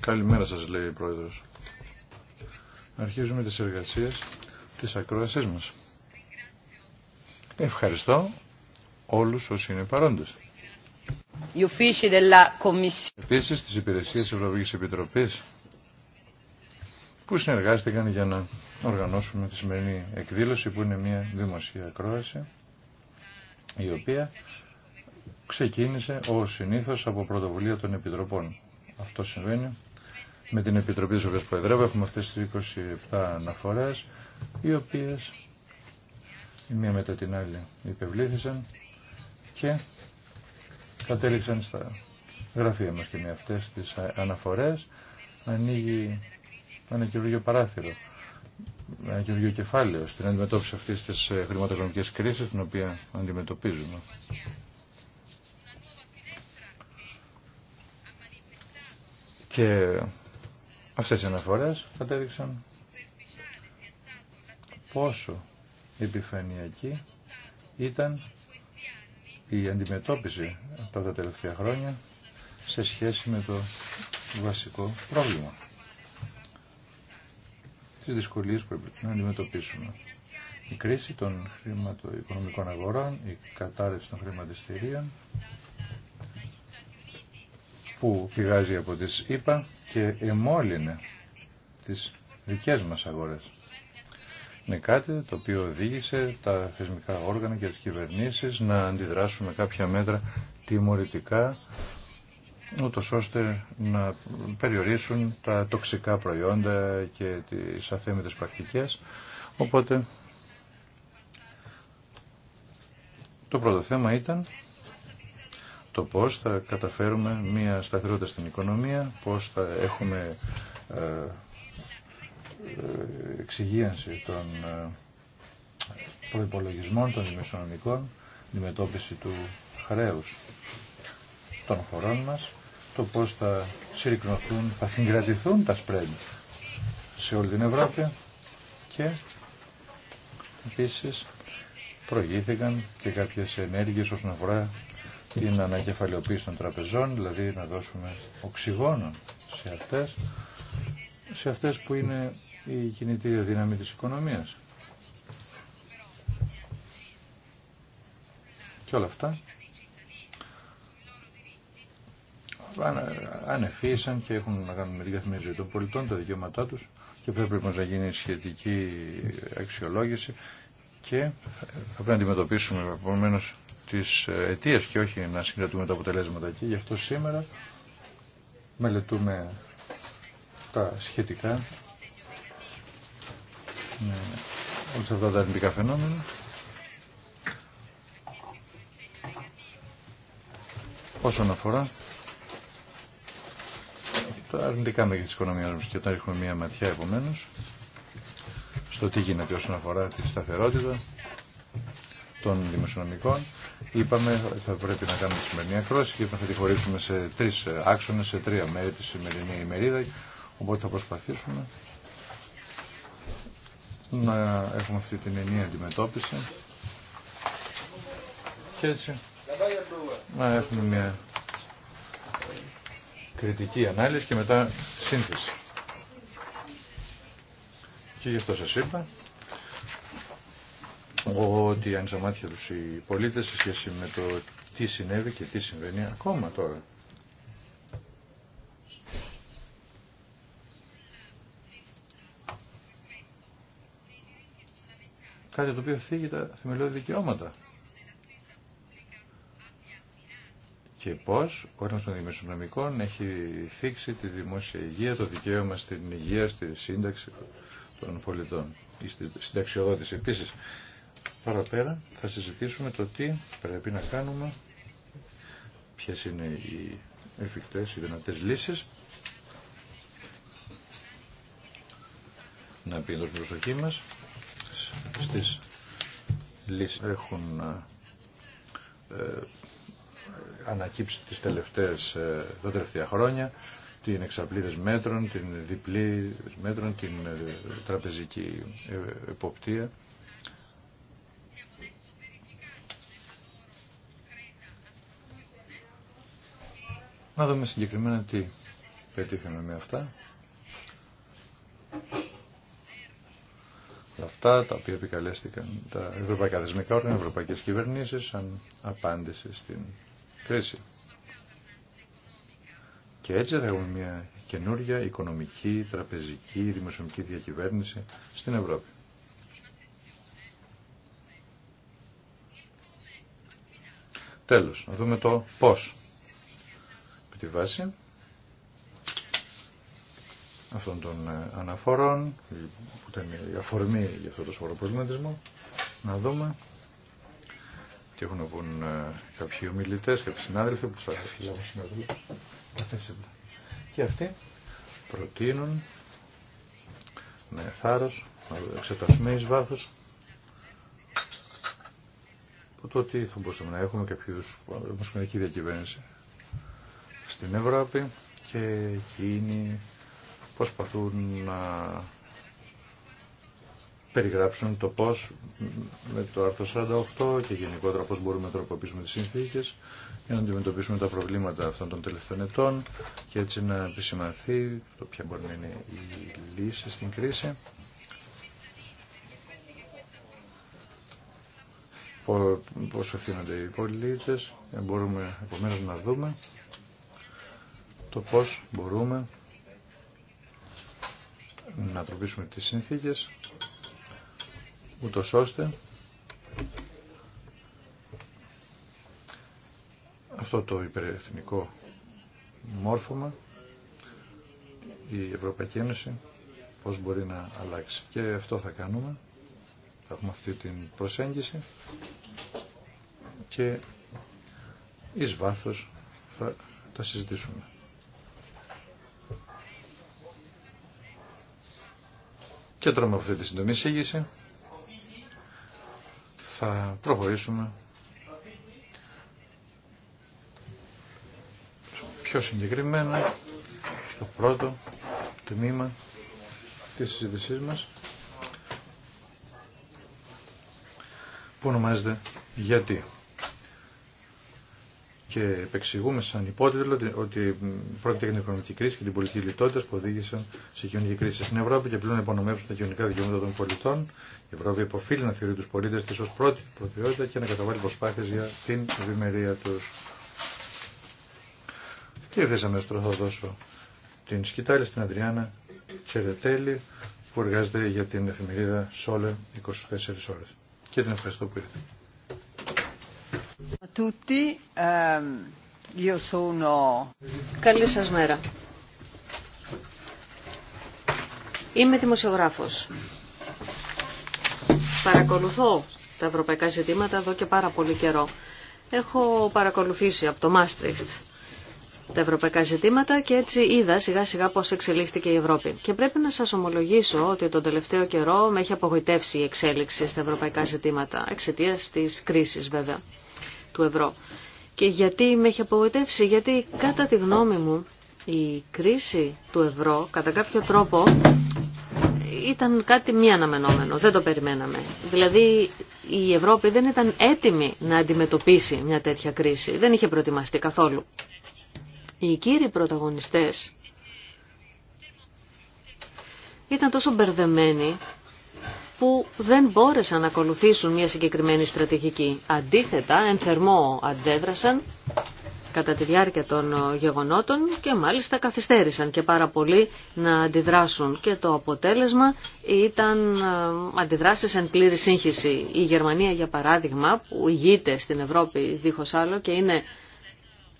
Καλημέρα σας λέει η Πρόεδρος. Αρχίζουμε τις εργασίες της ακρόασής μας. Ευχαριστώ όλους όσοι είναι παρόντες. Επίσης τις υπηρεσίες της Ευρωπαϊκής Επιτροπής που συνεργάστηκαν για να οργανώσουμε τη σημερινή εκδήλωση που είναι μια δημοσία ακρόαση η οποία ξεκίνησε ως συνήθως από πρωτοβουλία των Επιτροπών. Αυτό συμβαίνει με την Επιτροπή της οποίας προεδρεύω. Έχουμε αυτές τις 27 αναφορές, οι οποίες η μία μετά την άλλη υπευλήθησαν και κατέληξαν στα γραφεία μας και με αυτές τις αναφορές ανοίγει ένα καινούργιο παράθυρο, ένα καινούργιο κεφάλαιο στην αντιμετώπιση αυτής της χρηματοοικονομικής κρίσης την οποία αντιμετωπίζουμε. Και αυτές οι αναφορές κατέδειξαν πόσο επιφανειακή ήταν η αντιμετώπιση αυτά τα τελευταία χρόνια σε σχέση με το βασικό πρόβλημα. Τις δυσκολίες που πρέπει να αντιμετωπίσουμε. Η κρίση των χρηματοοικονομικών αγορών, η κατάρρευση των χρηματιστηρίων, που πηγάζει από τις ΗΠΑ και εμόλυνε τις δικές μας αγορές. Είναι κάτι το οποίο οδήγησε τα θεσμικά όργανα και τις κυβερνήσεις να αντιδράσουν με κάποια μέτρα τιμωρητικά ούτω ώστε να περιορίσουν τα τοξικά προϊόντα και τις αθέμητες πρακτικές. Οπότε το πρώτο θέμα ήταν το πώς θα καταφέρουμε μια σταθερότητα στην οικονομία, πώς θα έχουμε ε, ε, εξυγίανση των ε, προϋπολογισμών, των δημοσιονομικών, αντιμετώπιση του χρέους των χωρών μας, το πώς θα συρρυκνωθούν, θα συγκρατηθούν τα σπρέν σε όλη την Ευρώπη και επίσης προηγήθηκαν και κάποιες ενέργειες όσον αφορά την ανακεφαλαιοποίηση των τραπεζών, δηλαδή να δώσουμε οξυγόνο σε αυτές, σε αυτές που είναι η κινητήρια δύναμη της οικονομίας. Και όλα αυτά ανεφίσαν και έχουν να κάνουν με τη καθημερινή των πολιτών, τα δικαιώματά τους και πρέπει λοιπόν να γίνει σχετική αξιολόγηση και θα πρέπει να αντιμετωπίσουμε επομένως τις ε, αιτίες και όχι να συγκρατούμε τα αποτελέσματα εκεί. γι' αυτό σήμερα μελετούμε τα σχετικά με όλες αυτά τα αρνητικά φαινόμενα όσον αφορά τα αρνητικά μέγεθη της οικονομίας μας και όταν έχουμε μία ματιά επομένως στο τι γίνεται όσον αφορά τη σταθερότητα των δημοσιονομικών είπαμε θα πρέπει να κάνουμε τη σημερινή ακρόαση και θα τη χωρίσουμε σε τρεις άξονες, σε τρία μέρη τη σημερινή ημερίδα. Οπότε θα προσπαθήσουμε να έχουμε αυτή την ενιαία αντιμετώπιση και έτσι να έχουμε μια κριτική ανάλυση και μετά σύνθεση. Και γι' αυτό σας είπα ότι αν μάτια τους οι πολίτες σε σχέση με το τι συνέβη και τι συμβαίνει ακόμα τώρα. Κάτι το οποίο θίγει τα θεμελιώδη δικαιώματα. Και πώς ο έρευνα των δημοσιονομικών έχει θίξει τη δημόσια υγεία, το δικαίωμα στην υγεία, στη σύνταξη των πολιτών, ή στη συνταξιοδότηση. Επίσης, Παραπέρα θα συζητήσουμε το τι πρέπει να κάνουμε, ποιες είναι οι εφικτές, οι δυνατές λύσεις. Να εντός προσοχή μας στις λύσεις έχουν ε, ε ανακύψει τις τελευταίες, ε, τα τελευταία χρόνια την εξαπλίδες μέτρων, την διπλή μέτρων, την ε, τραπεζική εποπτεία Να δούμε συγκεκριμένα τι πετύχαμε με αυτά. Αυτά τα οποία επικαλέστηκαν τα ευρωπαϊκά δεσμικά όργανα, ευρωπαϊκές κυβερνήσεις, σαν απάντηση στην κρίση. Και έτσι θα έχουμε μια καινούρια οικονομική, τραπεζική, δημοσιονομική διακυβέρνηση στην Ευρώπη. Τέλος, να δούμε το πώς επί τη βάση αυτών των ε, αναφορών που ήταν η αφορμή για αυτό το σφορό προβληματισμό να δούμε τι έχουν να πούν ε, κάποιοι ομιλητές, κάποιοι συνάδελφοι που θα λάβουν σήμερα και αυτοί προτείνουν με θάρρος να εξετάσουμε εις βάθος το ότι θα μπορούσαμε να έχουμε κάποιους δημοσιονομική διακυβέρνηση στην Ευρώπη και εκείνοι προσπαθούν να περιγράψουν το πώς με το άρθρο 48 και γενικότερα πώς μπορούμε να τροποποιήσουμε τις συνθήκες για να αντιμετωπίσουμε τα προβλήματα αυτών των τελευταίων ετών και έτσι να επισημανθεί το ποια μπορεί να είναι η λύση στην κρίση. πώς ευθύνονται οι πολίτες, ε, μπορούμε επομένως να δούμε το πώς μπορούμε να τροπίσουμε τις συνθήκες ούτως ώστε αυτό το υπερεθνικό μόρφωμα η Ευρωπαϊκή Ένωση πώς μπορεί να αλλάξει. Και αυτό θα κάνουμε. Θα έχουμε αυτή την προσέγγιση και εις βάθος θα τα συζητήσουμε. Και τώρα με αυτή τη συντομή σύγκριση θα προχωρήσουμε πιο συγκεκριμένα στο πρώτο τμήμα της συζήτησής μας που ονομάζεται «Γιατί» και επεξηγούμε σαν υπότιτλο ότι πρόκειται για την οικονομική κρίση και την πολιτική λιτότητα που οδήγησαν σε κοινωνική κρίση στην Ευρώπη και πλέον να υπονομεύσουν τα κοινωνικά δικαιώματα των πολιτών. Η Ευρώπη υποφίλει να θεωρεί του πολίτε τη ω πρώτη προτεραιότητα και να καταβάλει προσπάθειε για την ευημερία του. Και ήρθε αμέσω τώρα θα δώσω την σκητάλη στην Αντριάννα Τσερετέλη που εργάζεται για την εφημερίδα Σόλε 24 ώρε. Και την ευχαριστώ που ήρθε. Ehm, Καλή σας μέρα. Είμαι δημοσιογράφος. Παρακολουθώ τα ευρωπαϊκά ζητήματα εδώ και πάρα πολύ καιρό. Έχω παρακολουθήσει από το Μάστριχτ τα ευρωπαϊκά ζητήματα και έτσι είδα σιγά σιγά πώς εξελίχθηκε η Ευρώπη. Και πρέπει να σας ομολογήσω ότι τον τελευταίο καιρό με έχει απογοητεύσει η εξέλιξη στα ευρωπαϊκά ζητήματα, εξαιτία της κρίσης βέβαια του ευρώ. Και γιατί με έχει απογοητεύσει, γιατί κατά τη γνώμη μου η κρίση του ευρώ κατά κάποιο τρόπο ήταν κάτι μη αναμενόμενο, δεν το περιμέναμε. Δηλαδή η Ευρώπη δεν ήταν έτοιμη να αντιμετωπίσει μια τέτοια κρίση, δεν είχε προετοιμαστεί καθόλου. Οι κύριοι πρωταγωνιστές ήταν τόσο μπερδεμένοι που δεν μπόρεσαν να ακολουθήσουν μια συγκεκριμένη στρατηγική. Αντίθετα, εν θερμό αντέδρασαν κατά τη διάρκεια των γεγονότων και μάλιστα καθυστέρησαν και πάρα πολύ να αντιδράσουν. Και το αποτέλεσμα ήταν ε, αντιδράσεις εν πλήρη σύγχυση. Η Γερμανία, για παράδειγμα, που ηγείται στην Ευρώπη δίχως άλλο και είναι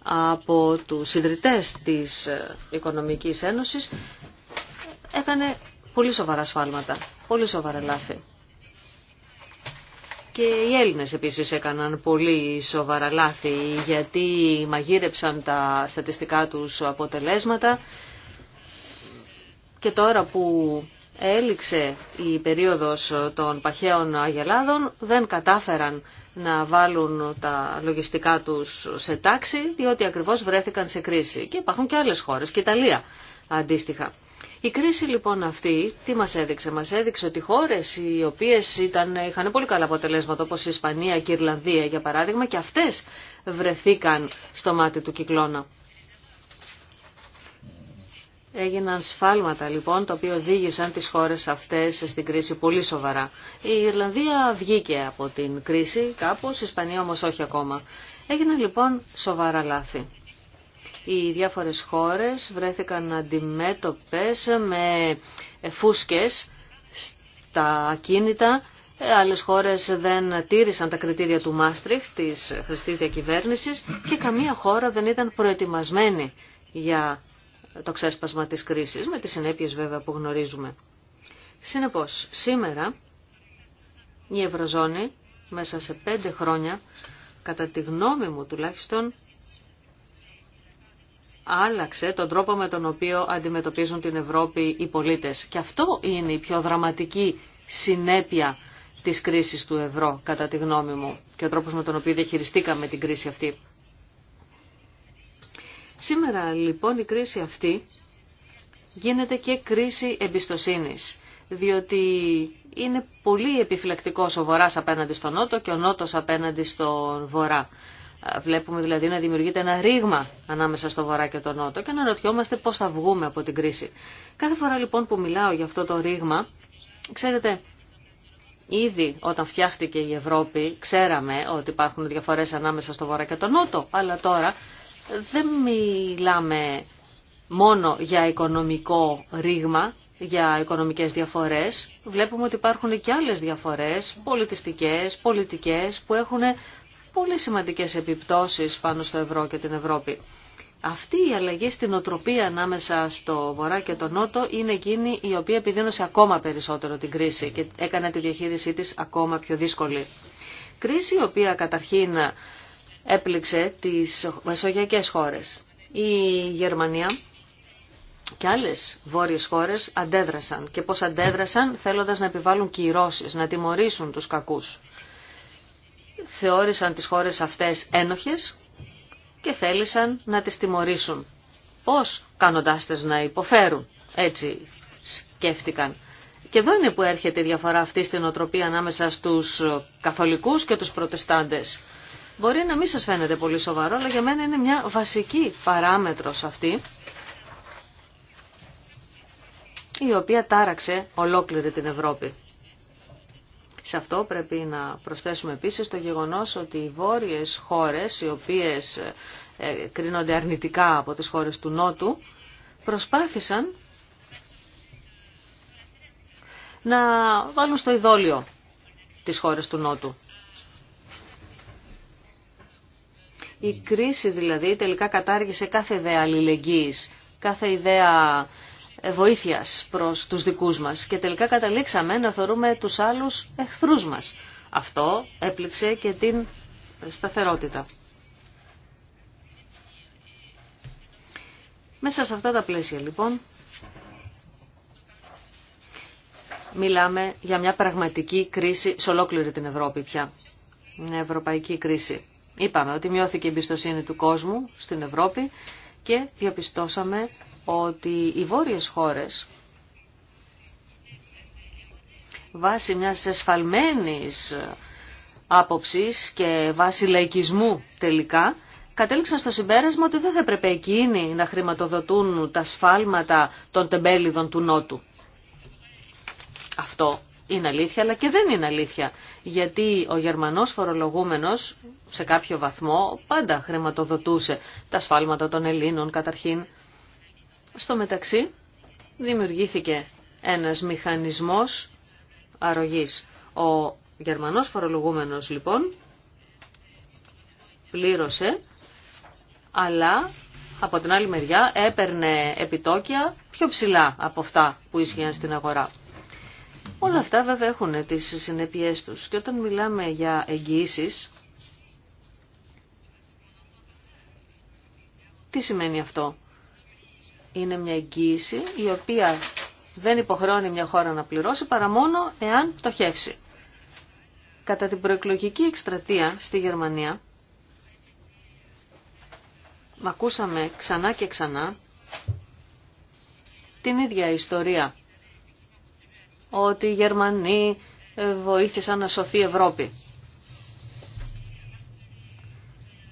από τους ιδρυτές της ε, Οικονομικής Ένωσης, έκανε πολύ σοβαρά σφάλματα πολύ σοβαρά λάθη. Και οι Έλληνες επίσης έκαναν πολύ σοβαρά λάθη γιατί μαγείρεψαν τα στατιστικά τους αποτελέσματα και τώρα που έληξε η περίοδος των παχαίων αγελάδων δεν κατάφεραν να βάλουν τα λογιστικά τους σε τάξη διότι ακριβώς βρέθηκαν σε κρίση. Και υπάρχουν και άλλες χώρες, και η Ιταλία αντίστοιχα. Η κρίση λοιπόν αυτή τι μας έδειξε. Μας έδειξε ότι χώρες οι οποίες ήταν, είχαν πολύ καλά αποτελέσματα όπως η Ισπανία και η Ιρλανδία για παράδειγμα και αυτές βρεθήκαν στο μάτι του κυκλώνα. Έγιναν σφάλματα λοιπόν τα οποία οδήγησαν τις χώρες αυτές στην κρίση πολύ σοβαρά. Η Ιρλανδία βγήκε από την κρίση κάπως, η Ισπανία όμως όχι ακόμα. Έγιναν λοιπόν σοβαρά λάθη οι διάφορες χώρες βρέθηκαν αντιμέτωπες με φούσκες στα ακίνητα. Άλλες χώρες δεν τήρησαν τα κριτήρια του Μάστριχ, της χρηστής διακυβέρνησης και καμία χώρα δεν ήταν προετοιμασμένη για το ξέσπασμα της κρίσης, με τις συνέπειες βέβαια που γνωρίζουμε. Συνεπώς, σήμερα η Ευρωζώνη μέσα σε πέντε χρόνια, κατά τη γνώμη μου τουλάχιστον, άλλαξε τον τρόπο με τον οποίο αντιμετωπίζουν την Ευρώπη οι πολίτες. Και αυτό είναι η πιο δραματική συνέπεια της κρίσης του ευρώ, κατά τη γνώμη μου, και ο τρόπος με τον οποίο διαχειριστήκαμε την κρίση αυτή. Σήμερα λοιπόν η κρίση αυτή γίνεται και κρίση εμπιστοσύνης, διότι είναι πολύ επιφυλακτικός ο Βορράς απέναντι στον Νότο και ο Νότος απέναντι στον Βορρά. Βλέπουμε δηλαδή να δημιουργείται ένα ρήγμα ανάμεσα στο βορρά και το νότο και να ρωτιόμαστε πώς θα βγούμε από την κρίση. Κάθε φορά λοιπόν που μιλάω για αυτό το ρήγμα, ξέρετε, ήδη όταν φτιάχτηκε η Ευρώπη ξέραμε ότι υπάρχουν διαφορές ανάμεσα στο βορρά και το νότο, αλλά τώρα δεν μιλάμε μόνο για οικονομικό ρήγμα, για οικονομικές διαφορές. Βλέπουμε ότι υπάρχουν και άλλες διαφορές, πολιτιστικές, πολιτικές, που έχουν πολύ σημαντικές επιπτώσεις πάνω στο ευρώ και την Ευρώπη. Αυτή η αλλαγή στην οτροπία ανάμεσα στο Βορρά και το Νότο είναι εκείνη η οποία επιδίνωσε ακόμα περισσότερο την κρίση και έκανε τη διαχείρισή της ακόμα πιο δύσκολη. Κρίση η οποία καταρχήν έπληξε τις μεσογειακές χώρες. Η Γερμανία και άλλες βόρειες χώρες αντέδρασαν και πώς αντέδρασαν θέλοντας να επιβάλλουν κυρώσεις, να τιμωρήσουν τους κακούς θεώρησαν τις χώρες αυτές ένοχες και θέλησαν να τις τιμωρήσουν. Πώς κάνοντάς να υποφέρουν. Έτσι σκέφτηκαν. Και εδώ είναι που έρχεται η διαφορά αυτή στην οτροπία ανάμεσα στους καθολικούς και τους προτεστάντες. Μπορεί να μην σας φαίνεται πολύ σοβαρό, αλλά για μένα είναι μια βασική παράμετρος αυτή, η οποία τάραξε ολόκληρη την Ευρώπη. Σε αυτό πρέπει να προσθέσουμε επίσης το γεγονός ότι οι βόρειες χώρες, οι οποίες ε, κρίνονται αρνητικά από τις χώρες του Νότου, προσπάθησαν να βάλουν στο ειδόλιο τις χώρες του Νότου. Η κρίση δηλαδή τελικά κατάργησε κάθε ιδέα αλληλεγγύης, κάθε ιδέα βοήθειας προς τους δικούς μας και τελικά καταλήξαμε να θεωρούμε τους άλλους εχθρούς μας. Αυτό έπληξε και την σταθερότητα. Μέσα σε αυτά τα πλαίσια λοιπόν μιλάμε για μια πραγματική κρίση σε ολόκληρη την Ευρώπη πια. Μια ευρωπαϊκή κρίση. Είπαμε ότι μειώθηκε η εμπιστοσύνη του κόσμου στην Ευρώπη και διαπιστώσαμε ότι οι βόρειες χώρες βάσει μιας εσφαλμένης άποψης και βάσει λαϊκισμού τελικά κατέληξαν στο συμπέρασμα ότι δεν θα έπρεπε εκείνοι να χρηματοδοτούν τα σφάλματα των τεμπέλιδων του Νότου. Αυτό είναι αλήθεια, αλλά και δεν είναι αλήθεια. Γιατί ο Γερμανός φορολογούμενος, σε κάποιο βαθμό, πάντα χρηματοδοτούσε τα σφάλματα των Ελλήνων καταρχήν. Στο μεταξύ δημιουργήθηκε ένας μηχανισμός αρρωγής. Ο Γερμανός φορολογούμενος λοιπόν πλήρωσε, αλλά από την άλλη μεριά έπαιρνε επιτόκια πιο ψηλά από αυτά που ίσχυαν στην αγορά. Όλα αυτά βέβαια έχουν τις συνέπειές τους και όταν μιλάμε για εγγυήσει. τι σημαίνει αυτό είναι μια εγγύηση η οποία δεν υποχρεώνει μια χώρα να πληρώσει παρά μόνο εάν πτωχεύσει. Κατά την προεκλογική εκστρατεία στη Γερμανία, ακούσαμε ξανά και ξανά την ίδια ιστορία, ότι οι Γερμανοί ε, βοήθησαν να σωθεί η Ευρώπη.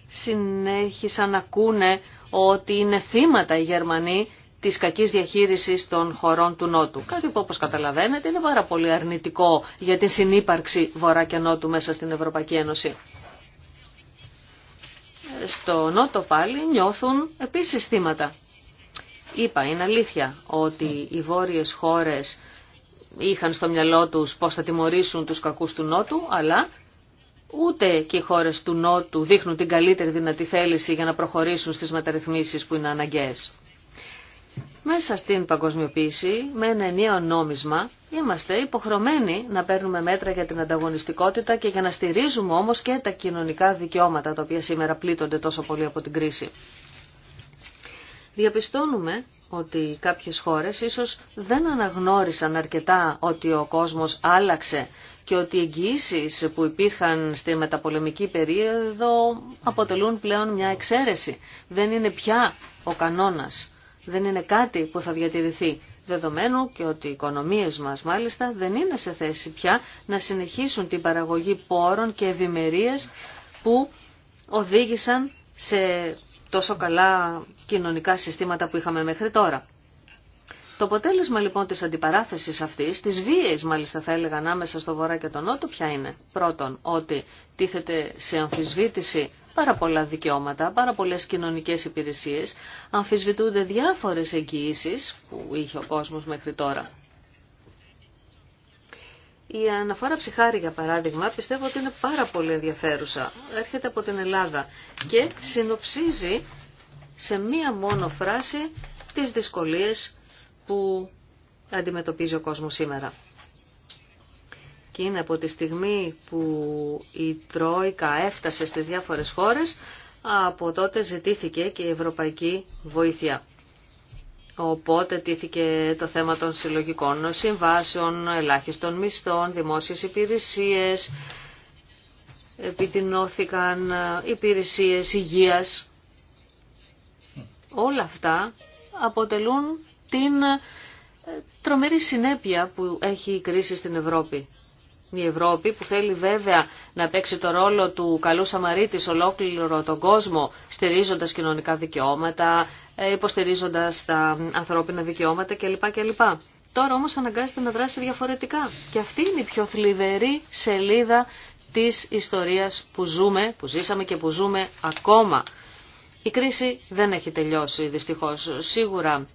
Συνέχισαν να ακούνε ότι είναι θύματα οι Γερμανοί της κακή διαχείρισης των χωρών του Νότου. Κάτι που όπω καταλαβαίνετε είναι πάρα πολύ αρνητικό για την συνύπαρξη Βορρά και Νότου μέσα στην Ευρωπαϊκή Ένωση. Στο Νότο πάλι νιώθουν επίση θύματα. Είπα, είναι αλήθεια ότι οι βόρειες χώρες είχαν στο μυαλό τους πώς θα τιμωρήσουν τους κακούς του Νότου, αλλά ούτε και οι χώρες του Νότου δείχνουν την καλύτερη δυνατή θέληση για να προχωρήσουν στις μεταρρυθμίσεις που είναι αναγκαίες. Μέσα στην παγκοσμιοποίηση, με ένα ενίο νόμισμα, είμαστε υποχρεωμένοι να παίρνουμε μέτρα για την ανταγωνιστικότητα και για να στηρίζουμε όμως και τα κοινωνικά δικαιώματα, τα οποία σήμερα πλήττονται τόσο πολύ από την κρίση. Διαπιστώνουμε ότι κάποιες χώρες ίσως δεν αναγνώρισαν αρκετά ότι ο κόσμος άλλαξε και ότι οι εγγυήσει που υπήρχαν στη μεταπολεμική περίοδο αποτελούν πλέον μια εξαίρεση. Δεν είναι πια ο κανόνας. Δεν είναι κάτι που θα διατηρηθεί. Δεδομένου και ότι οι οικονομίες μας μάλιστα δεν είναι σε θέση πια να συνεχίσουν την παραγωγή πόρων και ευημερίε που οδήγησαν σε τόσο καλά κοινωνικά συστήματα που είχαμε μέχρι τώρα. Το αποτέλεσμα λοιπόν της αντιπαράθεσης αυτής, της βίαιης μάλιστα θα έλεγα ανάμεσα στο βορρά και τον νότο, ποια είναι. Πρώτον, ότι τίθεται σε αμφισβήτηση πάρα πολλά δικαιώματα, πάρα πολλές κοινωνικές υπηρεσίες, αμφισβητούνται διάφορες εγγυήσει που είχε ο κόσμος μέχρι τώρα. Η αναφορά ψυχάρη, για παράδειγμα, πιστεύω ότι είναι πάρα πολύ ενδιαφέρουσα. Έρχεται από την Ελλάδα και συνοψίζει σε μία μόνο φράση τις δυσκολίες που αντιμετωπίζει ο κόσμος σήμερα. Και είναι από τη στιγμή που η Τρόικα έφτασε στις διάφορες χώρες, από τότε ζητήθηκε και η ευρωπαϊκή βοήθεια. Οπότε τήθηκε το θέμα των συλλογικών συμβάσεων, ελάχιστων μισθών, δημόσιες υπηρεσίες, επιδεινώθηκαν υπηρεσίες υγείας. Όλα αυτά αποτελούν την ε, τρομερή συνέπεια που έχει η κρίση στην Ευρώπη. Η Ευρώπη που θέλει βέβαια να παίξει το ρόλο του καλού Σαμαρίτη ολόκληρο τον κόσμο, στηρίζοντας κοινωνικά δικαιώματα, ε, υποστηρίζοντας τα ανθρώπινα δικαιώματα κλπ. κλπ. Τώρα όμως αναγκάζεται να δράσει διαφορετικά. Και αυτή είναι η πιο θλιβερή σελίδα της ιστορίας που ζούμε, που ζήσαμε και που ζούμε ακόμα. Η κρίση δεν έχει τελειώσει δυστυχώς. Σίγουρα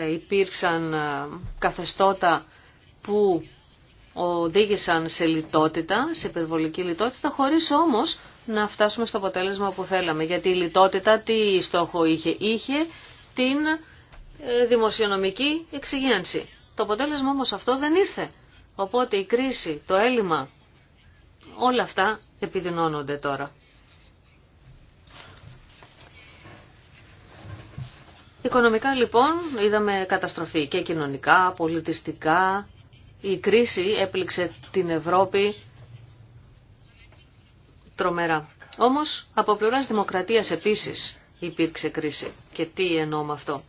ε, υπήρξαν ε, καθεστώτα που οδήγησαν σε λιτότητα, σε υπερβολική λιτότητα, χωρίς όμως να φτάσουμε στο αποτέλεσμα που θέλαμε. Γιατί η λιτότητα τι στόχο είχε. Είχε την ε, δημοσιονομική εξυγίανση. Το αποτέλεσμα όμως αυτό δεν ήρθε. Οπότε η κρίση, το έλλειμμα, όλα αυτά επιδεινώνονται τώρα. Οικονομικά λοιπόν είδαμε καταστροφή και κοινωνικά, πολιτιστικά. Η κρίση έπληξε την Ευρώπη τρομερά. Όμως από πλευράς δημοκρατίας επίσης υπήρξε κρίση. Και τι εννοώ με αυτό.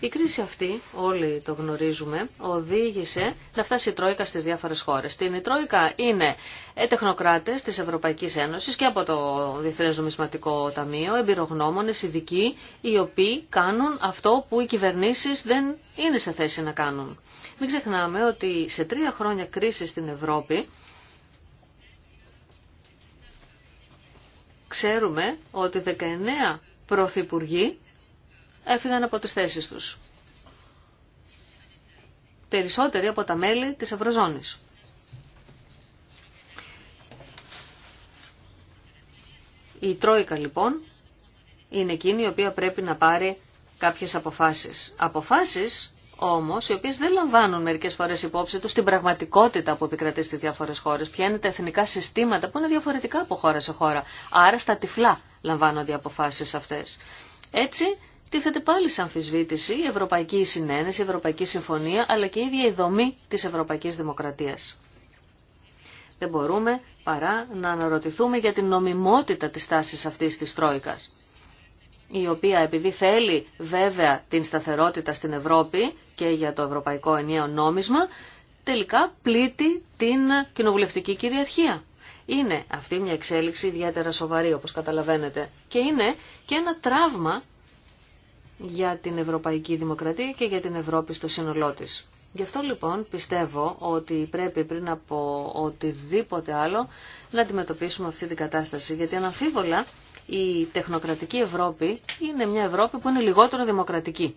Η κρίση αυτή, όλοι το γνωρίζουμε, οδήγησε να φτάσει η Τρόικα στις διάφορες χώρες. Την Τρόικα είναι ε, τεχνοκράτες της Ευρωπαϊκής Ένωσης και από το Διεθνές Νομισματικό Ταμείο, εμπειρογνώμονες, ειδικοί, οι οποίοι κάνουν αυτό που οι κυβερνήσεις δεν είναι σε θέση να κάνουν. Μην ξεχνάμε ότι σε τρία χρόνια κρίση στην Ευρώπη, ξέρουμε ότι 19 πρωθυπουργοί έφυγαν από τις θέσεις τους. Περισσότεροι από τα μέλη της Ευρωζώνης. Η Τρόικα λοιπόν είναι εκείνη η οποία πρέπει να πάρει κάποιες αποφάσεις. Αποφάσεις όμως οι οποίες δεν λαμβάνουν μερικές φορές υπόψη τους την πραγματικότητα που επικρατεί στις διάφορες χώρες. Ποια είναι τα εθνικά συστήματα που είναι διαφορετικά από χώρα σε χώρα. Άρα στα τυφλά λαμβάνονται οι αποφάσεις αυτές. Έτσι τίθεται πάλι σε αμφισβήτηση η Ευρωπαϊκή Συνένεση, η Ευρωπαϊκή Συμφωνία, αλλά και η ίδια η δομή της Ευρωπαϊκής Δημοκρατίας. Δεν μπορούμε παρά να αναρωτηθούμε για την νομιμότητα της τάσης αυτής της Τρόικας, η οποία επειδή θέλει βέβαια την σταθερότητα στην Ευρώπη και για το Ευρωπαϊκό Ενιαίο Νόμισμα, τελικά πλήττει την κοινοβουλευτική κυριαρχία. Είναι αυτή μια εξέλιξη ιδιαίτερα σοβαρή, όπως καταλαβαίνετε, και είναι και ένα τραύμα για την Ευρωπαϊκή Δημοκρατία και για την Ευρώπη στο σύνολό της. Γι' αυτό λοιπόν πιστεύω ότι πρέπει πριν από οτιδήποτε άλλο να αντιμετωπίσουμε αυτή την κατάσταση. Γιατί αναμφίβολα η τεχνοκρατική Ευρώπη είναι μια Ευρώπη που είναι λιγότερο δημοκρατική.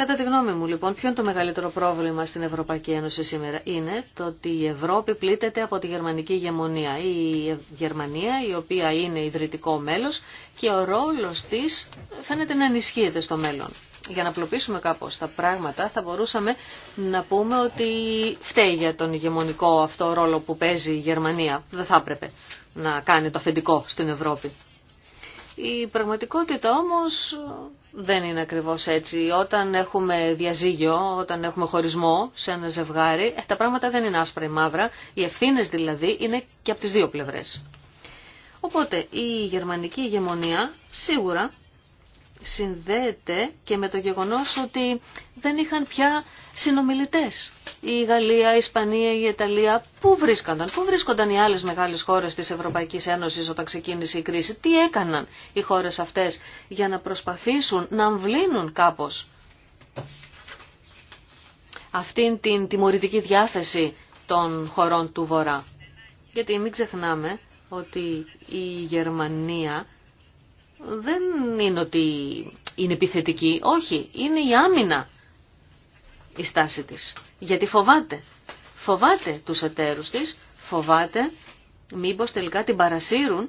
Κατά τη γνώμη μου λοιπόν, ποιο είναι το μεγαλύτερο πρόβλημα στην Ευρωπαϊκή Ένωση σήμερα. Είναι το ότι η Ευρώπη πλήττεται από τη γερμανική ηγεμονία. Η Γερμανία η οποία είναι ιδρυτικό μέλος και ο ρόλος της φαίνεται να ενισχύεται στο μέλλον. Για να απλοποιήσουμε κάπως τα πράγματα θα μπορούσαμε να πούμε ότι φταίει για τον ηγεμονικό αυτό ρόλο που παίζει η Γερμανία. Δεν θα έπρεπε να κάνει το αφεντικό στην Ευρώπη. Η πραγματικότητα όμως δεν είναι ακριβώς έτσι. Όταν έχουμε διαζύγιο, όταν έχουμε χωρισμό σε ένα ζευγάρι, ε, τα πράγματα δεν είναι άσπρα ή μαύρα. Οι ευθύνες δηλαδή είναι και από τις δύο πλευρές. Οπότε η γερμανική ηγεμονία σίγουρα συνδέεται και με το γεγονός ότι δεν είχαν πια συνομιλητές. Η Γαλλία, η Ισπανία, η Ιταλία, πού βρίσκονταν, πού βρίσκονταν οι άλλες μεγάλες χώρες της Ευρωπαϊκής Ένωσης όταν ξεκίνησε η κρίση, τι έκαναν οι χώρες αυτές για να προσπαθήσουν να αμβλύνουν κάπως αυτήν την τιμωρητική διάθεση των χωρών του Βορρά. Γιατί μην ξεχνάμε ότι η Γερμανία δεν είναι ότι είναι επιθετική. Όχι, είναι η άμυνα η στάση της. Γιατί φοβάται. Φοβάται τους εταίρους της, φοβάται μήπως τελικά την παρασύρουν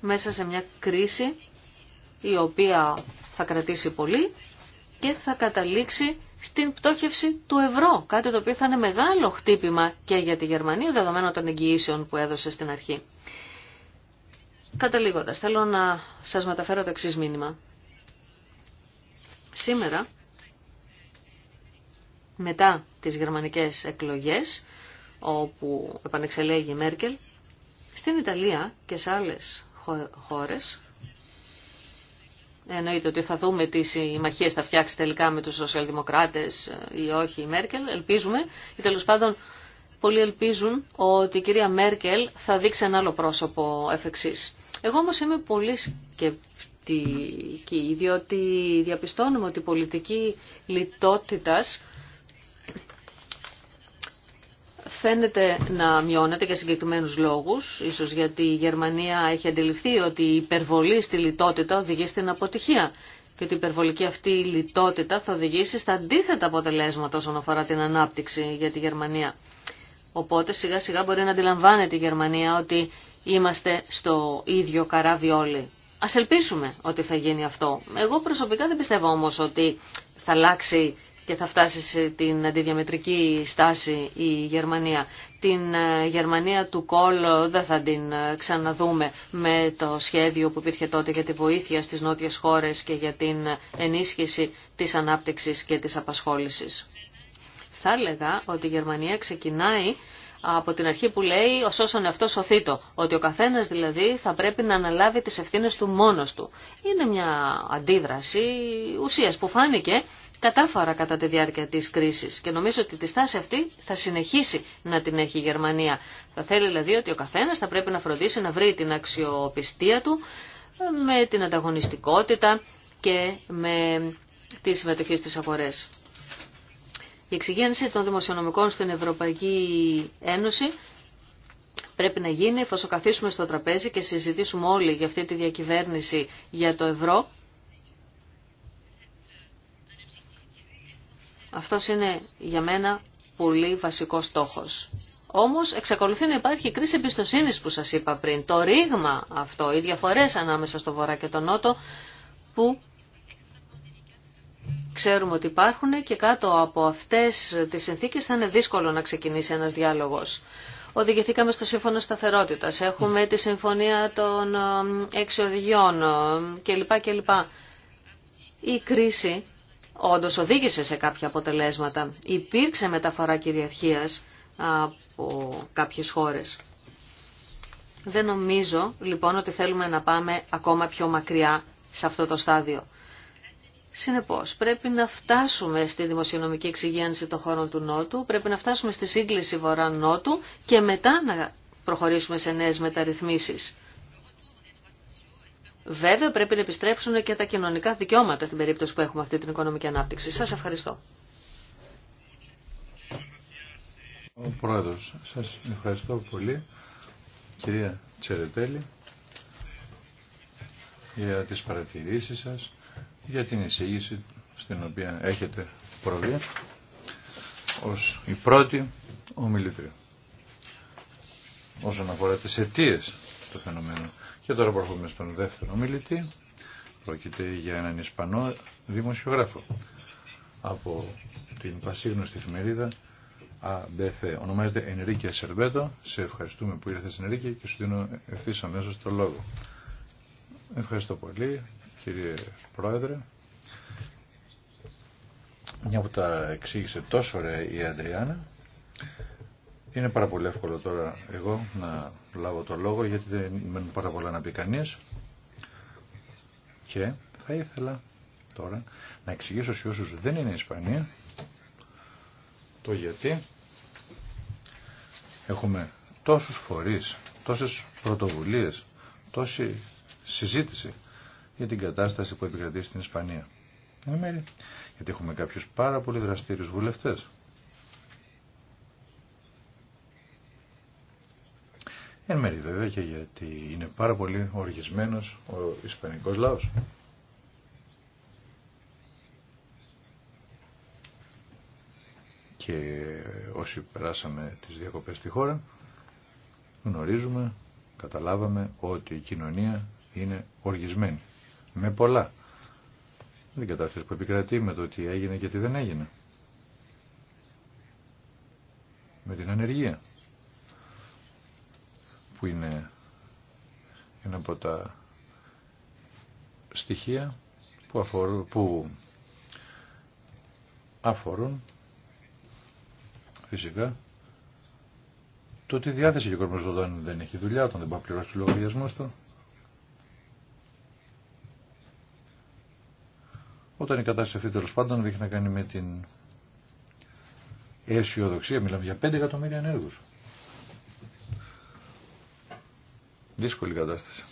μέσα σε μια κρίση η οποία θα κρατήσει πολύ και θα καταλήξει στην πτώχευση του ευρώ, κάτι το οποίο θα είναι μεγάλο χτύπημα και για τη Γερμανία, δεδομένων των εγγυήσεων που έδωσε στην αρχή. Καταλήγοντας, θέλω να σας μεταφέρω το εξής μήνυμα. Σήμερα, μετά τις γερμανικές εκλογές, όπου επανεξελέγει η Μέρκελ, στην Ιταλία και σε άλλες χώρες, εννοείται ότι θα δούμε τι συμμαχίες θα φτιάξει τελικά με τους σοσιαλδημοκράτες ε, ή όχι η Μέρκελ, ελπίζουμε, ή τέλος πάντων πολλοί ελπίζουν ότι η κυρία Μέρκελ θα δείξει ένα άλλο πρόσωπο εφ' εξής. Εγώ όμως είμαι πολύ σκεπτική, διότι διαπιστώνουμε ότι η πολιτική λιτότητας φαίνεται να μειώνεται για συγκεκριμένους λόγους, ίσως γιατί η Γερμανία έχει αντιληφθεί ότι η υπερβολή στη λιτότητα οδηγεί στην αποτυχία και ότι η υπερβολική αυτή λιτότητα θα οδηγήσει στα αντίθετα αποτελέσματα όσον αφορά την ανάπτυξη για τη Γερμανία. Οπότε σιγά σιγά μπορεί να αντιλαμβάνεται η Γερμανία ότι είμαστε στο ίδιο καράβι όλοι. Ας ελπίσουμε ότι θα γίνει αυτό. Εγώ προσωπικά δεν πιστεύω όμως ότι θα αλλάξει και θα φτάσει σε την αντιδιαμετρική στάση η Γερμανία. Την ε, Γερμανία του Κόλ δεν θα την ε, ξαναδούμε με το σχέδιο που υπήρχε τότε για τη βοήθεια στις νότιες χώρες και για την ενίσχυση της ανάπτυξης και της απασχόλησης. Θα έλεγα ότι η Γερμανία ξεκινάει από την αρχή που λέει ο σωσον εαυτό σωθήτο, ότι ο καθένας δηλαδή θα πρέπει να αναλάβει τις ευθύνες του μόνος του. Είναι μια αντίδραση ουσίας που φάνηκε κατάφορα κατά τη διάρκεια της κρίσης και νομίζω ότι τη στάση αυτή θα συνεχίσει να την έχει η Γερμανία. Θα θέλει δηλαδή ότι ο καθένας θα πρέπει να φροντίσει να βρει την αξιοπιστία του με την ανταγωνιστικότητα και με τη συμμετοχή στις αγορές. Η εξυγένση των δημοσιονομικών στην Ευρωπαϊκή Ένωση πρέπει να γίνει εφόσον καθίσουμε στο τραπέζι και συζητήσουμε όλοι για αυτή τη διακυβέρνηση για το ευρώ. Αυτό είναι για μένα πολύ βασικό στόχος. Όμω εξακολουθεί να υπάρχει η κρίση εμπιστοσύνη που σας είπα πριν. Το ρήγμα αυτό, οι διαφορέ ανάμεσα στο βορρά και τον νότο που ξέρουμε ότι υπάρχουν και κάτω από αυτές τις συνθήκες θα είναι δύσκολο να ξεκινήσει ένας διάλογος. Οδηγηθήκαμε στο Σύμφωνο Σταθερότητας, έχουμε τη Συμφωνία των Εξοδιών ε, κλπ. κλπ. Η κρίση όντως οδήγησε σε κάποια αποτελέσματα. Υπήρξε μεταφορά κυριαρχίας από κάποιες χώρες. Δεν νομίζω λοιπόν ότι θέλουμε να πάμε ακόμα πιο μακριά σε αυτό το στάδιο. Συνεπώς, πρέπει να φτάσουμε στη δημοσιονομική εξυγίανση των χώρων του Νότου, πρέπει να φτάσουμε στη σύγκληση Βορρά-Νότου και μετά να προχωρήσουμε σε νέες μεταρρυθμίσεις. Βέβαια, πρέπει να επιστρέψουν και τα κοινωνικά δικαιώματα στην περίπτωση που έχουμε αυτή την οικονομική ανάπτυξη. Σας ευχαριστώ. Ο σας ευχαριστώ πολύ, κυρία Τσερετέλη, για τις παρατηρήσεις σας για την εισήγηση στην οποία έχετε προβεί ως η πρώτη ομιλήτρια όσον αφορά τις αιτίε του φαινομένου. Και τώρα προχωρούμε στον δεύτερο ομιλητή. Πρόκειται για έναν Ισπανό δημοσιογράφο από την πασίγνωστη εφημερίδα ABC. Ονομάζεται Ενρίκε Σερβέτο. Σε ευχαριστούμε που ήρθες Ενρίκε και σου δίνω ευθύ αμέσω το λόγο. Ευχαριστώ πολύ κύριε Πρόεδρε. Μια που τα εξήγησε τόσο ωραία η Αντριάννα, είναι πάρα πολύ εύκολο τώρα εγώ να λάβω το λόγο γιατί δεν μένουν πάρα πολλά να πει Και θα ήθελα τώρα να εξηγήσω σε όσους δεν είναι Ισπανία το γιατί έχουμε τόσους φορείς, τόσες πρωτοβουλίες, τόση συζήτηση για την κατάσταση που επικρατεί στην Ισπανία. Εν μέρη, γιατί έχουμε κάποιους πάρα πολύ δραστήριους βουλευτές. Εν μέρη βέβαια και γιατί είναι πάρα πολύ οργισμένος ο Ισπανικός λαός. Και όσοι περάσαμε τις διακοπές στη χώρα, γνωρίζουμε, καταλάβαμε ότι η κοινωνία είναι οργισμένη με πολλά. Δεν κατάσταση που επικρατεί με το τι έγινε και τι δεν έγινε. Με την ανεργία που είναι ένα από τα στοιχεία που αφορούν, που αφορούν φυσικά το ότι διάθεση και ο κόσμος δεν έχει δουλειά, όταν δεν πάει πληρώσει τους λογαριασμού του. Όταν η κατάσταση αυτή τέλο πάντων έχει να κάνει με την αισιοδοξία, μιλάμε για 5 εκατομμύρια ενέργου. Δύσκολη κατάσταση.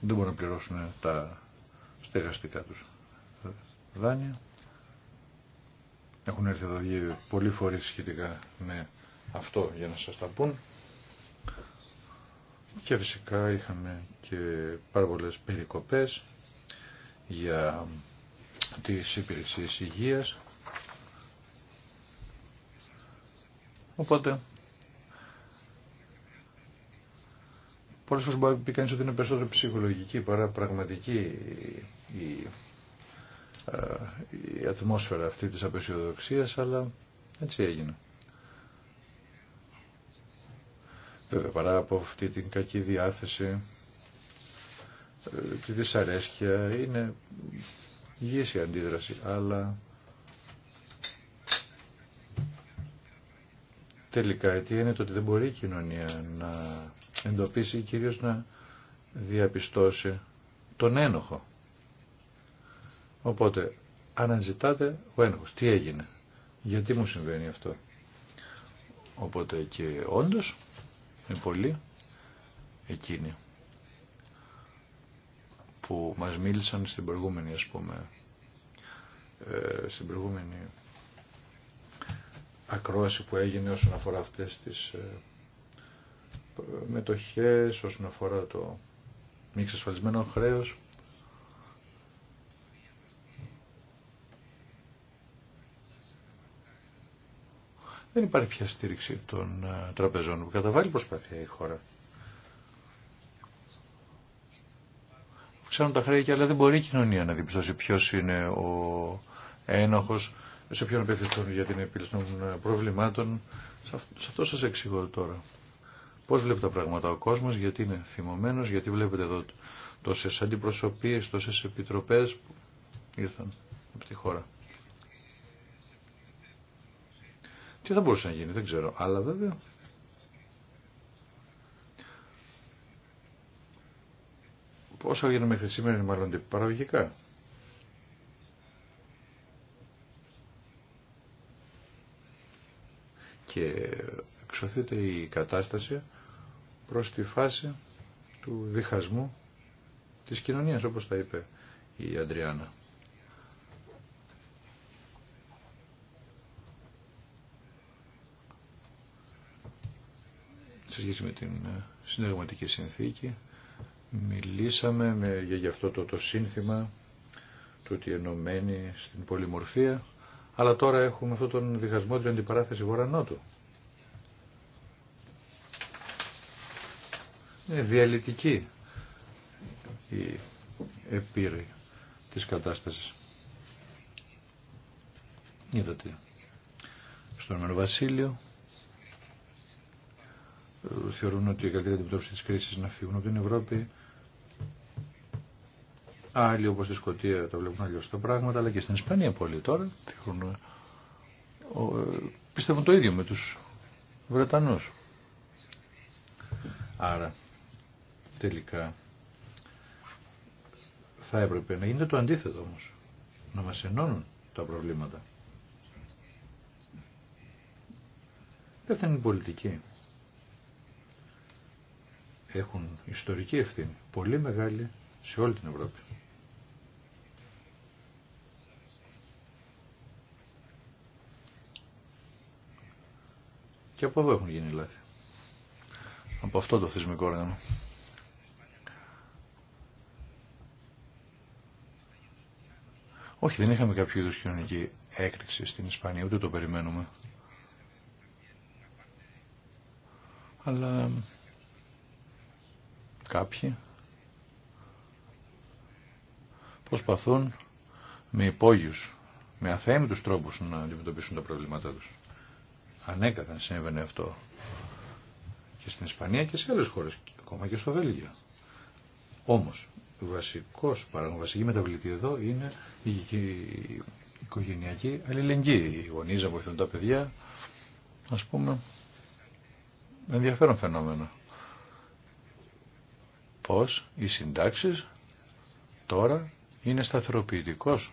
Δεν μπορούν να πληρώσουν τα στεγαστικά τους δάνεια. Έχουν έρθει εδώ πολλοί φορείς σχετικά με αυτό για να σας τα πούν. Και φυσικά είχαμε και πάρα πολλέ περικοπές για τις υπηρεσίες υγείας. Οπότε, πολλές φορές μπορεί να πει κανείς ότι είναι περισσότερο ψυχολογική παρά πραγματική η, ε, η ατμόσφαιρα αυτή της απεσιοδοξίας, αλλά έτσι έγινε. Βέβαια παρά από αυτή την κακή διάθεση, ε, τη δυσαρέσκεια, είναι υγιής η αντίδραση, αλλά τελικά αιτία είναι το ότι δεν μπορεί η κοινωνία να εντοπίσει ή κυρίως να διαπιστώσει τον ένοχο. Οπότε αναζητάτε ο ένοχος. Τι έγινε. Γιατί μου συμβαίνει αυτό. Οπότε και όντως είναι πολύ εκείνοι που μας μίλησαν στην προηγούμενη ας πούμε ε, στην προηγούμενη ακρόαση που έγινε όσον αφορά αυτές τις ε, μετοχές όσον αφορά το μη εξασφαλισμένο χρέος δεν υπάρχει πια στήριξη των ε, τραπεζών που καταβάλει προσπάθεια η χώρα. Ξέρουν τα χρέη και αλλά δεν μπορεί η κοινωνία να διπιστώσει ποιο είναι ο ένοχο, σε ποιον απευθυνθούν για την επίλυση των ε, προβλημάτων. Σε αυτό σα εξηγώ τώρα. Πώ βλέπει τα πράγματα ο κόσμο, γιατί είναι θυμωμένο, γιατί βλέπετε εδώ τόσε αντιπροσωπείε, τόσε επιτροπέ που ήρθαν από τη χώρα. Τι θα μπορούσε να γίνει, δεν ξέρω. Αλλά βέβαια. πόσο έγινε μέχρι σήμερα είναι μάλλον Και εξωθείται η κατάσταση προς τη φάση του διχασμού της κοινωνίας, όπως τα είπε η Αντριάννα. σε σχέση με την ε, συνταγματική συνθήκη. Μιλήσαμε για, αυτό το, το σύνθημα του ότι ενωμένοι στην πολυμορφία, αλλά τώρα έχουμε αυτόν τον διχασμό την αντιπαράθεση βορρανότου Είναι διαλυτική η επίρρη της κατάστασης. Είδατε, στον Βασίλειο θεωρούν ότι η καλύτερη αντιμετώπιση της κρίσης είναι να φύγουν από την Ευρώπη. Άλλοι όπως στη Σκωτία τα βλέπουν αλλιώ τα πράγματα, αλλά και στην Ισπανία πολύ τώρα θεωρούν, ε, πιστεύουν το ίδιο με τους Βρετανούς. Άρα τελικά θα έπρεπε να γίνεται το αντίθετο όμως, να μας ενώνουν τα προβλήματα. Δεν θα είναι πολιτική έχουν ιστορική ευθύνη, πολύ μεγάλη σε όλη την Ευρώπη. Και από εδώ έχουν γίνει λάθη. Από αυτό το θεσμικό όργανο. Όχι, δεν είχαμε κάποιο είδους κοινωνική έκρηξη στην Ισπανία, ούτε το περιμένουμε. Αλλά κάποιοι προσπαθούν με υπόγειους, με αθέμιτους τρόπους να αντιμετωπίσουν τα προβλήματά τους. Ανέκαθεν συμβαίνει αυτό και στην Ισπανία και σε άλλες χώρες, ακόμα και στο Βέλγιο. Όμως, βασικός βασική μεταβλητή εδώ είναι η οικογενειακή αλληλεγγύη. Οι γονείς να βοηθούν τα παιδιά, ας πούμε, ενδιαφέρον φαινόμενο πως οι συντάξεις τώρα είναι σταθεροποιητικός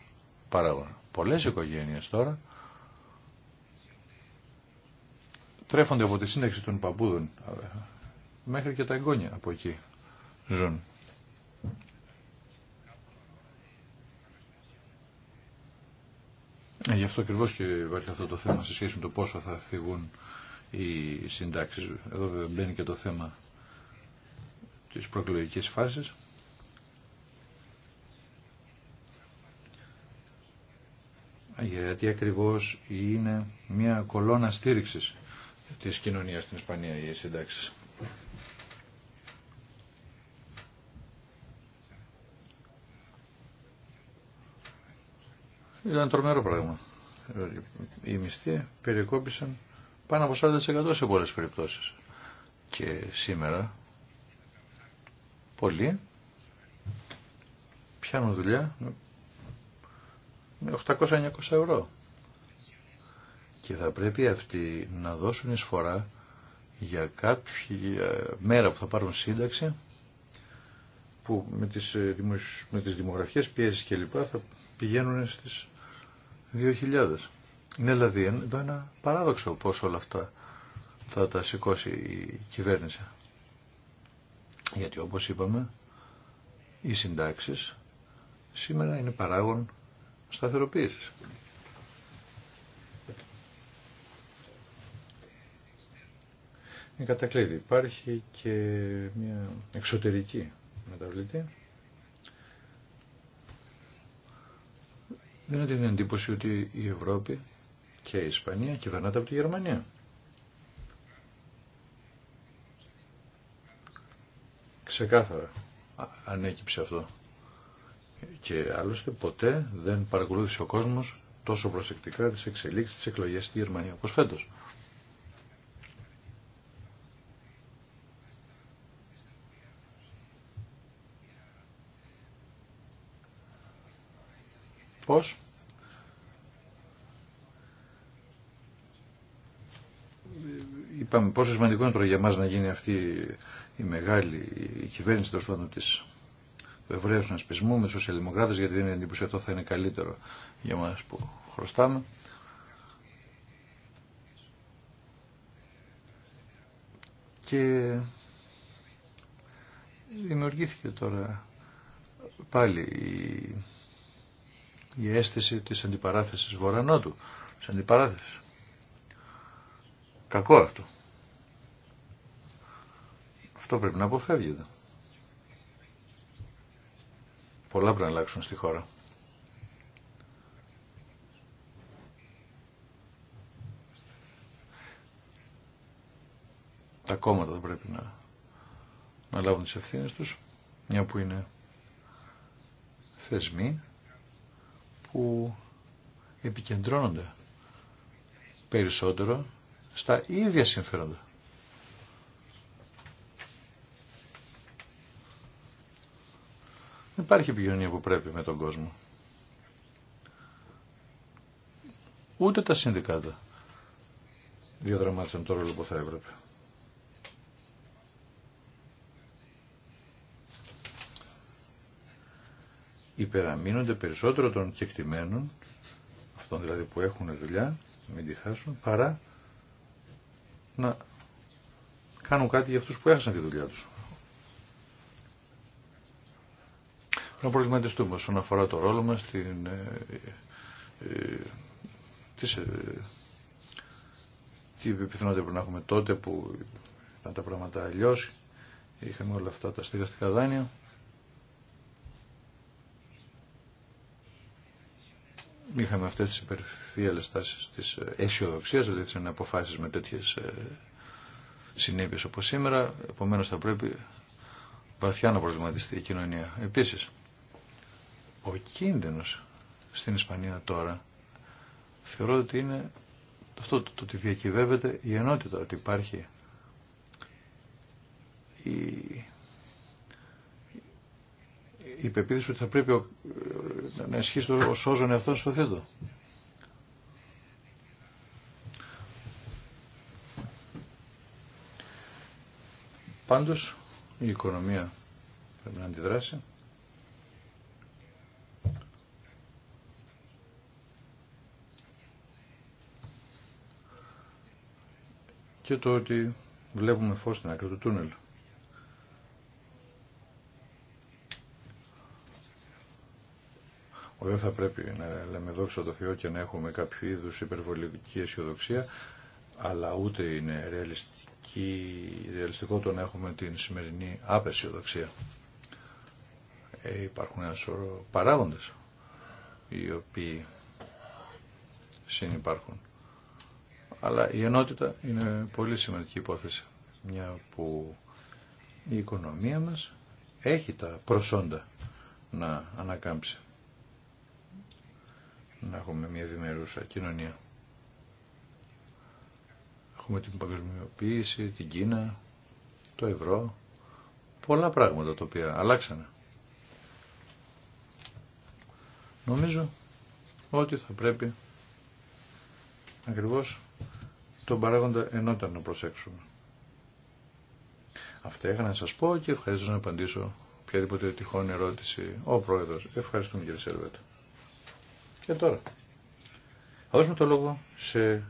παράγον. Πολλές οικογένειες τώρα τρέφονται από τη σύνταξη των παππούδων ε, μέχρι και τα εγγόνια από εκεί ζουν. Ε, γι' αυτό ακριβώ και υπάρχει αυτό το θέμα σε σχέση με το πόσο θα φυγούν οι συντάξει. Εδώ μπαίνει και το θέμα τις προεκλογικές φάσεις. Γιατί ακριβώς είναι μια κολόνα στήριξης της κοινωνίας στην Ισπανία οι συντάξει. Ήταν τρομερό πράγμα. Οι μισθοί περικόπησαν πάνω από 40% σε πολλές περιπτώσεις. Και σήμερα Πολύ. πιάνουν δουλειά με 800-900 ευρώ. Και θα πρέπει αυτοί να δώσουν εισφορά για κάποια μέρα που θα πάρουν σύνταξη που με τις, ε, με τις δημογραφικές πιέσεις και λοιπά θα πηγαίνουν στις 2.000. Είναι δηλαδή εδώ ένα παράδοξο πως όλα αυτά θα τα σηκώσει η κυβέρνηση. Γιατί όπως είπαμε, οι συντάξεις σήμερα είναι παράγον σταθεροποίησης. Είναι κατακλείδη. Υπάρχει και μια εξωτερική μεταβλητή. είναι την εντύπωση ότι η Ευρώπη και η Ισπανία κυβερνάται από τη Γερμανία. Ξεκάθαρα ανέκυψε αυτό. Και άλλωστε ποτέ δεν παρακολούθησε ο κόσμος τόσο προσεκτικά τις εξελίξεις της εκλογές στη Γερμανία όπως φέτος. είπαμε πόσο σημαντικό είναι τώρα για μας να γίνει αυτή η μεγάλη η κυβέρνηση τέλο πάντων της Εβραίου Συνασπισμού με τους σοσιαλδημοκράτες γιατί δεν είναι εντύπωση αυτό θα είναι καλύτερο για μας που χρωστάμε. Και δημιουργήθηκε τώρα πάλι η, η αίσθηση της αντιπαράθεσης βορανότου, της αντιπαράθεσης. Κακό αυτό. Αυτό πρέπει να αποφεύγεται. Πολλά πρέπει να αλλάξουν στη χώρα. Τα κόμματα θα πρέπει να, να λάβουν τις ευθύνες τους, μια που είναι θεσμοί που επικεντρώνονται περισσότερο στα ίδια συμφέροντα. υπάρχει επικοινωνία που πρέπει με τον κόσμο. Ούτε τα συνδικάτα διαδραμάτισαν το ρόλο που θα έπρεπε. Υπεραμείνονται περισσότερο των κεκτημένων, αυτών δηλαδή που έχουν δουλειά, μην τη χάσουν, παρά να κάνουν κάτι για αυτούς που έχασαν τη δουλειά τους. να προβληματιστούμε όσον αφορά το ρόλο μας, την, ε, ε, τις, ε, τι επιθυνότητα πρέπει να έχουμε τότε που ήταν τα πράγματα αλλιώ. Είχαμε όλα αυτά τα στεγαστικά δάνεια. Είχαμε αυτές τις υπερφύαλες τάσεις της αισιοδοξίας, δηλαδή τις αποφάσεις με τέτοιες συνέπειες όπως σήμερα. Επομένως θα πρέπει βαθιά να προβληματιστεί η κοινωνία. Επίσης, ο κίνδυνος στην Ισπανία τώρα θεωρώ ότι είναι αυτό το, ότι διακυβεύεται η ενότητα, ότι υπάρχει η, η ότι θα πρέπει να ισχύσει το ο σώζον εαυτόν στο θέτο. Πάντως η οικονομία πρέπει να αντιδράσει. και το ότι βλέπουμε φως στην άκρη του τούνελ. Δεν θα πρέπει να λέμε δόξα το Θεό και να έχουμε κάποιο είδους υπερβολική αισιοδοξία, αλλά ούτε είναι ρεαλιστική, ρεαλιστικό το να έχουμε την σημερινή άπεσιοδοξία. Ε, υπάρχουν ένα σωρό παράγοντες οι οποίοι συνυπάρχουν. Αλλά η ενότητα είναι πολύ σημαντική υπόθεση. Μια που η οικονομία μας έχει τα προσόντα να ανακάμψει. Να έχουμε μια διμερούσα κοινωνία. Έχουμε την παγκοσμιοποίηση, την Κίνα, το ευρώ, πολλά πράγματα τα οποία αλλάξανε. Νομίζω ότι θα πρέπει ακριβώς τον παράγοντα ενόταν να προσέξουμε. Αυτά είχα να σας πω και ευχαριστώ να απαντήσω οποιαδήποτε τυχόν ερώτηση. Ο Πρόεδρος, ευχαριστούμε κύριε Σερβέτα. Και τώρα, θα δώσουμε το λόγο σε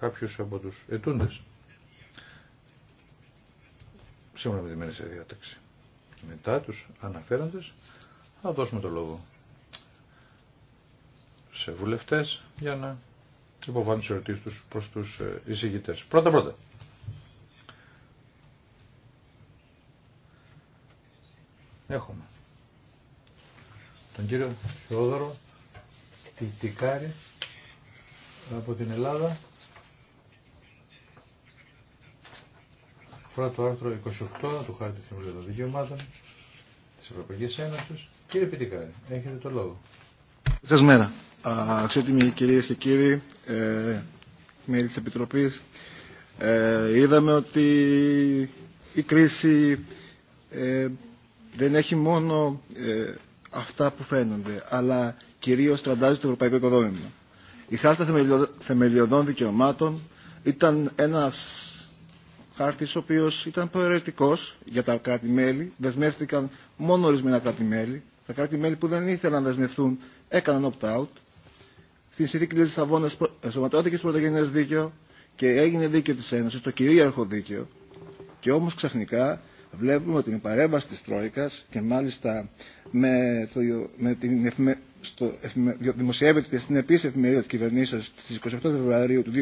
κάποιους από τους ετούντες. Σύμφωνα με τη μέρη σε διάταξη. Μετά τους αναφέροντες θα δώσουμε το λόγο σε βουλευτές για να και υποβάλλουν τις ερωτήσεις τους προς τους εισηγητές. Πρώτα πρώτα. Έχουμε τον κύριο Θεόδωρο Τιτικάρη από την Ελλάδα αφορά το άρθρο 28 του Χάρτη Συμβουλίου των Δικαιωμάτων της Ευρωπαϊκής Ένωσης. Κύριε Πιτικάρη, έχετε το λόγο. Καλησπέρα, μέρα. Αξιότιμοι κυρίες και κύριοι, ε, μέλη της Επιτροπής, ε, είδαμε ότι η κρίση ε, δεν έχει μόνο αυτά που φαίνονται, αλλά κυρίως τραντάζει το ευρωπαϊκό οικοδόμημα. Η χάρτα θεμελιωδών δικαιωμάτων ήταν ένας χάρτης ο οποίος ήταν προαιρετικός για τα κράτη-μέλη. Δεσμεύτηκαν μόνο ορισμένα κράτη-μέλη. Τα κράτη-μέλη που δεν ήθελαν να δεσμευθούν έκαναν opt-out στην συνθήκη τη Λισαβόνα σωματώθηκε στο πρωτογενέ δίκαιο και έγινε δίκαιο τη Ένωση, το κυρίαρχο δίκαιο. Και όμω ξαφνικά βλέπουμε ότι με παρέμβαση τη Τρόικα και μάλιστα με, το, με την στο, εφημε, δημοσιεύεται στην επίση εφημερίδα τη κυβερνήσεω στι 28 Φεβρουαρίου του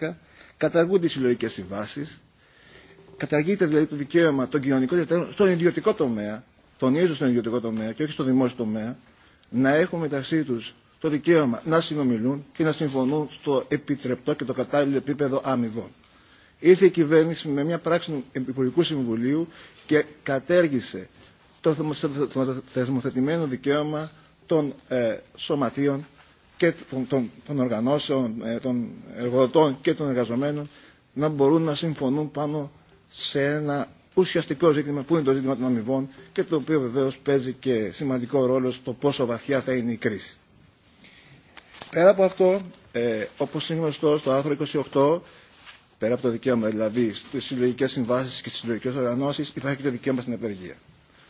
2012 καταργούνται οι συλλογικέ συμβάσει, καταργείται δηλαδή το δικαίωμα των κοινωνικών διευθυντών στον ιδιωτικό τομέα, τονίζω στον ιδιωτικό τομέα και όχι στο δημόσιο τομέα, να έχουν μεταξύ του το δικαίωμα να συνομιλούν και να συμφωνούν στο επιτρεπτό και το κατάλληλο επίπεδο αμοιβών. Ήρθε η κυβέρνηση με μια πράξη του Υπουργικού Συμβουλίου και κατέργησε το θεσμοθετημένο δικαίωμα των ε, σωματείων και των, οργανώσεων, ε, των εργοδοτών και των εργαζομένων να μπορούν να συμφωνούν πάνω σε ένα ουσιαστικό ζήτημα που είναι το ζήτημα των αμοιβών και το οποίο βεβαίως παίζει και σημαντικό ρόλο στο πόσο βαθιά θα είναι η κρίση. Πέρα από αυτό, ε, όπως είναι γνωστό στο άρθρο 28, πέρα από το δικαίωμα δηλαδή στις συλλογικές συμβάσεις και στις συλλογικές οργανώσεις, υπάρχει και το δικαίωμα στην απεργία.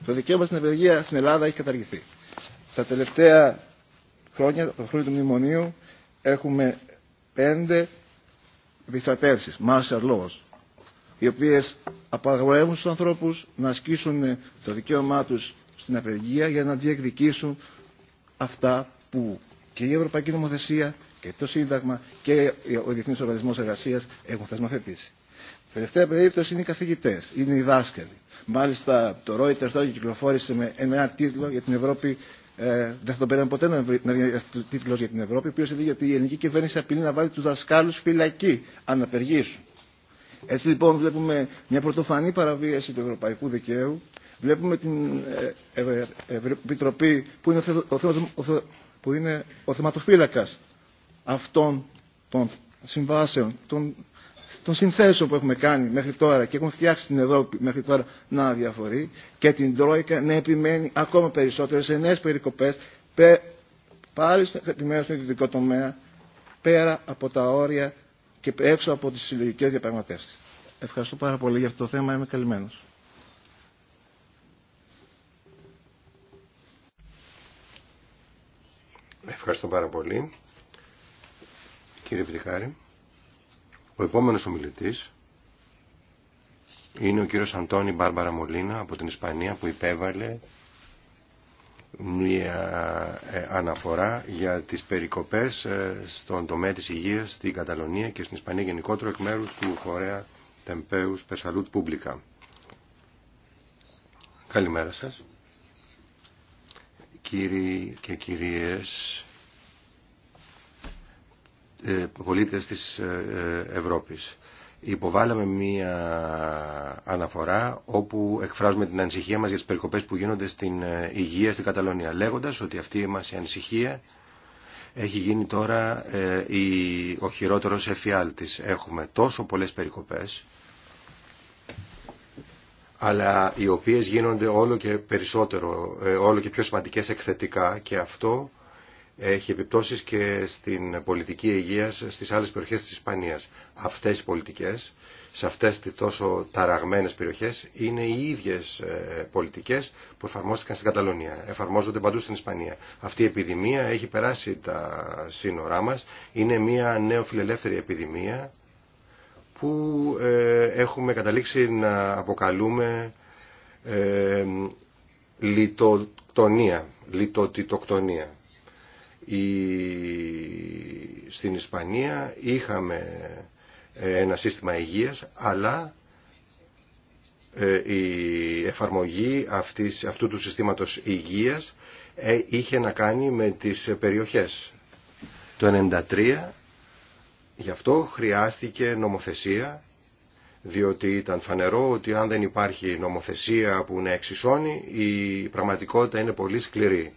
Το δικαίωμα στην απεργία στην Ελλάδα έχει καταργηθεί. Τα τελευταία χρόνια, το χρόνο του μνημονίου, έχουμε πέντε επιστρατεύσεις, martial laws, οι οποίες απαγορεύουν στους ανθρώπους να ασκήσουν το δικαίωμά τους στην απεργία για να διεκδικήσουν αυτά που και η Ευρωπαϊκή Νομοθεσία και το Σύνταγμα και ο Διεθνή Οργανισμό Εργασία έχουν θεσμοθετήσει. Τελευταία περίπτωση είναι οι καθηγητέ, είναι οι δάσκαλοι. Μάλιστα το Reuters τώρα κυκλοφόρησε με ένα τίτλο για την Ευρώπη. Ε, δεν θα τον πέραμε ποτέ να βγει ένα τίτλο για την Ευρώπη, ο οποίο έλεγε ότι η ελληνική κυβέρνηση απειλεί να βάλει του δασκάλου φυλακή αν απεργήσουν. Έτσι λοιπόν βλέπουμε μια πρωτοφανή παραβίαση του ευρωπαϊκού δικαίου. Βλέπουμε την ε, ε, ε, Επιτροπή που είναι ο που είναι ο θεματοφύλακας αυτών των συμβάσεων, των, των συνθέσεων που έχουμε κάνει μέχρι τώρα και έχουμε φτιάξει την Ευρώπη μέχρι τώρα να διαφορεί και την Τρόικα να επιμένει ακόμα περισσότερο σε νέες περικοπές πάλι στο επιμένω στον ιδιωτικό τομέα πέρα από τα όρια και έξω από τις συλλογικές διαπραγματεύσεις. Ευχαριστώ πάρα πολύ για αυτό το θέμα. Είμαι καλυμμένος. Ευχαριστώ πάρα πολύ. Κύριε Πιτικάρη, ο επόμενος ομιλητής είναι ο κύριος Αντώνη Μπάρμπαρα Μολίνα από την Ισπανία που υπέβαλε μια ε, αναφορά για τις περικοπές ε, στον τομέα της υγείας στην Καταλωνία και στην Ισπανία γενικότερα εκ μέρους του φορέα Τεμπέους Πεσαλούτ Πούμπλικα. Καλημέρα σας κύριοι και κυρίες ε, πολίτες της ε, ε, Ευρώπης. Υποβάλαμε μία αναφορά όπου εκφράζουμε την ανησυχία μας για τις περικοπές που γίνονται στην υγεία στην Καταλωνία, λέγοντας ότι αυτή μας η ανησυχία έχει γίνει τώρα ο χειρότερος εφιάλτης. Έχουμε τόσο πολλές περικοπές αλλά οι οποίες γίνονται όλο και περισσότερο, ε, όλο και πιο σημαντικές εκθετικά και αυτό έχει επιπτώσεις και στην πολιτική υγείας στις άλλες περιοχές της Ισπανίας. Αυτές οι πολιτικές, σε αυτές τις τόσο ταραγμένες περιοχές, είναι οι ίδιες ε, πολιτικές που εφαρμόστηκαν στην Καταλωνία, εφαρμόζονται παντού στην Ισπανία. Αυτή η επιδημία έχει περάσει τα σύνορά μας, είναι μια νεοφιλελεύθερη επιδημία που ε, έχουμε καταλήξει να αποκαλούμε ε, λιτοκτονία. λιτοτιτοκτονία. Η... Στην Ισπανία είχαμε ε, ένα σύστημα υγείας, αλλά η εφαρμογή αυτής, αυτού του συστήματος υγείας είχε να κάνει με τις περιοχές. Το 1993 Γι' αυτό χρειάστηκε νομοθεσία, διότι ήταν φανερό ότι αν δεν υπάρχει νομοθεσία που να εξισώνει, η πραγματικότητα είναι πολύ σκληρή.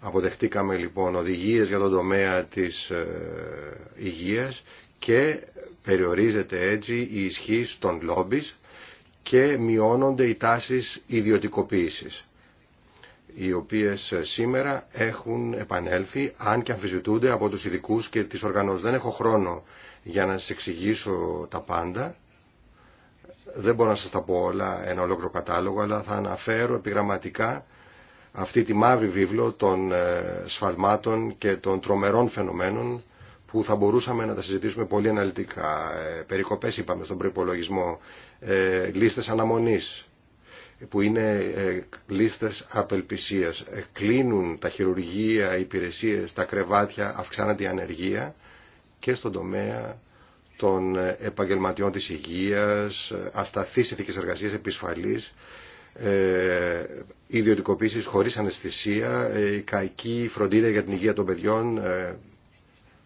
Αποδεχτήκαμε λοιπόν οδηγίες για τον τομέα της ε, υγείας και περιορίζεται έτσι η ισχύ των λόμπις και μειώνονται οι τάσεις ιδιωτικοποίησης οι οποίες σήμερα έχουν επανέλθει, αν και αμφισβητούνται από τους ειδικού και τις οργανώσεις. Δεν έχω χρόνο για να σας εξηγήσω τα πάντα. Δεν μπορώ να σας τα πω όλα, ένα ολόκληρο κατάλογο, αλλά θα αναφέρω επιγραμματικά αυτή τη μαύρη βίβλο των ε, σφαλμάτων και των τρομερών φαινομένων που θα μπορούσαμε να τα συζητήσουμε πολύ αναλυτικά. Ε, περικοπές είπαμε στον προπολογισμό, ε, λίστες αναμονής, που είναι ε, λίστες απελπισίας. Ε, κλείνουν τα χειρουργεία, οι υπηρεσίες, τα κρεβάτια, αυξάνεται η ανεργία και στον τομέα των ε, επαγγελματιών της υγείας, ασταθείς ηθικές εργασίες, επισφαλής, ε, ιδιωτικοποίησης χωρίς αναισθησία, ε, κακή φροντίδα για την υγεία των παιδιών,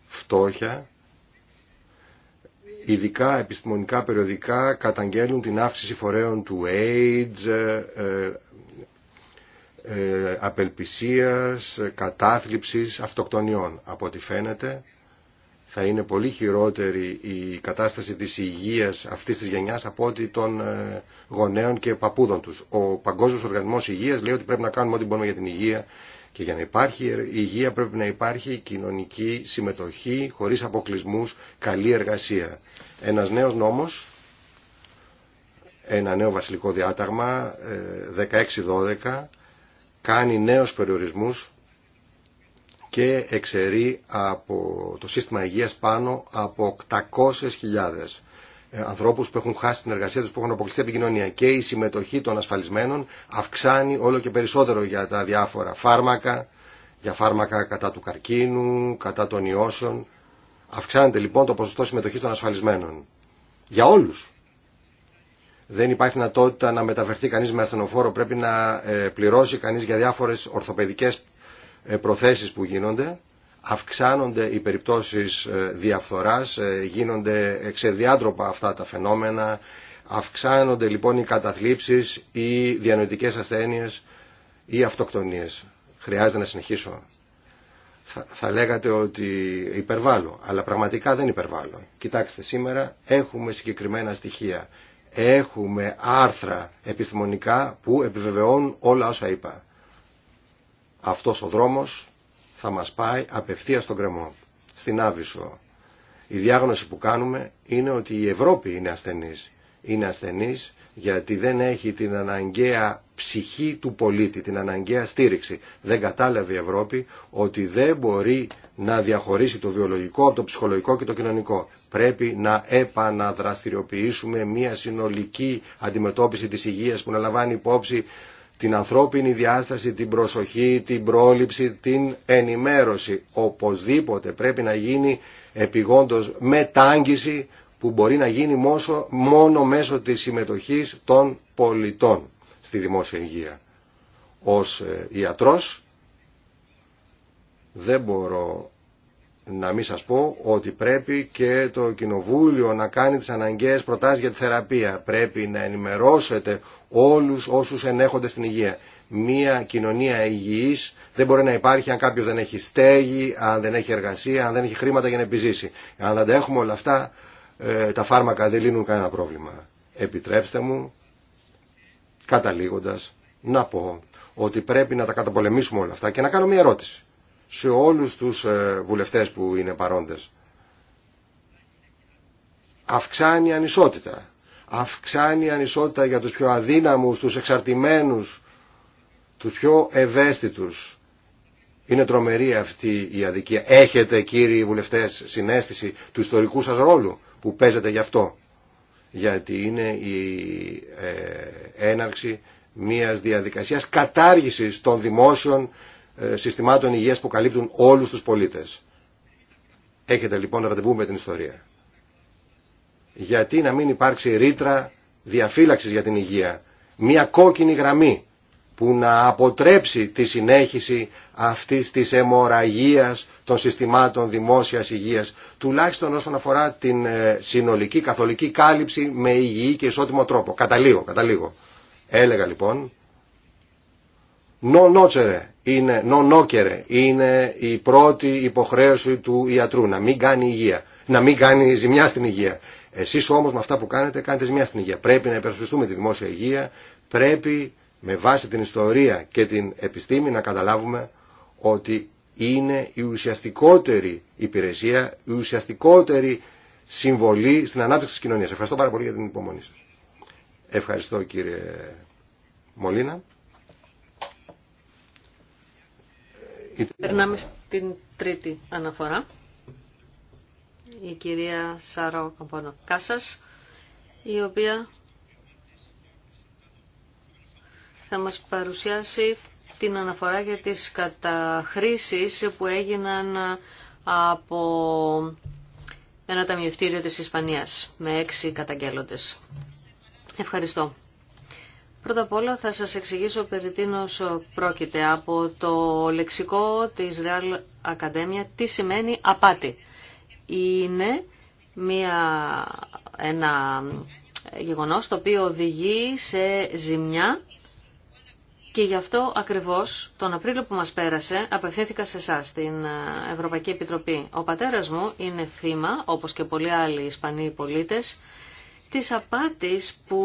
φτώχεια ειδικά επιστημονικά περιοδικά καταγγέλνουν την αύξηση φορέων του AIDS, ε, ε, ε, απελπισίας, κατάθλιψης, αυτοκτονιών. Από ό,τι φαίνεται θα είναι πολύ χειρότερη η κατάσταση της υγείας αυτής της γενιάς από ό,τι των γονέων και παππούδων τους. Ο Παγκόσμιος Οργανισμός Υγείας λέει ότι πρέπει να κάνουμε ό,τι μπορούμε για την υγεία και για να υπάρχει υγεία πρέπει να υπάρχει κοινωνική συμμετοχή χωρίς αποκλεισμούς, καλή εργασία. Ένας νέος νόμος, ένα νέο βασιλικό διάταγμα, 16-12, κάνει νέους περιορισμούς και εξαιρεί από το σύστημα υγείας πάνω από 800.000 ε, ανθρώπους που έχουν χάσει την εργασία τους, που έχουν αποκλειστεί από κοινωνία και η συμμετοχή των ασφαλισμένων αυξάνει όλο και περισσότερο για τα διάφορα φάρμακα, για φάρμακα κατά του καρκίνου, κατά των ιώσεων Αυξάνεται λοιπόν το ποσοστό συμμετοχής των ασφαλισμένων. Για όλους. Δεν υπάρχει δυνατότητα να μεταφερθεί κανείς με ασθενοφόρο. Πρέπει να ε, πληρώσει κανείς για διάφορες ορθοπαιδικές ε, προθέσεις που γίνονται. Αυξάνονται οι περιπτώσεις ε, διαφθοράς, γίνονται εξεδιάντροπα αυτά τα φαινόμενα. Αυξάνονται λοιπόν οι καταθλίψεις, οι διανοητικές ασθένειες, οι αυτοκτονίες. Χρειάζεται να συνεχίσω θα, λέγατε ότι υπερβάλλω, αλλά πραγματικά δεν υπερβάλλω. Κοιτάξτε, σήμερα έχουμε συγκεκριμένα στοιχεία. Έχουμε άρθρα επιστημονικά που επιβεβαιώνουν όλα όσα είπα. Αυτός ο δρόμος θα μας πάει απευθείας στον κρεμό, στην Άβυσσο. Η διάγνωση που κάνουμε είναι ότι η Ευρώπη είναι ασθενής. Είναι ασθενής γιατί δεν έχει την αναγκαία ψυχή του πολίτη, την αναγκαία στήριξη. Δεν κατάλαβε η Ευρώπη ότι δεν μπορεί να διαχωρίσει το βιολογικό από το ψυχολογικό και το κοινωνικό. Πρέπει να επαναδραστηριοποιήσουμε μια συνολική αντιμετώπιση της υγείας που να λαμβάνει υπόψη την ανθρώπινη διάσταση, την προσοχή, την πρόληψη, την ενημέρωση. Οπωσδήποτε πρέπει να γίνει επιγόντως μετάγγιση που μπορεί να γίνει μόνο μέσω της συμμετοχής των πολιτών στη δημόσια υγεία. Ως ε, ιατρός δεν μπορώ να μην σας πω ότι πρέπει και το Κοινοβούλιο να κάνει τις αναγκαίες προτάσεις για τη θεραπεία. Πρέπει να ενημερώσετε όλους όσους ενέχονται στην υγεία. Μία κοινωνία υγιής δεν μπορεί να υπάρχει αν κάποιος δεν έχει στέγη, αν δεν έχει εργασία, αν δεν έχει χρήματα για να επιζήσει. Αν δεν τα έχουμε όλα αυτά ε, τα φάρμακα δεν λύνουν κανένα πρόβλημα. Επιτρέψτε μου, καταλήγοντας, να πω ότι πρέπει να τα καταπολεμήσουμε όλα αυτά και να κάνω μια ερώτηση σε όλους τους ε, βουλευτές που είναι παρόντες. Αυξάνει ανισότητα. Αυξάνει η ανισότητα για τους πιο αδύναμους, τους εξαρτημένους, τους πιο ευαίσθητους. Είναι τρομερή αυτή η αδικία. Έχετε κύριοι βουλευτές συνέστηση του ιστορικού σας ρόλου που παίζεται γι' αυτό. Γιατί είναι η ε, έναρξη μιας διαδικασίας κατάργησης των δημόσιων ε, συστημάτων υγείας που καλύπτουν όλους τους πολίτες. Έχετε λοιπόν ραντεβού με την ιστορία. Γιατί να μην υπάρξει ρήτρα διαφύλαξης για την υγεία. Μια κόκκινη γραμμή που να αποτρέψει τη συνέχιση αυτής της αιμορραγίας των συστημάτων δημόσιας υγείας, τουλάχιστον όσον αφορά την ε, συνολική καθολική κάλυψη με υγιή και ισότιμο τρόπο. Καταλήγω, καταλήγω. Έλεγα λοιπόν, νονότσερε είναι, νονόκερε είναι η πρώτη υποχρέωση του ιατρού, να μην κάνει υγεία, να μην κάνει ζημιά στην υγεία. Εσείς όμως με αυτά που κάνετε, κάνετε ζημιά στην υγεία. Πρέπει να υπερασπιστούμε τη δημόσια υγεία, πρέπει με βάση την ιστορία και την επιστήμη να καταλάβουμε ότι είναι η ουσιαστικότερη υπηρεσία, η ουσιαστικότερη συμβολή στην ανάπτυξη της κοινωνίας. Ευχαριστώ πάρα πολύ για την υπομονή σας. Ευχαριστώ κύριε Μολίνα. Περνάμε στην τρίτη αναφορά. Η κυρία Σάρο Καμπονοκάσας, η οποία θα μας παρουσιάσει την αναφορά για τις καταχρήσεις που έγιναν από ένα ταμιευτήριο της Ισπανίας με έξι καταγγέλλοντες. Ευχαριστώ. Πρώτα απ' όλα θα σας εξηγήσω περί τίνος πρόκειται από το λεξικό της Real Academia τι σημαίνει απάτη. Είναι μια, ένα γεγονός το οποίο οδηγεί σε ζημιά και γι' αυτό ακριβώς τον Απρίλιο που μας πέρασε απευθύνθηκα σε εσά στην ε, Ευρωπαϊκή Επιτροπή. Ο πατέρας μου είναι θύμα, όπως και πολλοί άλλοι Ισπανοί πολίτες, της απάτης που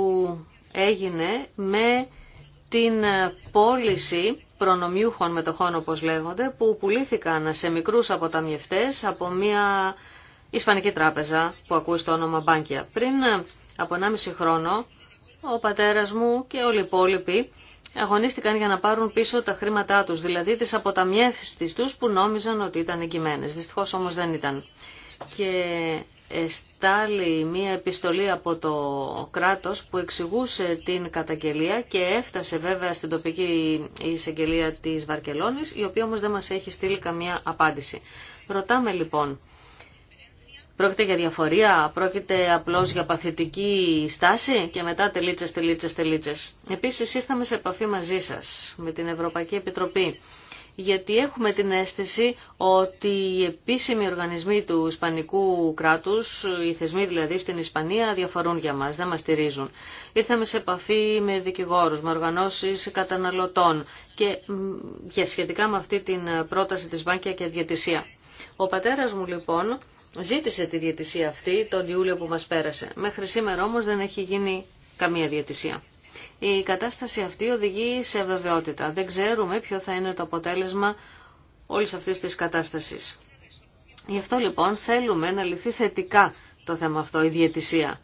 έγινε με την ε, πώληση προνομιούχων μετοχών όπως λέγονται, που πουλήθηκαν σε μικρούς αποταμιευτές από μια Ισπανική τράπεζα που ακούει στο όνομα Μπάνκια. Πριν ε, από 1,5 χρόνο ο πατέρας μου και όλοι οι υπόλοιποι αγωνίστηκαν για να πάρουν πίσω τα χρήματά τους, δηλαδή τις αποταμιεύσεις τους που νόμιζαν ότι ήταν εγκυμένες. Δυστυχώς όμως δεν ήταν. Και στάλει μία επιστολή από το κράτος που εξηγούσε την καταγγελία και έφτασε βέβαια στην τοπική εισαγγελία της Βαρκελόνης, η οποία όμως δεν μας έχει στείλει καμία απάντηση. Ρωτάμε λοιπόν, Πρόκειται για διαφορία, πρόκειται απλώς για παθητική στάση και μετά τελίτσες, τελίτσες, τελίτσες. Επίσης ήρθαμε σε επαφή μαζί σας με την Ευρωπαϊκή Επιτροπή γιατί έχουμε την αίσθηση ότι οι επίσημοι οργανισμοί του Ισπανικού κράτους, οι θεσμοί δηλαδή στην Ισπανία, διαφορούν για μας, δεν μας στηρίζουν. Ήρθαμε σε επαφή με δικηγόρους, με οργανώσεις καταναλωτών και σχετικά με αυτή την πρόταση της Βάνκια και Διατησία. Ο πατέρας μου λοιπόν ζήτησε τη διαιτησία αυτή τον Ιούλιο που μας πέρασε. Μέχρι σήμερα όμως δεν έχει γίνει καμία διαιτησία. Η κατάσταση αυτή οδηγεί σε βεβαιότητα. Δεν ξέρουμε ποιο θα είναι το αποτέλεσμα όλης αυτής της κατάστασης. Γι' αυτό λοιπόν θέλουμε να λυθεί θετικά το θέμα αυτό, η διαιτησία.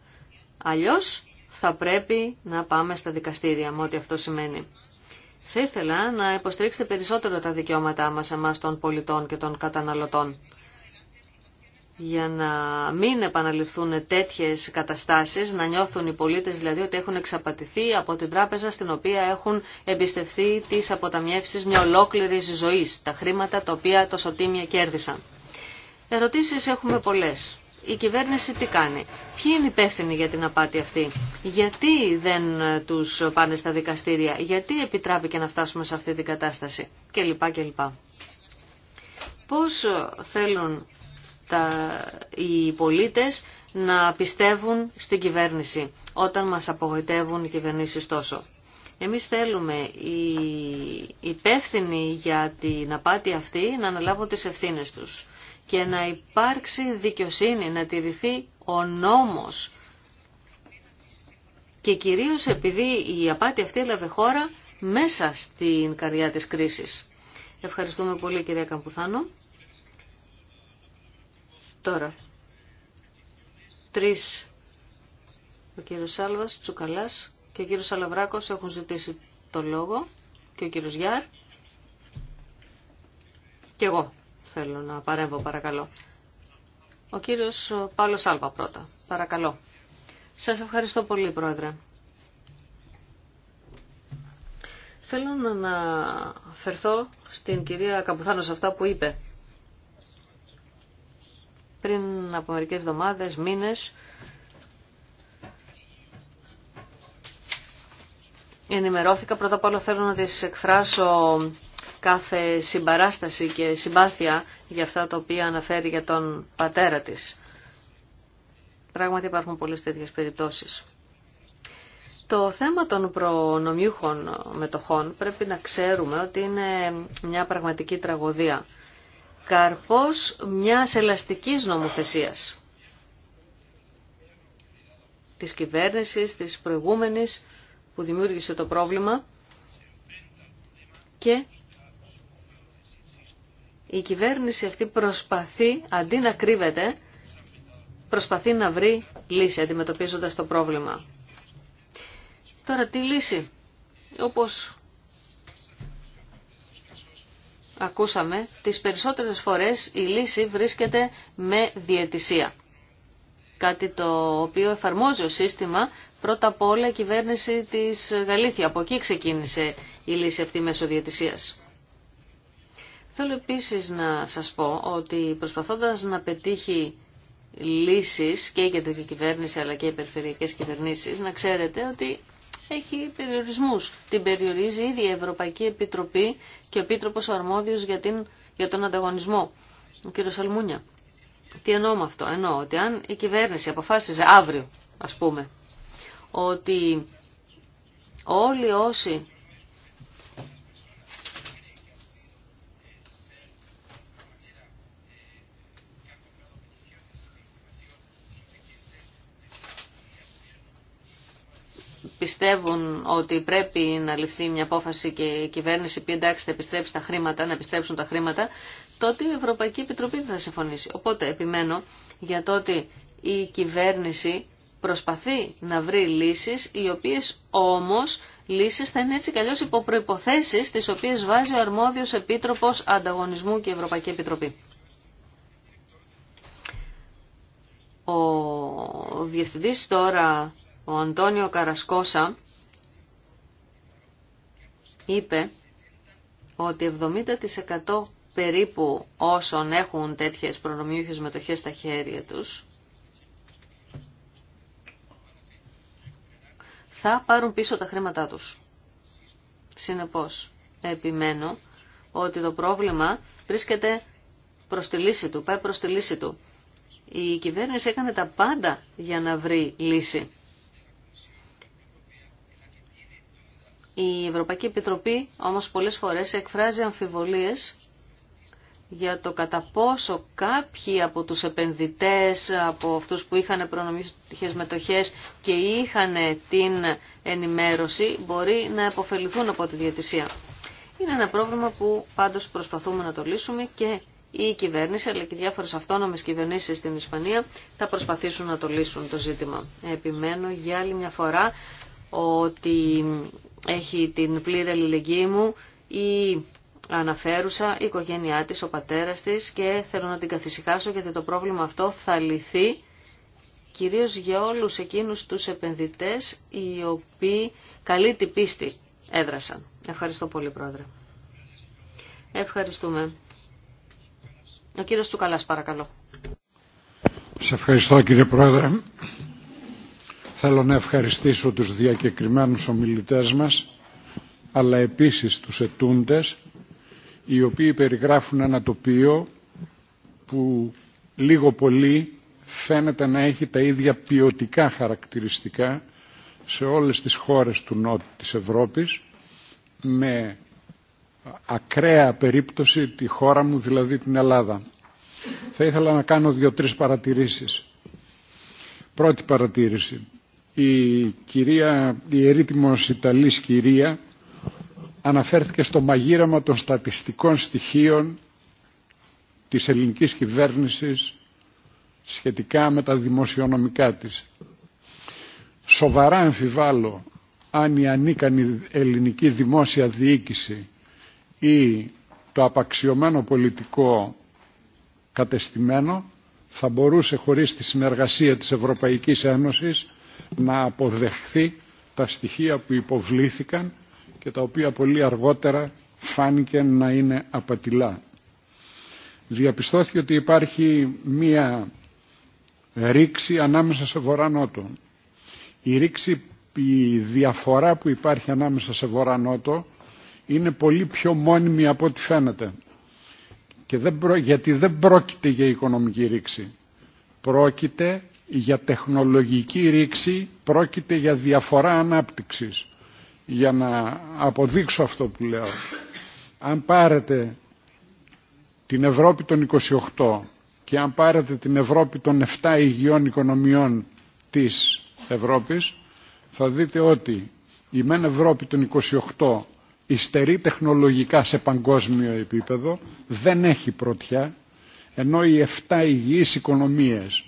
Αλλιώς θα πρέπει να πάμε στα δικαστήρια με ό,τι αυτό σημαίνει. Θα ήθελα να υποστηρίξετε περισσότερο τα δικαιώματά μας εμάς των πολιτών και των καταναλωτών για να μην επαναληφθούν τέτοιες καταστάσεις, να νιώθουν οι πολίτες δηλαδή ότι έχουν εξαπατηθεί από την τράπεζα στην οποία έχουν εμπιστευθεί τις αποταμιεύσεις μια ολόκληρης ζωής, τα χρήματα τα οποία τόσο τίμια κέρδισαν. Ερωτήσεις έχουμε πολλές. Η κυβέρνηση τι κάνει, ποιοι είναι υπεύθυνοι για την απάτη αυτή, γιατί δεν τους πάνε στα δικαστήρια, γιατί επιτράπηκε να φτάσουμε σε αυτή την κατάσταση κλπ. κλπ. Πώς θέλουν τα, οι πολίτες να πιστεύουν στην κυβέρνηση όταν μας απογοητεύουν οι κυβερνήσεις τόσο. Εμείς θέλουμε οι υπεύθυνοι για την απάτη αυτή να αναλάβουν τις ευθύνες τους και να υπάρξει δικαιοσύνη, να τηρηθεί ο νόμος. Και κυρίως επειδή η απάτη αυτή έλαβε χώρα μέσα στην καρδιά της κρίσης. Ευχαριστούμε πολύ κυρία Καμπουθάνο. Τώρα, τρεις, ο κύριος Σάλβας, Τσουκαλάς και ο κύριος Σαλαβράκος έχουν ζητήσει το λόγο και ο κύριος Γιάρ και εγώ θέλω να παρέμβω παρακαλώ. Ο κύριος Πάλος Σάλβα πρώτα, παρακαλώ. Σας ευχαριστώ πολύ πρόεδρε. Θέλω να αναφερθώ στην κυρία Καπουθάνο αυτά που είπε πριν από μερικές εβδομάδες, μήνες, ενημερώθηκα. Πρώτα απ' όλα θέλω να τη εκφράσω κάθε συμπαράσταση και συμπάθεια για αυτά τα οποία αναφέρει για τον πατέρα της. Πράγματι υπάρχουν πολλές τέτοιες περιπτώσεις. Το θέμα των προνομιούχων μετοχών πρέπει να ξέρουμε ότι είναι μια πραγματική τραγωδία καρπός μιας ελαστικής νομοθεσίας της κυβέρνησης, της προηγούμενης που δημιούργησε το πρόβλημα και η κυβέρνηση αυτή προσπαθεί, αντί να κρύβεται, προσπαθεί να βρει λύση αντιμετωπίζοντας το πρόβλημα. Τώρα τι λύση. Όπως ακούσαμε, τις περισσότερες φορές η λύση βρίσκεται με διαιτησία. Κάτι το οποίο εφαρμόζει ο σύστημα πρώτα απ' όλα η κυβέρνηση της Γαλήθια. Από εκεί ξεκίνησε η λύση αυτή μέσω διαιτησίας. Θέλω επίσης να σας πω ότι προσπαθώντας να πετύχει λύσεις και η κεντρική κυβέρνηση αλλά και οι περιφερειακές κυβερνήσεις να ξέρετε ότι έχει περιορισμούς. Την περιορίζει ήδη η Ευρωπαϊκή Επιτροπή και ο Επίτροπος Αρμόδιος για, την, για τον ανταγωνισμό, ο κ. Σαλμούνια. Τι εννοώ με αυτό. Εννοώ ότι αν η κυβέρνηση αποφάσιζε αύριο, ας πούμε, ότι όλοι όσοι πιστεύουν ότι πρέπει να ληφθεί μια απόφαση και η κυβέρνηση πει εντάξει θα επιστρέψει τα χρήματα, να επιστρέψουν τα χρήματα, τότε η Ευρωπαϊκή Επιτροπή δεν θα συμφωνήσει. Οπότε επιμένω για το ότι η κυβέρνηση προσπαθεί να βρει λύσεις, οι οποίες όμως λύσεις θα είναι έτσι κι αλλιώς υπό προϋποθέσεις τις οποίες βάζει ο αρμόδιος Επίτροπος Ανταγωνισμού και η Ευρωπαϊκή Επιτροπή. Ο διευθυντής τώρα ο Αντώνιο Καρασκόσα είπε ότι 70% περίπου όσων έχουν τέτοιες προνομιούχες μετοχές στα χέρια τους θα πάρουν πίσω τα χρήματά τους. Συνεπώς, επιμένω ότι το πρόβλημα βρίσκεται προς τη λύση του, πάει προς τη λύση του. Η κυβέρνηση έκανε τα πάντα για να βρει λύση. Η Ευρωπαϊκή Επιτροπή όμως πολλές φορές εκφράζει αμφιβολίες για το κατά πόσο κάποιοι από τους επενδυτές, από αυτούς που είχαν προνομιστικές μετοχές και είχαν την ενημέρωση, μπορεί να επωφεληθούν από τη διατησία. Είναι ένα πρόβλημα που πάντως προσπαθούμε να το λύσουμε και η κυβέρνηση αλλά και διάφορες αυτόνομες κυβερνήσεις στην Ισπανία θα προσπαθήσουν να το λύσουν το ζήτημα. Επιμένω για άλλη μια φορά ότι έχει την πλήρη αλληλεγγύη μου η αναφέρουσα, η οικογένειά της, ο πατέρας της και θέλω να την καθησυχάσω γιατί το πρόβλημα αυτό θα λυθεί κυρίως για όλους εκείνους τους επενδυτές οι οποίοι καλή την πίστη έδρασαν. Ευχαριστώ πολύ Πρόεδρε. Ευχαριστούμε. Ο κύριος Τσουκαλάς παρακαλώ. Σε ευχαριστώ κύριε Πρόεδρε. Θέλω να ευχαριστήσω τους διακεκριμένους ομιλητές μας, αλλά επίσης τους ετούντες, οι οποίοι περιγράφουν ένα τοπίο που λίγο πολύ φαίνεται να έχει τα ίδια ποιοτικά χαρακτηριστικά σε όλες τις χώρες του Νότου της Ευρώπης με ακραία περίπτωση τη χώρα μου, δηλαδή την Ελλάδα. Θα ήθελα να κάνω δύο-τρεις παρατηρήσεις. Πρώτη παρατήρηση η κυρία, η ερήτημος Ιταλής κυρία αναφέρθηκε στο μαγείρεμα των στατιστικών στοιχείων της ελληνικής κυβέρνησης σχετικά με τα δημοσιονομικά της. Σοβαρά αμφιβάλλω αν η ανίκανη ελληνική δημόσια διοίκηση ή το απαξιωμένο πολιτικό κατεστημένο θα μπορούσε χωρίς τη συνεργασία της Ευρωπαϊκής Ένωσης να αποδεχθεί τα στοιχεία που υποβλήθηκαν και τα οποία πολύ αργότερα φάνηκε να είναι απατηλά. Διαπιστώθηκε ότι υπάρχει μία ρήξη ανάμεσα σε βορρά-νότο. Η ρήξη, η διαφορά που υπάρχει ανάμεσα σε βορρά-νότο είναι πολύ πιο μόνιμη από ό,τι φαίνεται. Και δεν, γιατί δεν πρόκειται για οικονομική ρήξη. Πρόκειται για τεχνολογική ρήξη πρόκειται για διαφορά ανάπτυξης. Για να αποδείξω αυτό που λέω, αν πάρετε την Ευρώπη των 28 και αν πάρετε την Ευρώπη των 7 υγιών οικονομιών της Ευρώπης, θα δείτε ότι η μεν Ευρώπη των 28 υστερεί τεχνολογικά σε παγκόσμιο επίπεδο, δεν έχει πρωτιά, ενώ οι 7 υγιείς οικονομίες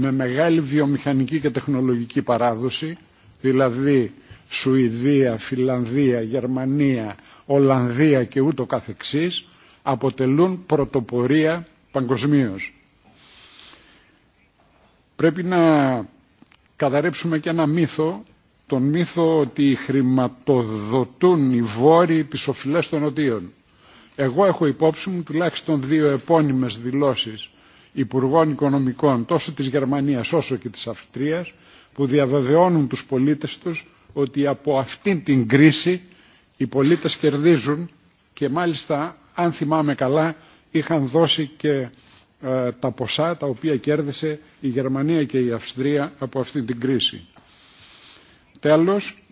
με μεγάλη βιομηχανική και τεχνολογική παράδοση, δηλαδή Σουηδία, Φιλανδία, Γερμανία, Ολλανδία και ούτω καθεξής, αποτελούν πρωτοπορία παγκοσμίω. Πρέπει να καταρρέψουμε και ένα μύθο, τον μύθο ότι χρηματοδοτούν οι βόρειοι τις οφειλές των νοτίων. Εγώ έχω υπόψη μου τουλάχιστον δύο επώνυμες δηλώσεις Υπουργών Οικονομικών τόσο της Γερμανίας όσο και της Αυστρίας που διαβεβαιώνουν τους πολίτες τους ότι από αυτήν την κρίση οι πολίτες κερδίζουν και μάλιστα αν θυμάμαι καλά είχαν δώσει και ε, τα ποσά τα οποία κέρδισε η Γερμανία και η Αυστρία από αυτήν την κρίση. Τέλος,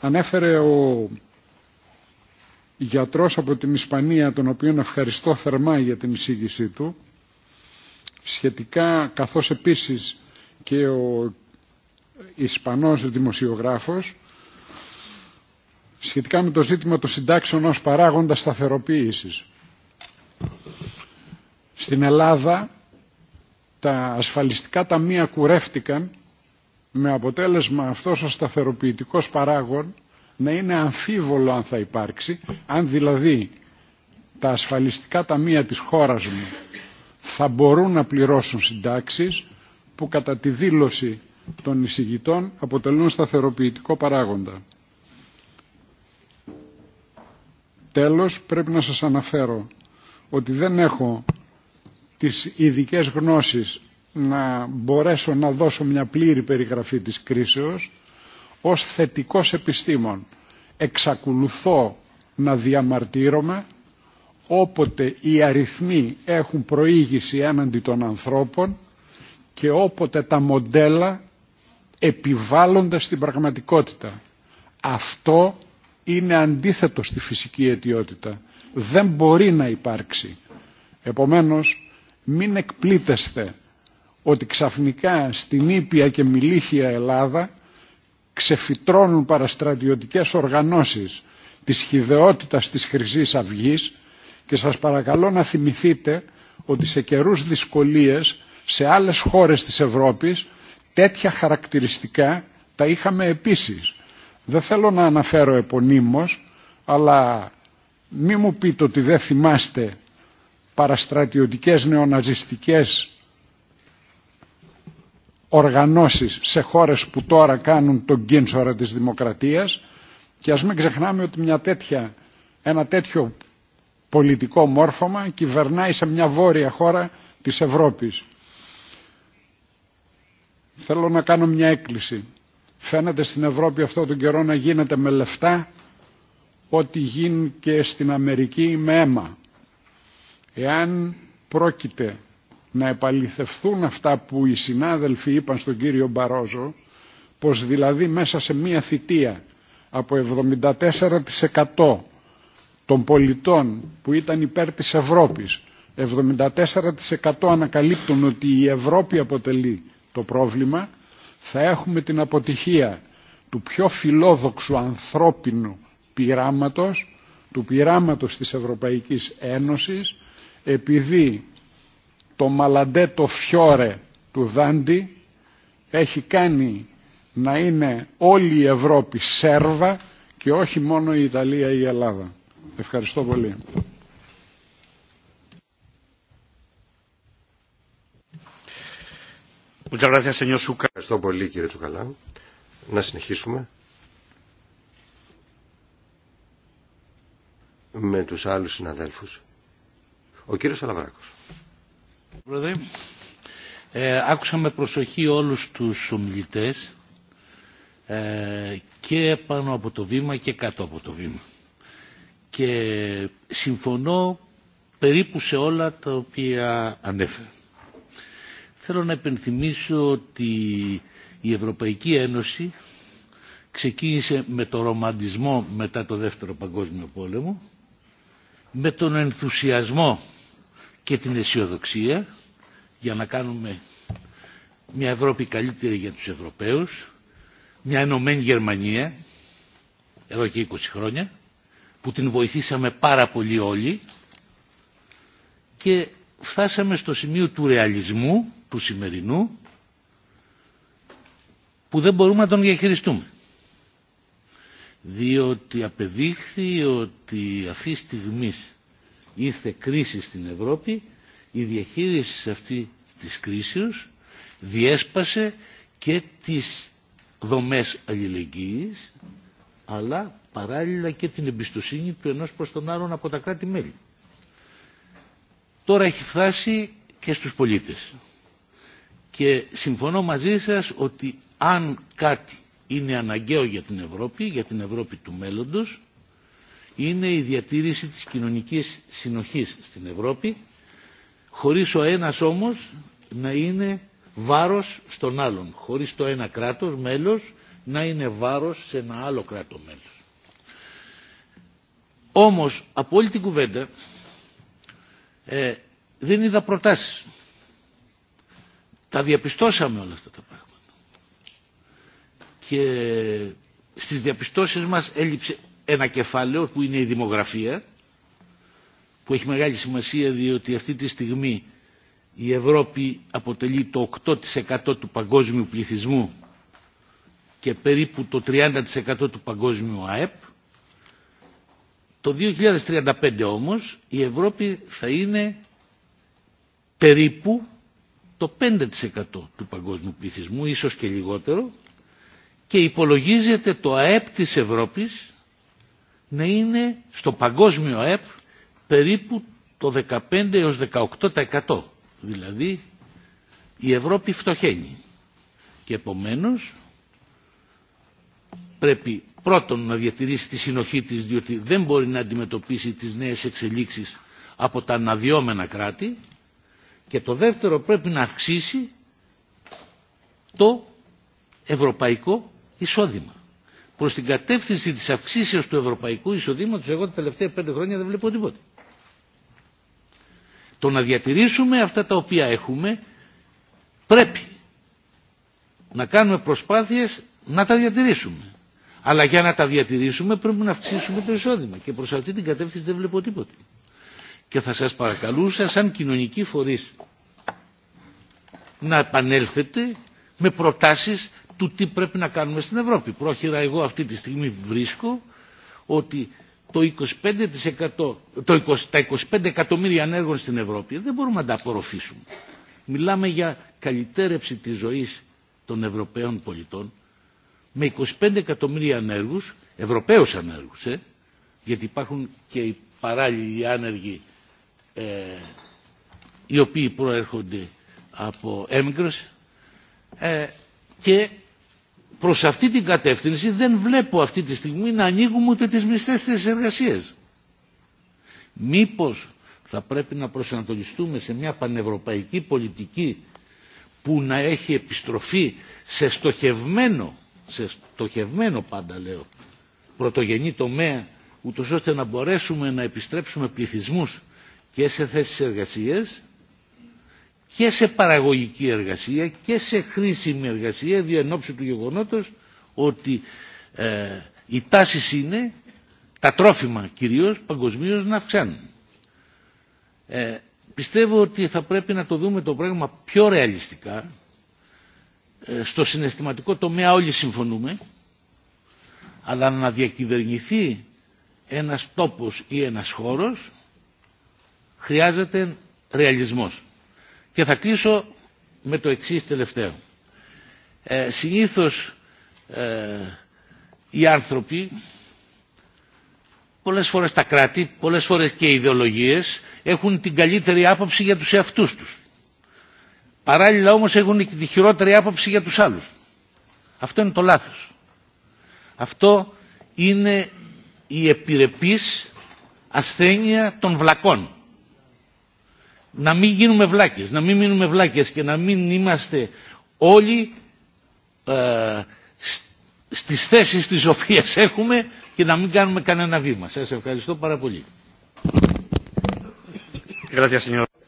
ανέφερε ο γιατρός από την Ισπανία, τον οποίον ευχαριστώ θερμά για την εισήγησή του, σχετικά καθώς επίσης και ο Ισπανός δημοσιογράφος, σχετικά με το ζήτημα των συντάξεων ως παράγοντα σταθεροποίησης. Στην Ελλάδα τα ασφαλιστικά ταμεία κουρεύτηκαν με αποτέλεσμα αυτός ο σταθεροποιητικός παράγον να είναι αμφίβολο αν θα υπάρξει, αν δηλαδή τα ασφαλιστικά ταμεία της χώρας μου θα μπορούν να πληρώσουν συντάξεις που κατά τη δήλωση των εισηγητών αποτελούν σταθεροποιητικό παράγοντα. Τέλος, πρέπει να σας αναφέρω ότι δεν έχω τις ειδικέ γνώσεις να μπορέσω να δώσω μια πλήρη περιγραφή της κρίσεως ως θετικός επιστήμον εξακολουθώ να διαμαρτύρομαι όποτε οι αριθμοί έχουν προήγηση έναντι των ανθρώπων και όποτε τα μοντέλα επιβάλλονται στην πραγματικότητα. Αυτό είναι αντίθετο στη φυσική αιτιότητα. Δεν μπορεί να υπάρξει. Επομένως, μην εκπλήτεστε ότι ξαφνικά στην Ήπια και μιλήχια Ελλάδα ξεφυτρώνουν παραστρατιωτικές οργανώσεις της χιδεότητας της χρυσή αυγή και σας παρακαλώ να θυμηθείτε ότι σε καιρούς δυσκολίες σε άλλες χώρες της Ευρώπης τέτοια χαρακτηριστικά τα είχαμε επίσης. Δεν θέλω να αναφέρω επωνύμως, αλλά μη μου πείτε ότι δεν θυμάστε παραστρατιωτικές νεοναζιστικές οργανώσεις σε χώρες που τώρα κάνουν τον κίνσορα της δημοκρατίας και ας μην ξεχνάμε ότι μια τέτοια, ένα τέτοιο πολιτικό μόρφωμα κυβερνάει σε μια βόρεια χώρα της Ευρώπης. Θέλω να κάνω μια έκκληση. Φαίνεται στην Ευρώπη αυτό τον καιρό να γίνεται με λεφτά ό,τι γίνει και στην Αμερική με αίμα. Εάν πρόκειται να επαληθευθούν αυτά που οι συνάδελφοι είπαν στον κύριο Μπαρόζο, πως δηλαδή μέσα σε μία θητεία από 74% των πολιτών που ήταν υπέρ της Ευρώπης, 74% ανακαλύπτουν ότι η Ευρώπη αποτελεί το πρόβλημα, θα έχουμε την αποτυχία του πιο φιλόδοξου ανθρώπινου πειράματος, του πειράματος της Ευρωπαϊκής Ένωσης, επειδή το μαλαντέτο φιόρε του Δάντι έχει κάνει να είναι όλη η Ευρώπη Σέρβα και όχι μόνο η Ιταλία ή η Ελλάδα. Ευχαριστώ πολύ. Ευχαριστώ πολύ κύριε Τσουκαλά. Να συνεχίσουμε με τους άλλους συναδέλφους. Ο κύριος Αλαβράκος. Πρόεδρε, ε, άκουσα με προσοχή όλους τους ομιλητές ε, και πάνω από το βήμα και κάτω από το βήμα. Και συμφωνώ περίπου σε όλα τα οποία ανέφερα. Θέλω να επενθυμίσω ότι η Ευρωπαϊκή Ένωση ξεκίνησε με το ρομαντισμό μετά το Δεύτερο Παγκόσμιο Πόλεμο, με τον ενθουσιασμό και την αισιοδοξία για να κάνουμε μια Ευρώπη καλύτερη για τους Ευρωπαίους, μια ενωμένη Γερμανία εδώ και 20 χρόνια που την βοηθήσαμε πάρα πολύ όλοι και φτάσαμε στο σημείο του ρεαλισμού του σημερινού που δεν μπορούμε να τον διαχειριστούμε. Διότι απεδείχθη ότι αυτή τη στιγμή ήρθε κρίση στην Ευρώπη, η διαχείριση αυτή της κρίσεως διέσπασε και τις δομές αλληλεγγύης αλλά παράλληλα και την εμπιστοσύνη του ενός προς τον άλλον από τα κράτη-μέλη. Τώρα έχει φτάσει και στους πολίτες. Και συμφωνώ μαζί σας ότι αν κάτι είναι αναγκαίο για την Ευρώπη, για την Ευρώπη του μέλλοντος, είναι η διατήρηση της κοινωνικής συνοχής στην Ευρώπη χωρίς ο ένας όμως να είναι βάρος στον άλλον. Χωρίς το ένα κράτος μέλος να είναι βάρος σε ένα άλλο κράτο μέλος. Όμως από όλη την κουβέντα ε, δεν είδα προτάσεις. Τα διαπιστώσαμε όλα αυτά τα πράγματα. Και στις διαπιστώσεις μας έλειψε ένα κεφάλαιο που είναι η δημογραφία που έχει μεγάλη σημασία διότι αυτή τη στιγμή η Ευρώπη αποτελεί το 8% του παγκόσμιου πληθυσμού και περίπου το 30% του παγκόσμιου ΑΕΠ. Το 2035 όμως η Ευρώπη θα είναι περίπου το 5% του παγκόσμιου πληθυσμού, ίσως και λιγότερο, και υπολογίζεται το ΑΕΠ της Ευρώπης να είναι στο παγκόσμιο ΕΠ περίπου το 15 έως 18%. Δηλαδή η Ευρώπη φτωχαίνει. Και επομένως πρέπει πρώτον να διατηρήσει τη συνοχή της διότι δεν μπορεί να αντιμετωπίσει τις νέες εξελίξεις από τα αναδυόμενα κράτη και το δεύτερο πρέπει να αυξήσει το ευρωπαϊκό εισόδημα προ την κατεύθυνση τη αυξήσεω του ευρωπαϊκού εισοδήματο, εγώ τα τελευταία πέντε χρόνια δεν βλέπω τίποτα. Το να διατηρήσουμε αυτά τα οποία έχουμε πρέπει να κάνουμε προσπάθειες να τα διατηρήσουμε. Αλλά για να τα διατηρήσουμε πρέπει να αυξήσουμε το εισόδημα και προς αυτή την κατεύθυνση δεν βλέπω τίποτα. Και θα σας παρακαλούσα σαν κοινωνική φορείς να επανέλθετε με προτάσεις του τι πρέπει να κάνουμε στην Ευρώπη. Πρόχειρα εγώ αυτή τη στιγμή βρίσκω ότι το 25%, τα 25 εκατομμύρια ανέργων στην Ευρώπη δεν μπορούμε να τα απορροφήσουμε. Μιλάμε για καλυτερέψη της ζωής των Ευρωπαίων πολιτών με 25 εκατομμύρια ανέργους, Ευρωπαίους ανέργους, ε, γιατί υπάρχουν και οι παράλληλοι άνεργοι ε, οι οποίοι προέρχονται από έμικρος ε, και προς αυτή την κατεύθυνση δεν βλέπω αυτή τη στιγμή να ανοίγουμε ούτε τις μισθές της εργασίας. Μήπως θα πρέπει να προσανατολιστούμε σε μια πανευρωπαϊκή πολιτική που να έχει επιστροφή σε στοχευμένο, σε στοχευμένο πάντα λέω, πρωτογενή τομέα, ούτως ώστε να μπορέσουμε να επιστρέψουμε πληθυσμούς και σε θέσεις εργασίας και σε παραγωγική εργασία και σε χρήσιμη εργασία δι' ενόψη του γεγονότος ότι ε, οι τάσει είναι τα τρόφιμα κυρίως παγκοσμίω να αυξάνουν. Ε, πιστεύω ότι θα πρέπει να το δούμε το πράγμα πιο ρεαλιστικά. Ε, στο συναισθηματικό τομέα όλοι συμφωνούμε αλλά να διακυβερνηθεί ένας τόπος ή ένας χώρος χρειάζεται ρεαλισμός. Και θα κλείσω με το εξής τελευταίο. Ε, συνήθως ε, οι άνθρωποι, πολλές φορές τα κράτη, πολλές φορές και οι ιδεολογίες, έχουν την καλύτερη άποψη για τους εαυτούς τους. Παράλληλα όμως έχουν και τη χειρότερη άποψη για τους άλλους. Αυτό είναι το λάθος. Αυτό είναι η επιρρεπής ασθένεια των βλακών να μην γίνουμε βλάκες, να μην μείνουμε βλάκες και να μην είμαστε όλοι ε, στις θέσεις τις οποίες έχουμε και να μην κάνουμε κανένα βήμα. Σας ευχαριστώ πάρα πολύ.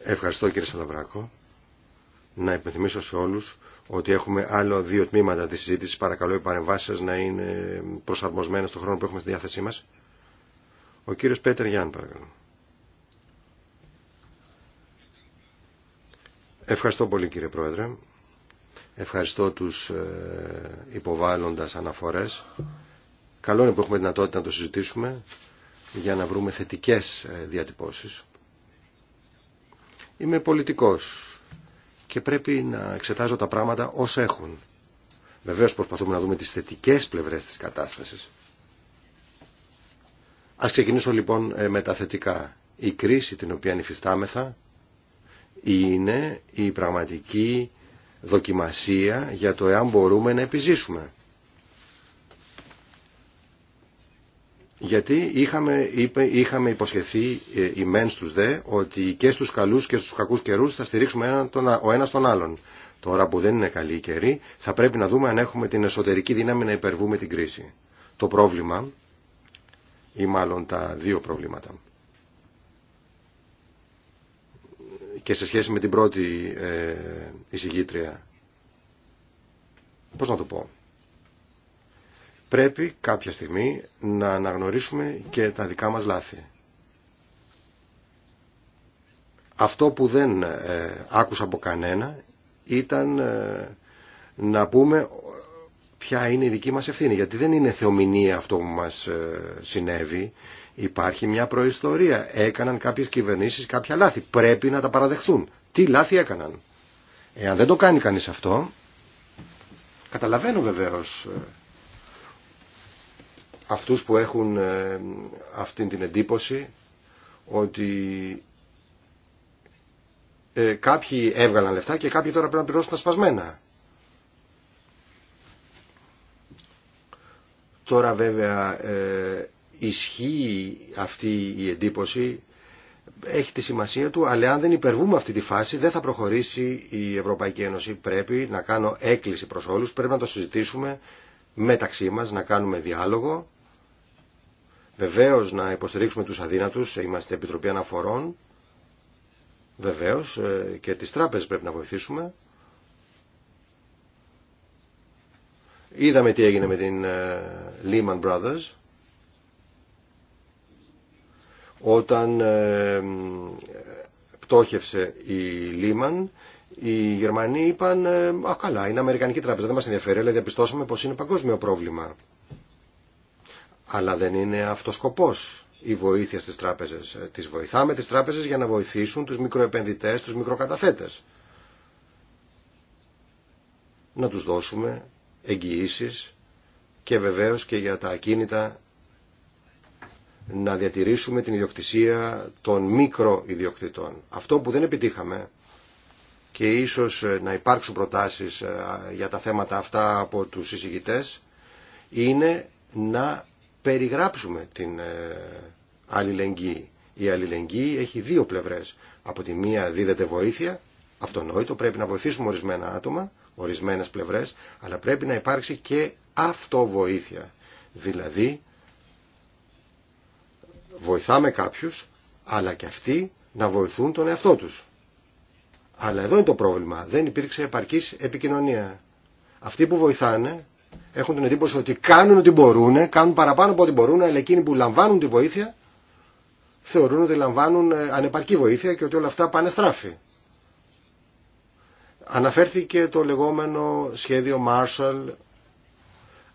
Ευχαριστώ κύριε Σαλαβράκο. Να υπενθυμίσω σε όλους ότι έχουμε άλλο δύο τμήματα της συζήτησης. Παρακαλώ οι παρεμβάσεις να είναι προσαρμοσμένες στον χρόνο που έχουμε στη διάθεσή μας. Ο κύριος Πέτερ Γιάνν παρακαλώ. Ευχαριστώ πολύ κύριε Πρόεδρε. Ευχαριστώ τους ε, υποβάλλοντας αναφορές. Καλό είναι που έχουμε δυνατότητα να το συζητήσουμε για να βρούμε θετικές ε, διατυπώσεις. Είμαι πολιτικός και πρέπει να εξετάζω τα πράγματα όσα έχουν. Βεβαίως προσπαθούμε να δούμε τις θετικές πλευρές της κατάστασης. Ας ξεκινήσω λοιπόν ε, με τα θετικά. Η κρίση την οποία ανηφιστάμεθα είναι η πραγματική δοκιμασία για το εάν μπορούμε να επιζήσουμε. Γιατί είχαμε, είχαμε υποσχεθεί ε, οι μεν στους δε ότι και στους καλούς και στους κακούς καιρούς θα στηρίξουμε τον, ο ένας τον άλλον. Τώρα που δεν είναι καλή η καιρή θα πρέπει να δούμε αν έχουμε την εσωτερική δύναμη να υπερβούμε την κρίση. Το πρόβλημα ή μάλλον τα δύο προβλήματα και σε σχέση με την πρώτη ε, εισηγήτρια. Πώς να το πω. Πρέπει κάποια στιγμή να αναγνωρίσουμε και τα δικά μας λάθη. Αυτό που δεν ε, άκουσα από κανένα ήταν ε, να πούμε ποια είναι η δική μας ευθύνη. Γιατί δεν είναι θεομηνία αυτό που μας συνέβη. Υπάρχει μια προϊστορία. Έκαναν κάποιες κυβερνήσεις κάποια λάθη. Πρέπει να τα παραδεχθούν. Τι λάθη έκαναν. Εάν δεν το κάνει κανείς αυτό, καταλαβαίνω βεβαίως ε, αυτούς που έχουν ε, αυτή την εντύπωση ότι ε, κάποιοι έβγαλαν λεφτά και κάποιοι τώρα πρέπει να πληρώσουν τα σπασμένα. Τώρα βέβαια ισχύει αυτή η εντύπωση έχει τη σημασία του, αλλά αν δεν υπερβούμε αυτή τη φάση δεν θα προχωρήσει η Ευρωπαϊκή Ένωση. Πρέπει να κάνω έκκληση προς όλους, πρέπει να το συζητήσουμε μεταξύ μας, να κάνουμε διάλογο. Βεβαίως να υποστηρίξουμε τους αδύνατους, είμαστε Επιτροπή Αναφορών. Βεβαίως ε, και τις τράπεζες πρέπει να βοηθήσουμε. Είδαμε τι έγινε με την ε, Lehman Brothers. Όταν ε, πτώχευσε η Λίμαν, οι Γερμανοί είπαν ε, «Α, καλά, είναι Αμερικανική τράπεζα, δεν μας ενδιαφέρει, αλλά διαπιστώσαμε πως είναι παγκόσμιο πρόβλημα». Αλλά δεν είναι αυτός σκοπός η βοήθεια στις τράπεζες. Ε, τις βοηθάμε τις τράπεζες για να βοηθήσουν τους μικροεπενδυτές, τους μικροκαταθέτες. Να τους δώσουμε εγγυήσεις και βεβαίως και για τα ακίνητα να διατηρήσουμε την ιδιοκτησία των μικροϊδιοκτητών. Αυτό που δεν επιτύχαμε και ίσως ε, να υπάρξουν προτάσεις ε, για τα θέματα αυτά από τους συζητητές είναι να περιγράψουμε την ε, αλληλεγγύη. Η αλληλεγγύη έχει δύο πλευρές. Από τη μία δίδεται βοήθεια, αυτονόητο, πρέπει να βοηθήσουμε ορισμένα άτομα, ορισμένες πλευρές, αλλά πρέπει να υπάρξει και αυτοβοήθεια. Δηλαδή βοηθάμε κάποιους, αλλά και αυτοί να βοηθούν τον εαυτό τους. Αλλά εδώ είναι το πρόβλημα. Δεν υπήρξε επαρκής επικοινωνία. Αυτοί που βοηθάνε έχουν την εντύπωση ότι κάνουν ό,τι μπορούν, κάνουν παραπάνω από ό,τι μπορούν, αλλά εκείνοι που λαμβάνουν τη βοήθεια θεωρούν ότι λαμβάνουν ε, ανεπαρκή βοήθεια και ότι όλα αυτά πάνε στράφη. Αναφέρθηκε το λεγόμενο σχέδιο Marshall,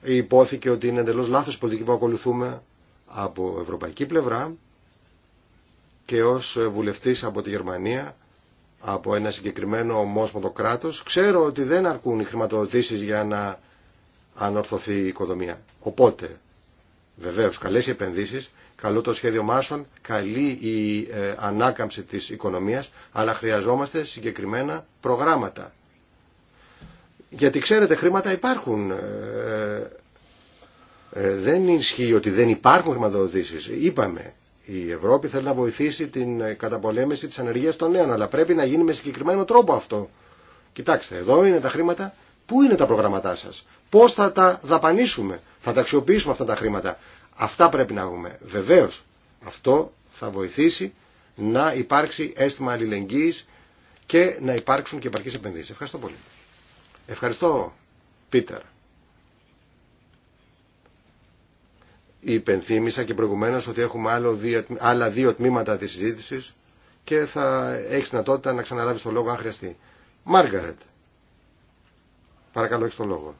υπόθηκε ότι είναι εντελώς λάθος πολιτική που ακολουθούμε, από ευρωπαϊκή πλευρά και ως βουλευτής από τη Γερμανία από ένα συγκεκριμένο ομόσπονδο κράτος ξέρω ότι δεν αρκούν οι χρηματοδοτήσεις για να ανορθωθεί η οικοδομία. Οπότε, βεβαίως, καλές οι επενδύσεις, καλό το σχέδιο Μάσον, καλή η ε, ανάκαμψη της οικονομίας, αλλά χρειαζόμαστε συγκεκριμένα προγράμματα. Γιατί ξέρετε, χρήματα υπάρχουν. Ε, ε, δεν ισχύει ότι δεν υπάρχουν χρηματοδοτήσεις. Είπαμε, η Ευρώπη θέλει να βοηθήσει την ε, καταπολέμηση της ανεργίας των νέων, αλλά πρέπει να γίνει με συγκεκριμένο τρόπο αυτό. Κοιτάξτε, εδώ είναι τα χρήματα, πού είναι τα προγραμματά σας, πώς θα τα δαπανίσουμε, θα τα αξιοποιήσουμε αυτά τα χρήματα. Αυτά πρέπει να έχουμε. Βεβαίω, αυτό θα βοηθήσει να υπάρξει αίσθημα αλληλεγγύης και να υπάρξουν και επαρκείς επενδύσεις. Ευχαριστώ πολύ. Ευχαριστώ, Πίτερ. υπενθύμησα και προηγουμένως ότι έχουμε άλλο δύο, άλλα δύο τμήματα της συζήτησης και θα έχει δυνατότητα να ξαναλάβεις το λόγο αν χρειαστεί. Μάργαρετ, παρακαλώ έχεις το λόγο.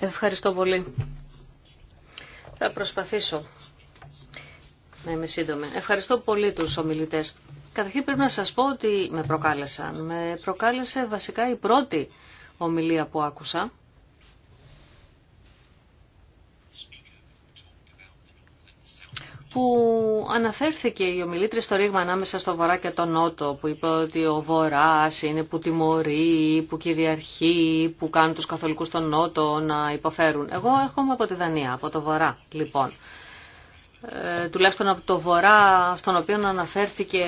Ευχαριστώ πολύ. Θα προσπαθήσω να είμαι σύντομη. Ευχαριστώ πολύ τους ομιλητές. Καταρχήν πρέπει να σας πω ότι με προκάλεσαν. Με προκάλεσε βασικά η πρώτη ομιλία που άκουσα που αναφέρθηκε η ομιλήτρια στο ρήγμα ανάμεσα στο Βορρά και τον Νότο, που είπε ότι ο Βορρά είναι που τιμωρεί, που κυριαρχεί, που κάνουν τους καθολικούς τον Νότο να υποφέρουν. Εγώ έρχομαι από τη Δανία, από το Βορρά, λοιπόν. Ε, τουλάχιστον από το Βορρά, στον οποίο αναφέρθηκε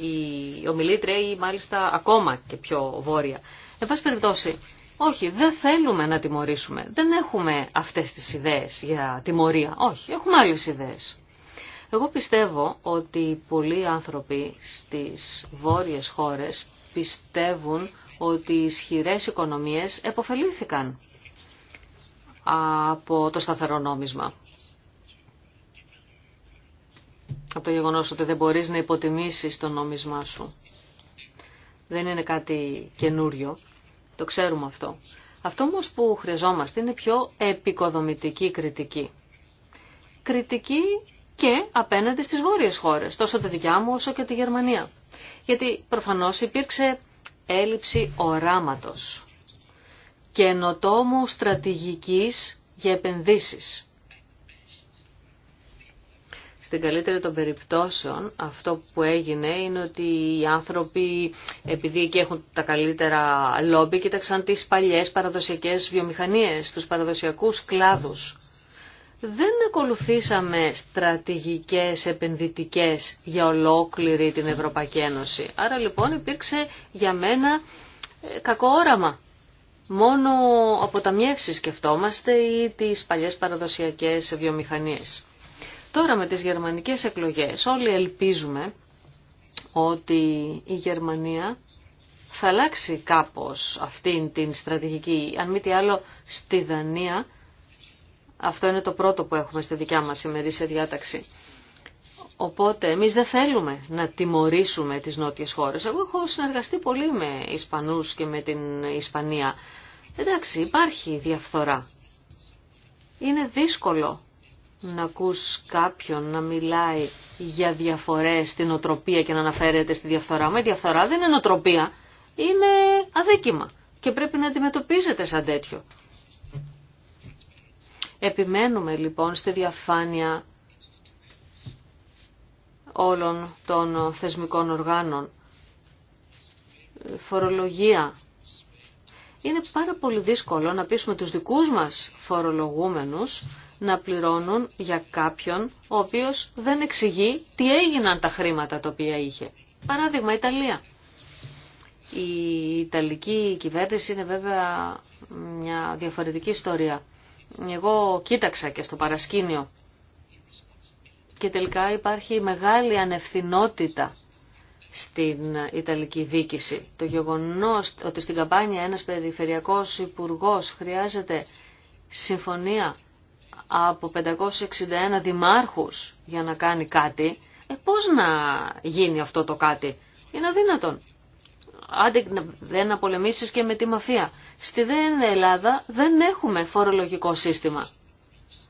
η ομιλήτρια ή μάλιστα ακόμα και πιο βόρεια. Εν πάση περιπτώσει, όχι, δεν θέλουμε να τιμωρήσουμε. Δεν έχουμε αυτές τις ιδέες για τιμωρία. Όχι, έχουμε άλλες ιδέες. Εγώ πιστεύω ότι πολλοί άνθρωποι στις βόρειες χώρες πιστεύουν ότι οι ισχυρές οικονομίες επωφελήθηκαν από το σταθερό νόμισμα. Από το γεγονός ότι δεν μπορείς να υποτιμήσεις το νόμισμά σου. Δεν είναι κάτι καινούριο. Το ξέρουμε αυτό. Αυτό όμω που χρειαζόμαστε είναι πιο επικοδομητική κριτική. Κριτική και απέναντι στις βόρειες χώρες, τόσο τη δικιά μου όσο και τη Γερμανία. Γιατί προφανώς υπήρξε έλλειψη οράματος και ενωτόμου στρατηγικής για επενδύσεις. Στην καλύτερη των περιπτώσεων αυτό που έγινε είναι ότι οι άνθρωποι επειδή εκεί έχουν τα καλύτερα λόμπι κοίταξαν τις παλιές παραδοσιακές βιομηχανίες, τους παραδοσιακούς κλάδους. Δεν ακολουθήσαμε στρατηγικές επενδυτικές για ολόκληρη την Ευρωπαϊκή Ένωση. Άρα λοιπόν υπήρξε για μένα ε, κακό όραμα. Μόνο αποταμιεύσεις σκεφτόμαστε ή τις παλιές παραδοσιακές βιομηχανίες. Τώρα με τις γερμανικές εκλογές όλοι ελπίζουμε ότι η Γερμανία θα αλλάξει κάπως αυτήν την στρατηγική. Αν μη τι άλλο, στη Δανία, αυτό είναι το πρώτο που έχουμε στη δικιά μας σε διάταξη. Οπότε εμείς δεν θέλουμε να τιμωρήσουμε τις νότιες χώρες. Εγώ έχω συνεργαστεί πολύ με Ισπανούς και με την Ισπανία. Εντάξει, υπάρχει διαφθορά. Είναι δύσκολο να ακούς κάποιον να μιλάει για διαφορές στην οτροπία και να αναφέρεται στη διαφθορά. Μα η διαφθορά δεν είναι οτροπία, είναι αδίκημα και πρέπει να αντιμετωπίζεται σαν τέτοιο. Επιμένουμε λοιπόν στη διαφάνεια όλων των θεσμικών οργάνων. Φορολογία. Είναι πάρα πολύ δύσκολο να πείσουμε τους δικούς μας φορολογούμενους να πληρώνουν για κάποιον ο οποίος δεν εξηγεί τι έγιναν τα χρήματα τα οποία είχε. Παράδειγμα, Ιταλία. Η Ιταλική κυβέρνηση είναι βέβαια μια διαφορετική ιστορία. Εγώ κοίταξα και στο παρασκήνιο και τελικά υπάρχει μεγάλη ανευθυνότητα στην Ιταλική δίκηση. Το γεγονός ότι στην καμπάνια ένας περιφερειακός υπουργός χρειάζεται συμφωνία από 561 δημάρχους για να κάνει κάτι, ε, πώς να γίνει αυτό το κάτι. Είναι αδύνατον. Άντε δεν να πολεμήσεις και με τη μαφία. Στη ΔΕΝ Ελλάδα δεν έχουμε φορολογικό σύστημα.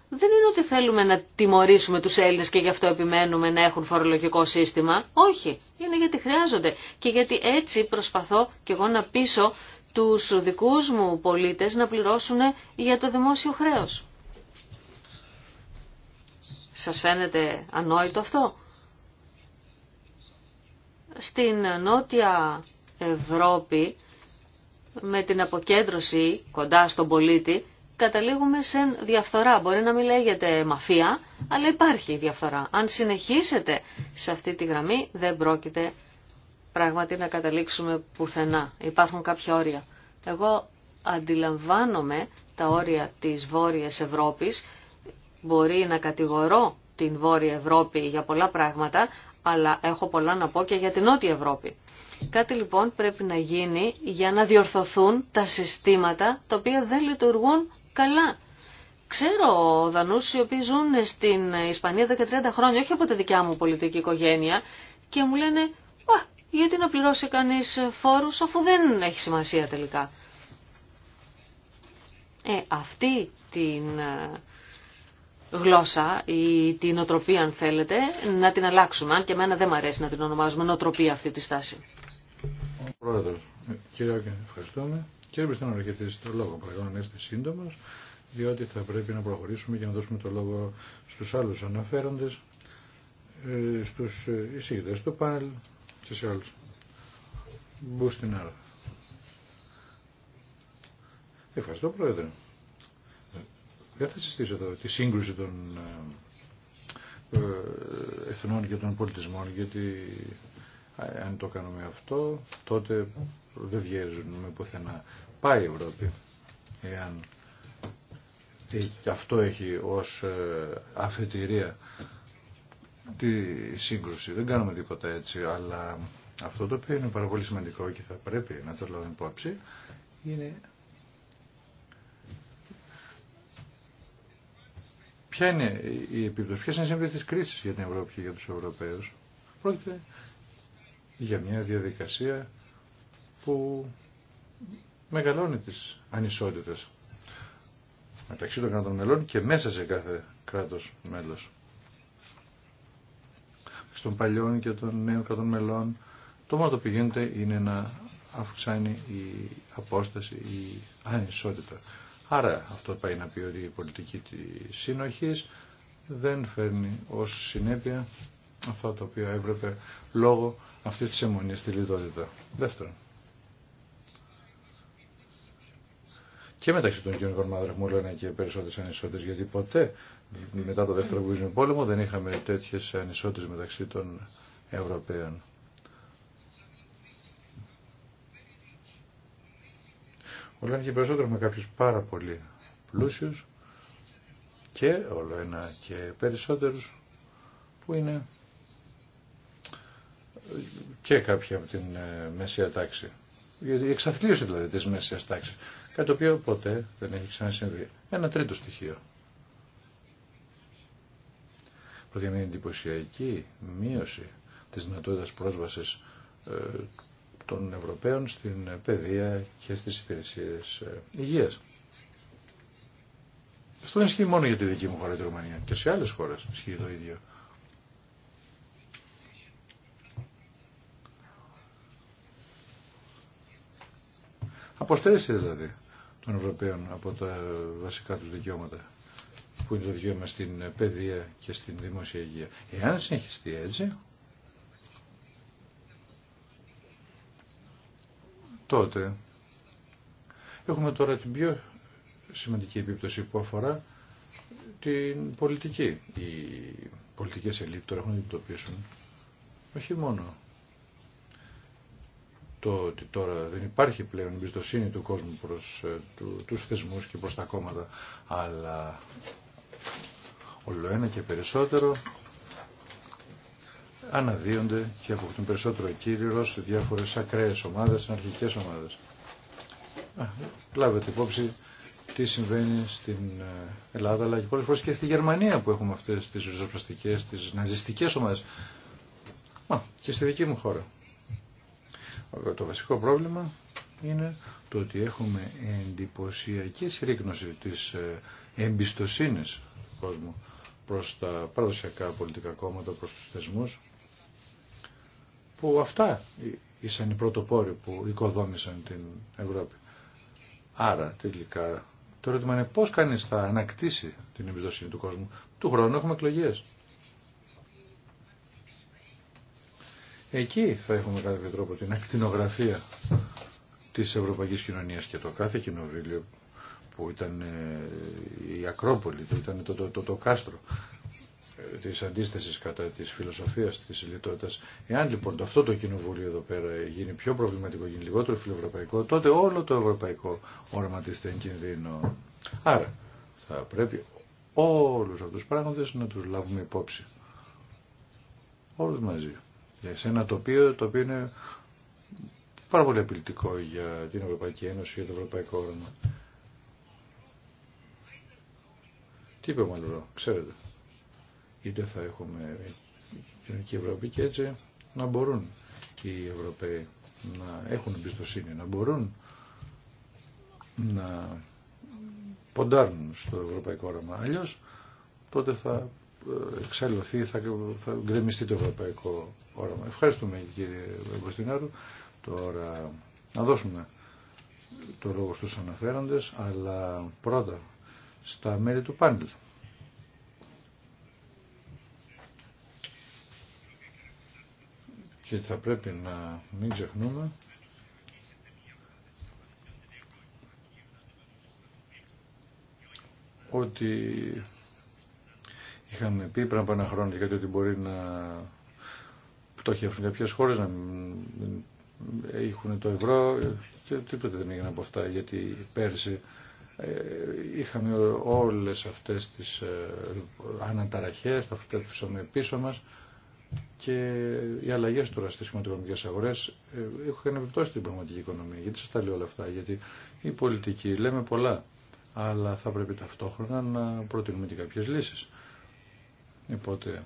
Δεν είναι ότι θέλουμε να τιμωρήσουμε τους Έλληνες και γι' αυτό επιμένουμε να έχουν φορολογικό σύστημα. Όχι. Είναι γιατί χρειάζονται. Και γιατί έτσι προσπαθώ και εγώ να πείσω τους δικούς μου πολίτες να πληρώσουν για το δημόσιο χρέος. Σας φαίνεται ανόητο αυτό. Στην Νότια Ευρώπη με την αποκέντρωση κοντά στον πολίτη καταλήγουμε σε διαφθορά. Μπορεί να μην λέγεται μαφία, αλλά υπάρχει διαφθορά. Αν συνεχίσετε σε αυτή τη γραμμή δεν πρόκειται πράγματι να καταλήξουμε πουθενά. Υπάρχουν κάποια όρια. Εγώ αντιλαμβάνομαι τα όρια της Βόρειας Ευρώπης Μπορεί να κατηγορώ την Βόρεια Ευρώπη για πολλά πράγματα, αλλά έχω πολλά να πω και για την Νότια Ευρώπη. Κάτι λοιπόν πρέπει να γίνει για να διορθωθούν τα συστήματα τα οποία δεν λειτουργούν καλά. Ξέρω Δανούς οι οποίοι ζουν στην Ισπανία 10-30 χρόνια, όχι από τη δικιά μου πολιτική οικογένεια, και μου λένε γιατί να πληρώσει κανείς φόρους αφού δεν έχει σημασία τελικά. Ε, αυτή την ε, γλώσσα ή την οτροπία αν θέλετε να την αλλάξουμε. Αν και εμένα δεν μου αρέσει να την ονομάζουμε νοτροπία αυτή τη στάση. Ο Πρόεδρος, κύριε Άκη, ευχαριστούμε. Κύριε Μπριστάνο, το λόγο παρακαλώ να είστε σύντομος, διότι θα πρέπει να προχωρήσουμε και να δώσουμε το λόγο στους άλλους αναφέροντες, ε, στους ε, εισήγητες του πάνελ και σε όλους. Μπού στην άρα. Ευχαριστώ, Πρόεδρε. Δεν θα συστήσω εδώ τη σύγκρουση των ε, ε, εθνών και των πολιτισμών, γιατί ε, αν το κάνουμε αυτό, τότε δεν βγαίνουμε πουθενά. Πάει η Ευρώπη, εάν αυτό έχει ως αφετηρία τη σύγκρουση. Δεν κάνουμε τίποτα έτσι, αλλά αυτό το οποίο είναι πάρα πολύ σημαντικό και θα πρέπει να το λάβουμε υπόψη, είναι Ποια είναι η επίπτωση, ποιε είναι οι συνέπειε τη κρίση για την Ευρώπη και για του Ευρωπαίου. Πρόκειται για μια διαδικασία που μεγαλώνει τι ανισότητε μεταξύ των κρατών μελών και μέσα σε κάθε κράτο μέλο. Στον παλιών και των νέων κρατών μελών το μόνο που γίνεται είναι να αυξάνει η απόσταση, η ανισότητα. Άρα αυτό πάει να πει ότι η πολιτική της συνοχής δεν φέρνει ως συνέπεια αυτά τα οποία έπρεπε λόγω αυτή της αιμονίας στη λιτότητα. Δεύτερον. Και μεταξύ των κοινωνικών ομάδων μου λένε και περισσότερε ανισότητε, γιατί ποτέ μετά το δεύτερο παγκόσμιο πόλεμο δεν είχαμε τέτοιε ανισότητε μεταξύ των Ευρωπαίων. όλο ένα και περισσότερο με κάποιους πάρα πολύ πλούσιους και όλο ένα και περισσότερους που είναι και κάποια από την ε, μεσαία τάξη. Γιατί εξαθλίωσε δηλαδή της μεσαία τάξης. Κάτι το οποίο ποτέ δεν έχει ξανασυμβεί. Ένα τρίτο στοιχείο. μια εντυπωσιακή μείωση της δυνατότητα πρόσβασης ε, των Ευρωπαίων στην παιδεία και στις υπηρεσίες ε, υγείας. Αυτό δεν ισχύει μόνο για τη δική μου χώρα, τη Ρουμανία. Και σε άλλες χώρες ισχύει το ίδιο. Αποστέρηση δηλαδή των Ευρωπαίων από τα βασικά του δικαιώματα που είναι το δικαίωμα στην παιδεία και στην δημόσια υγεία. Εάν συνεχιστεί έτσι, τότε έχουμε τώρα την πιο σημαντική επίπτωση που αφορά την πολιτική. Οι πολιτικές ελίτ έχουν να αντιμετωπίσουν όχι μόνο το ότι τώρα δεν υπάρχει πλέον εμπιστοσύνη του κόσμου προς ε, του, τους θεσμούς και προς τα κόμματα, αλλά όλο ένα και περισσότερο αναδύονται και αποκτούν περισσότερο κύριο σε διάφορε ακραίε ομάδε, αρχικές ομάδε. Λάβετε υπόψη τι συμβαίνει στην ε, Ελλάδα αλλά και πολλέ φορέ και στη Γερμανία που έχουμε αυτέ τι ριζοσπαστικέ, τι ναζιστικέ ομάδε. Μα και στη δική μου χώρα. Ε, το βασικό πρόβλημα είναι το ότι έχουμε εντυπωσιακή συρρήκνωση της ε, εμπιστοσύνης του κόσμου προς τα παραδοσιακά πολιτικά κόμματα, προς τους θεσμούς που αυτά ήσαν οι πρωτοπόροι που οικοδόμησαν την Ευρώπη. Άρα τελικά το ερώτημα είναι πώς κανείς θα ανακτήσει την εμπιστοσύνη του κόσμου. Του χρόνου έχουμε εκλογέ. Εκεί θα έχουμε κατά κάποιο τρόπο την ακτινογραφία της ευρωπαϊκής κοινωνίας και το κάθε κοινοβούλιο που ήταν ε, η Ακρόπολη, το ήταν το, το, το κάστρο της αντίστασης κατά της φιλοσοφίας της λιτότητας. Εάν λοιπόν το, αυτό το κοινοβούλιο εδώ πέρα γίνει πιο προβληματικό, γίνει λιγότερο φιλοευρωπαϊκό, τότε όλο το ευρωπαϊκό όραμα της εν κινδύνο. Άρα θα πρέπει όλους αυτούς τους πράγματες να τους λάβουμε υπόψη. Όλους μαζί. Σε ένα τοπίο το οποίο είναι πάρα πολύ απειλητικό για την Ευρωπαϊκή Ένωση, για το ευρωπαϊκό όραμα. Τι είπε ο Μαλουρό, ξέρετε είτε θα έχουμε κοινωνική Ευρώπη και έτσι να μπορούν οι Ευρωπαίοι να έχουν εμπιστοσύνη, να μπορούν να ποντάρουν στο ευρωπαϊκό όραμα. αλλιώ τότε θα ε, εξαλωθεί, θα, θα γκρεμιστεί το ευρωπαϊκό όραμα. Ευχαριστούμε κύριε Κωστινάρου. Τώρα να δώσουμε το λόγο στους αναφέροντες, αλλά πρώτα στα μέλη του πάνελ. και θα πρέπει να μην ξεχνούμε ότι είχαμε πει πριν από ένα χρόνο γιατί ότι μπορεί να πτωχεύσουν κάποιες χώρες να έχουν το ευρώ και τίποτα δεν έγινε από αυτά γιατί πέρσι ε, είχαμε όλες αυτές τις ε, αναταραχές, τα φυτέψαμε πίσω μας και οι αλλαγέ τώρα στι χρηματοοικονομικέ αγορέ ε, έχουν επιπτώσει την πραγματική οικονομία. Γιατί σα τα λέω όλα αυτά, Γιατί η πολιτική λέμε πολλά, αλλά θα πρέπει ταυτόχρονα να προτείνουμε και κάποιε λύσει. Οπότε,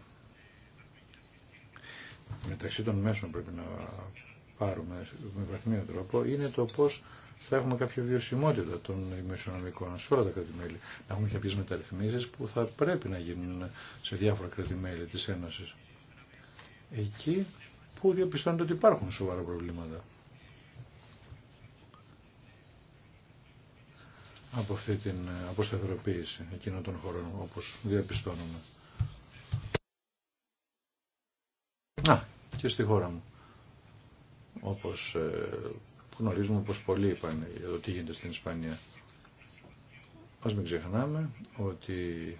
μεταξύ των μέσων πρέπει να πάρουμε με βαθμίο τρόπο είναι το πώ θα έχουμε κάποια βιωσιμότητα των δημοσιονομικών σε όλα τα κρατημέλη. Να έχουμε κάποιε μεταρρυθμίσει που θα πρέπει να γίνουν σε διάφορα κρατημέλη τη Ένωση εκεί που διαπιστώνεται ότι υπάρχουν σοβαρά προβλήματα. από αυτή την ε, αποσταθεροποίηση εκείνων των χωρών όπως διαπιστώνουμε. Να, και στη χώρα μου. Όπως ε, γνωρίζουμε πως πολλοί είπαν για το τι γίνεται στην Ισπανία. Ας μην ξεχνάμε ότι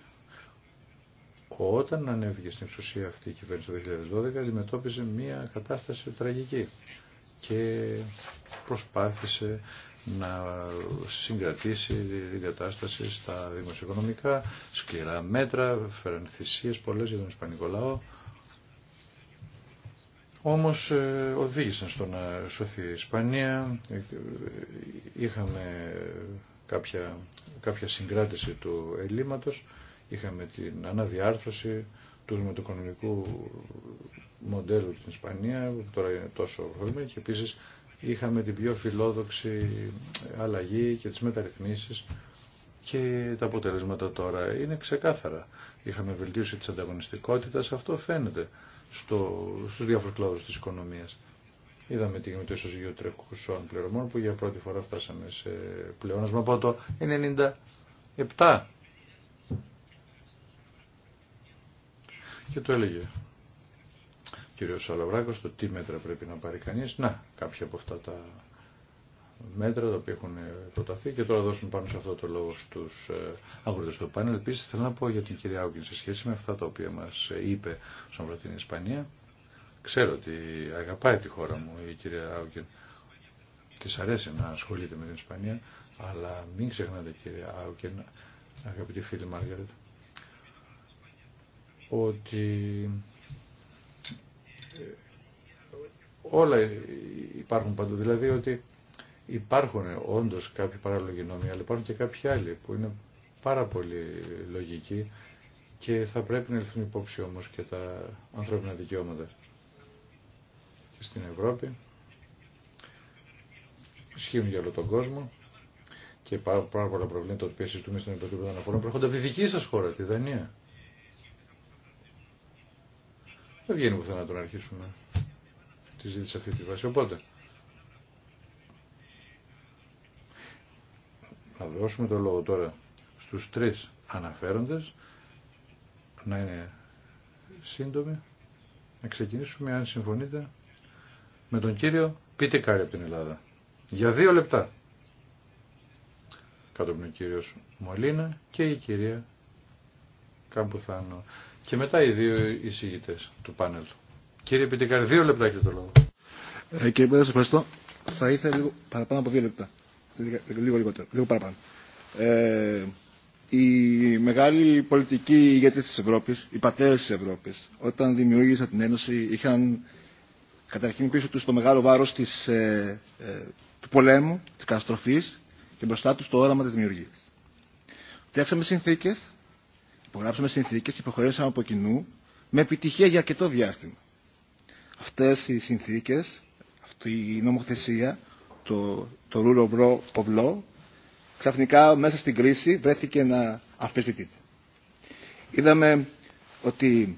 όταν ανέβηκε στην εξουσία αυτή η κυβέρνηση το 2012 αντιμετώπιζε μια κατάσταση τραγική και προσπάθησε να συγκρατήσει την κατάσταση στα δημοσιοοικονομικά, σκληρά μέτρα, φέραν θυσίες πολλές για τον Ισπανικό λαό. Όμως ε, οδήγησαν στο να σωθεί η Ισπανία, ε, είχαμε κάποια, κάποια συγκράτηση του ελλείμματος είχαμε την αναδιάρθρωση του δημοτοοικονομικού μοντέλου στην Ισπανία, που τώρα είναι τόσο χρόνια και επίσης είχαμε την πιο φιλόδοξη αλλαγή και τις μεταρρυθμίσεις και τα αποτελέσματα τώρα είναι ξεκάθαρα. Είχαμε βελτίωση της ανταγωνιστικότητας, αυτό φαίνεται στο, στους διάφορους κλάδους της οικονομίας. Είδαμε τη γίνεται στους ισοζυγείο πληρωμών που για πρώτη φορά φτάσαμε σε πλεόνασμα από το 97 και το έλεγε ο κ. Σαλαβράκος το τι μέτρα πρέπει να πάρει κανείς. Να, κάποια από αυτά τα μέτρα τα οποία έχουν προταθεί και τώρα δώσουν πάνω σε αυτό το λόγο στους ε, αγρότες του πάνελ. Επίσης θέλω να πω για την κυρία Άουκιν σε σχέση με αυτά τα οποία μας είπε στον αφορά την Ισπανία. Ξέρω ότι αγαπάει τη χώρα μου η κυρία Άουκιν. Της αρέσει να ασχολείται με την Ισπανία, αλλά μην ξεχνάτε κυρία Άουκιν, αγαπητή φίλη Μάργαρετ, ότι όλα υπάρχουν παντού. Δηλαδή ότι υπάρχουν όντως κάποιοι παράλογοι νόμοι, αλλά υπάρχουν και κάποιοι άλλοι που είναι πάρα πολύ λογικοί και θα πρέπει να ληφθούν υπόψη όμως και τα ανθρώπινα δικαιώματα. Και στην Ευρώπη ισχύουν για όλο τον κόσμο και πάρα, πολλά προβλήματα που συζητούμε στην Επιτροπή των Αναφορών προέρχονται από τη δική σας χώρα, τη Δανία. Δεν βγαίνει πουθενά να τον αρχίσουμε τη ζήτηση αυτή τη βάση. Οπότε, να δώσουμε το λόγο τώρα στους τρεις αναφέροντες να είναι σύντομοι. Να ξεκινήσουμε, αν συμφωνείτε, με τον κύριο Πίτε Κάρι από την Ελλάδα. Για δύο λεπτά. Κάτω από τον κύριο Μολίνα και η κυρία Καμπουθάνο και μετά οι δύο εισηγητέ του πάνελ. Κύριε Πιτικάρη, δύο λεπτά έχετε το λόγο. Ε, κύριε Πρόεδρε, ευχαριστώ. Θα ήθελα λίγο παραπάνω από δύο λεπτά. Λίγο, λιγότερο, λίγο παραπάνω. Ε, οι μεγάλοι πολιτικοί ηγέτε της Ευρώπης, οι πατέρες της Ευρώπης, όταν δημιούργησαν την Ένωση, είχαν καταρχήν πίσω τους το μεγάλο βάρο ε, ε, του πολέμου, τη καταστροφή και μπροστά του το όραμα τη δημιουργία. Φτιάξαμε συνθήκε υπογράψαμε συνθήκες και προχωρήσαμε από κοινού με επιτυχία για αρκετό διάστημα. Αυτές οι συνθήκες, αυτή η νομοθεσία, το, το rule of law, ξαφνικά μέσα στην κρίση βρέθηκε να αμφισβητείται. Είδαμε ότι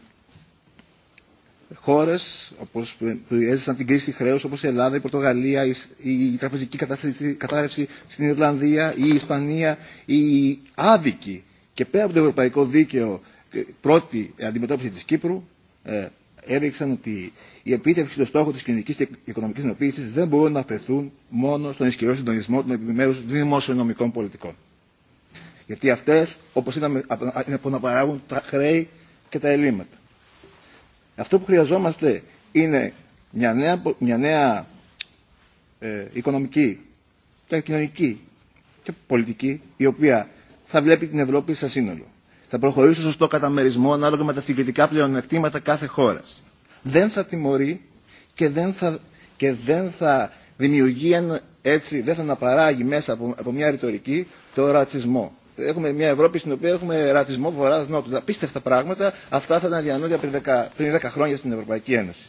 χώρες όπως που έζησαν την κρίση χρέους όπως η Ελλάδα, η Πορτογαλία, η, η τραπεζική κατάρρευση στην Ιρλανδία, η Ισπανία, η άδικη και πέρα από το ευρωπαϊκό δίκαιο ε, πρώτη αντιμετώπιση της Κύπρου ε, έδειξαν ότι η επίτευξη των στόχων της κοινωνικής και οικονομικής ενοποίησης δεν μπορούν να αφαιθούν μόνο στον ισχυρό συντονισμό των επιμέρους δημοσιονομικών πολιτικών. Γιατί αυτές, όπως είδαμε, είναι που να παράγουν τα χρέη και τα ελλείμματα. Αυτό που χρειαζόμαστε είναι μια νέα, μια νέα ε, οικονομική και κοινωνική και πολιτική η οποία θα βλέπει την Ευρώπη σαν σύνολο. Θα προχωρήσει στο σωστό καταμερισμό ανάλογα με τα συγκριτικά πλεονεκτήματα κάθε χώρα. Δεν θα τιμωρεί και δεν θα, και δεν θα δημιουργεί έτσι, δεν θα αναπαράγει μέσα από, μια ρητορική το ρατσισμό. Έχουμε μια Ευρώπη στην οποία έχουμε ρατσισμό βορρά-νότου. Απίστευτα πράγματα, αυτά θα ήταν διανόητα πριν 10, 10 χρόνια στην Ευρωπαϊκή Ένωση.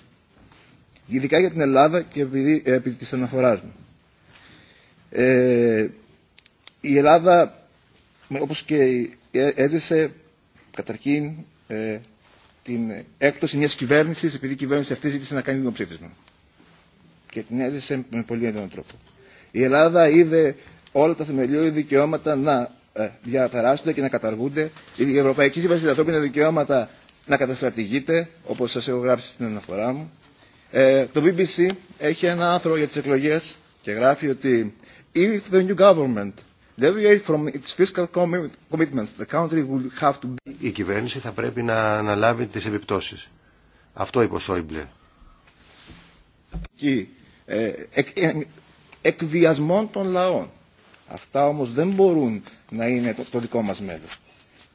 Ειδικά για την Ελλάδα και επειδή, τη ε, τη μου. Ε, η Ελλάδα όπως και ε, έζησε καταρχήν ε, την έκπτωση μιας κυβέρνησης επειδή η κυβέρνηση αυτή ζήτησε να κάνει δημοψήφισμα. Και την έζησε με πολύ έντονο τρόπο. Η Ελλάδα είδε όλα τα θεμελιώδη δικαιώματα να ε, διαταράσσονται και να καταργούνται. Η Ευρωπαϊκή Σύμβαση τα ανθρώπινα δικαιώματα να καταστρατηγείται, όπως σας έχω γράψει στην αναφορά μου. Ε, το BBC έχει ένα άνθρωπο για τις εκλογές και γράφει ότι «If the new government η κυβέρνηση θα πρέπει να αναλάβει τις επιπτώσεις. Αυτό είπε ο Σόιμπλε. Και, ε, εκ, ε, εκβιασμών των λαών. Αυτά όμως δεν μπορούν να είναι το, το δικό μας μέλος.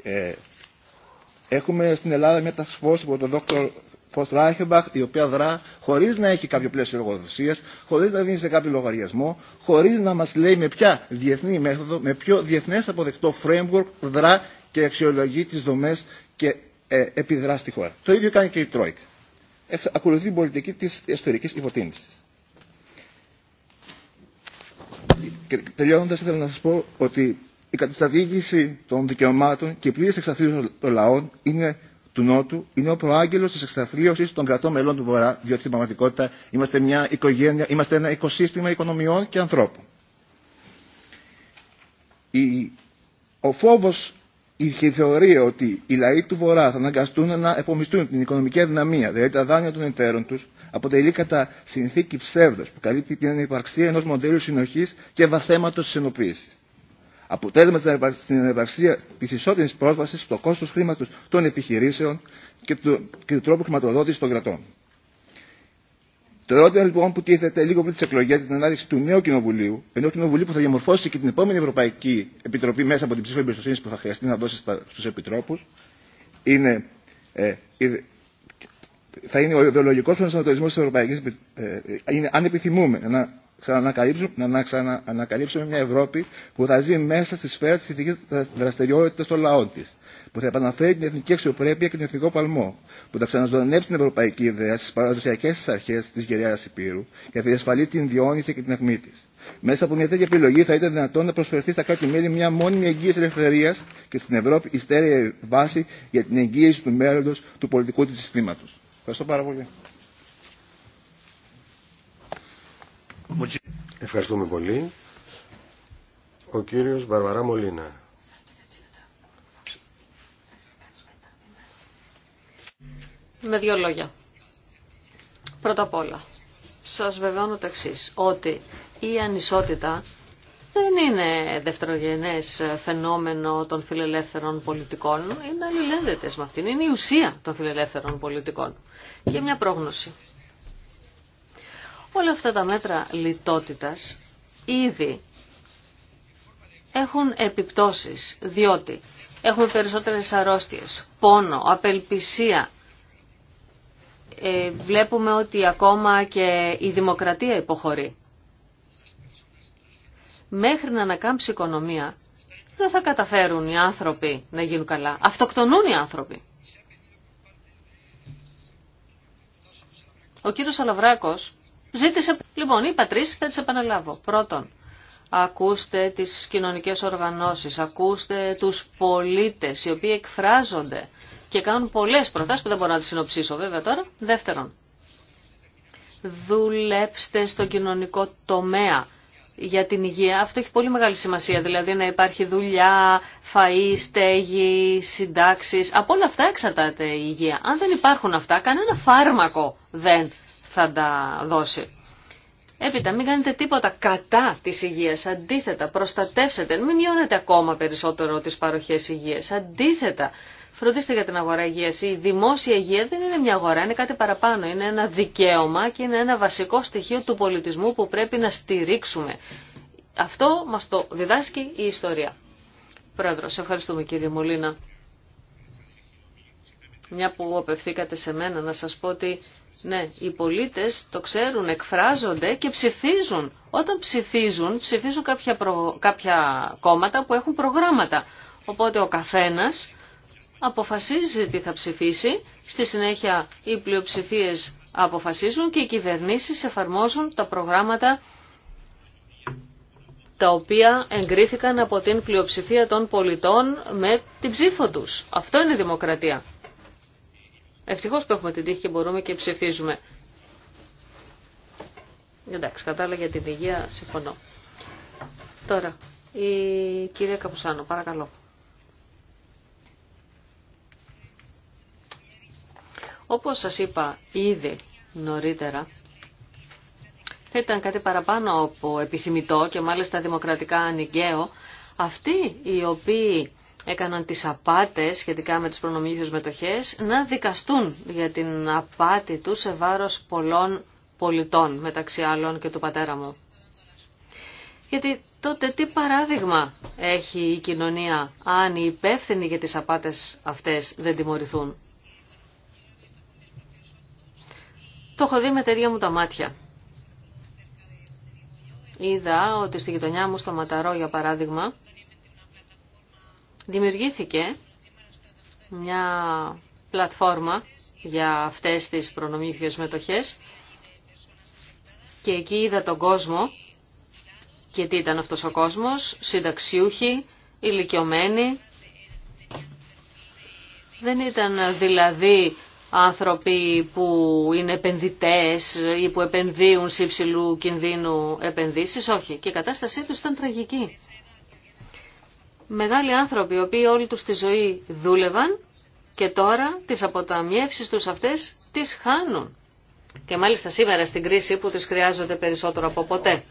Ε, έχουμε στην Ελλάδα μια ταξιφόρση από τον Δόκτωρ Φως Ράχεμπαχ, η οποία δρά χωρίς να έχει κάποιο πλαίσιο εργοδοσίας χωρίς να δίνει σε κάποιο λογαριασμό, χωρίς να μας λέει με ποια διεθνή μέθοδο, με ποιο διεθνές αποδεκτό framework δρά και αξιολογεί τις δομές και ε, επιδρά στη χώρα. Το ίδιο κάνει και η Τρόικ. Ακολουθεί την πολιτική της ιστορικής υποτίμησης. Και τελειώνοντας ήθελα να σας πω ότι η καταστατήγηση των δικαιωμάτων και η πλήρης εξαθλίωση των λαών είναι του Νότου είναι ο προάγγελο τη εξαθλίωση των κρατών μελών του Βορρά, διότι στην πραγματικότητα είμαστε μια οικογένεια, είμαστε ένα οικοσύστημα οικονομιών και ανθρώπων. Η, ο φόβο, η θεωρία ότι οι λαοί του Βορρά θα αναγκαστούν να επομιστούν την οικονομική αδυναμία, δηλαδή τα δάνεια των εταίρων του, αποτελεί κατά συνθήκη ψεύδο που καλύπτει την ανυπαρξία ενό μοντέλου συνοχή και βαθέματο τη ενοποίηση αποτέλεσμα στην ανεβαρσία τη ισότιμη πρόσβαση στο κόστο χρήματο των επιχειρήσεων και του, και του τρόπου χρηματοδότηση των κρατών. Το ερώτημα λοιπόν που τίθεται λίγο πριν τι εκλογέ για την ανάδειξη του νέου Κοινοβουλίου, ενό Κοινοβουλίου που θα διαμορφώσει και την επόμενη Ευρωπαϊκή Επιτροπή μέσα από την ψήφο εμπιστοσύνη που θα χρειαστεί να δώσει στου επιτρόπου, είναι, ε, θα είναι ο ιδεολογικό προσανατολισμό τη Ευρωπαϊκή Επιτροπή. Ε, ε, αν επιθυμούμε να να ξαναανακαλύψουμε μια Ευρώπη που θα ζει μέσα στη σφαίρα τη ηθική δραστηριότητα των λαών τη, που θα επαναφέρει την εθνική αξιοπρέπεια και τον εθνικό παλμό, που θα ξαναζωνέψει την ευρωπαϊκή ιδέα στι παραδοσιακέ τη αρχέ τη γεραία Υπήρου και θα διασφαλίσει την διόνυση και την αιχμή τη. Μέσα από μια τέτοια επιλογή θα ήταν δυνατόν να προσφερθεί στα κράτη-μέλη μια μόνιμη εγγύηση ελευθερία και στην Ευρώπη η στέρεη βάση για την εγγύηση του μέλλοντο του πολιτικού τη συστήματο. Ευχαριστώ πάρα πολύ. Ευχαριστούμε πολύ. Ο κύριος Μπαρβαρά Μολίνα. Με δύο λόγια. Πρώτα απ' όλα, σας βεβαιώνω το ότι η ανισότητα δεν είναι δευτερογενές φαινόμενο των φιλελεύθερων πολιτικών, είναι αλληλένδετες με αυτήν, είναι η ουσία των φιλελεύθερων πολιτικών. Και μια πρόγνωση. Όλα αυτά τα μέτρα λιτότητας ήδη έχουν επιπτώσεις, διότι έχουμε περισσότερες αρρώστιες, πόνο, απελπισία. Ε, βλέπουμε ότι ακόμα και η δημοκρατία υποχωρεί. Μέχρι να ανακάμψει η οικονομία, δεν θα καταφέρουν οι άνθρωποι να γίνουν καλά. Αυτοκτονούν οι άνθρωποι. Ο κύριος Αλαβράκος Ζήτησε, λοιπόν, είπα τρεις, θα τις επαναλάβω. Πρώτον, ακούστε τις κοινωνικές οργανώσεις, ακούστε τους πολίτες οι οποίοι εκφράζονται και κάνουν πολλές προτάσεις που δεν μπορώ να τις συνοψίσω βέβαια τώρα. Δεύτερον, δουλέψτε στο κοινωνικό τομέα για την υγεία. Αυτό έχει πολύ μεγάλη σημασία, δηλαδή να υπάρχει δουλειά, φαΐ, στέγη, συντάξεις. Από όλα αυτά εξαρτάται η υγεία. Αν δεν υπάρχουν αυτά, κανένα φάρμακο δεν θα τα δώσει. Έπειτα, μην κάνετε τίποτα κατά της υγείας, αντίθετα, προστατεύσετε, μην μειώνετε ακόμα περισσότερο τις παροχές υγείας, αντίθετα, φροντίστε για την αγορά υγείας. Η δημόσια υγεία δεν είναι μια αγορά, είναι κάτι παραπάνω, είναι ένα δικαίωμα και είναι ένα βασικό στοιχείο του πολιτισμού που πρέπει να στηρίξουμε. Αυτό μας το διδάσκει η ιστορία. σε ευχαριστούμε κύριε Μολίνα. Μια που απευθήκατε σε μένα να σας πω ότι ναι, οι πολίτες το ξέρουν, εκφράζονται και ψηφίζουν. Όταν ψηφίζουν, ψηφίζουν κάποια, κόμματα που έχουν προγράμματα. Οπότε ο καθένας αποφασίζει τι θα ψηφίσει, στη συνέχεια οι πλειοψηφίες αποφασίζουν και οι κυβερνήσεις εφαρμόζουν τα προγράμματα τα οποία εγκρίθηκαν από την πλειοψηφία των πολιτών με την ψήφο τους. Αυτό είναι η δημοκρατία. Ευτυχώς που έχουμε την τύχη και μπορούμε και ψηφίζουμε. Εντάξει, κατάλληλα για την υγεία, συμφωνώ. Τώρα, η κυρία Καπουσάνο, παρακαλώ. Όπως σας είπα ήδη νωρίτερα, θα ήταν κάτι παραπάνω από επιθυμητό και μάλιστα δημοκρατικά ανοιγκαίο, αυτοί οι οποίοι έκαναν τις απάτες σχετικά με τις προνομιούχες μετοχές να δικαστούν για την απάτη του σε βάρος πολλών πολιτών, μεταξύ άλλων και του πατέρα μου. Γιατί τότε τι παράδειγμα έχει η κοινωνία αν οι υπεύθυνοι για τις απάτες αυτές δεν τιμωρηθούν. Το έχω δει με τα ίδια μου τα μάτια. Είδα ότι στη γειτονιά μου στο Ματαρό για παράδειγμα δημιουργήθηκε μια πλατφόρμα για αυτές τις προνομίφιες μετοχές και εκεί είδα τον κόσμο και τι ήταν αυτός ο κόσμος, συνταξιούχοι, ηλικιωμένοι. Δεν ήταν δηλαδή άνθρωποι που είναι επενδυτές ή που επενδύουν σε υψηλού κινδύνου επενδύσεις, όχι. Και η κατάστασή τους ήταν τραγική μεγάλοι άνθρωποι, οι οποίοι όλη τους τη ζωή δούλευαν και τώρα τις αποταμιεύσεις τους αυτές τις χάνουν. Και μάλιστα σήμερα στην κρίση που τις χρειάζονται περισσότερο από ποτέ.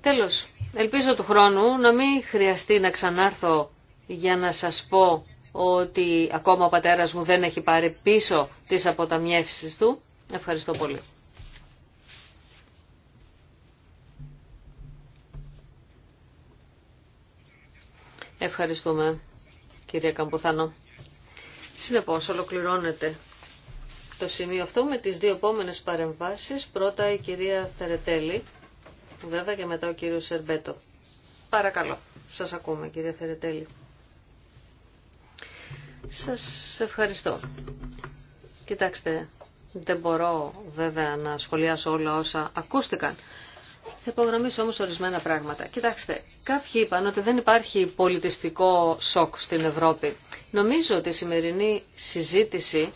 Τέλος, ελπίζω του χρόνου να μην χρειαστεί να ξανάρθω για να σας πω ότι ακόμα ο πατέρας μου δεν έχει πάρει πίσω τις αποταμιεύσεις του. Ευχαριστώ πολύ. Ευχαριστούμε, κυρία Καμποθάνο. Συνεπώς, ολοκληρώνεται το σημείο αυτό με τις δύο επόμενες παρεμβάσεις. Πρώτα η κυρία Θερετέλη, βέβαια και μετά ο κύριος Σερβέτο. Παρακαλώ, σας ακούμε κυρία Θερετέλη. Σας ευχαριστώ. Κοιτάξτε, δεν μπορώ βέβαια να σχολιάσω όλα όσα ακούστηκαν. Θα υπογραμμίσω όμως ορισμένα πράγματα. Κοιτάξτε, κάποιοι είπαν ότι δεν υπάρχει πολιτιστικό σοκ στην Ευρώπη. Νομίζω ότι η σημερινή συζήτηση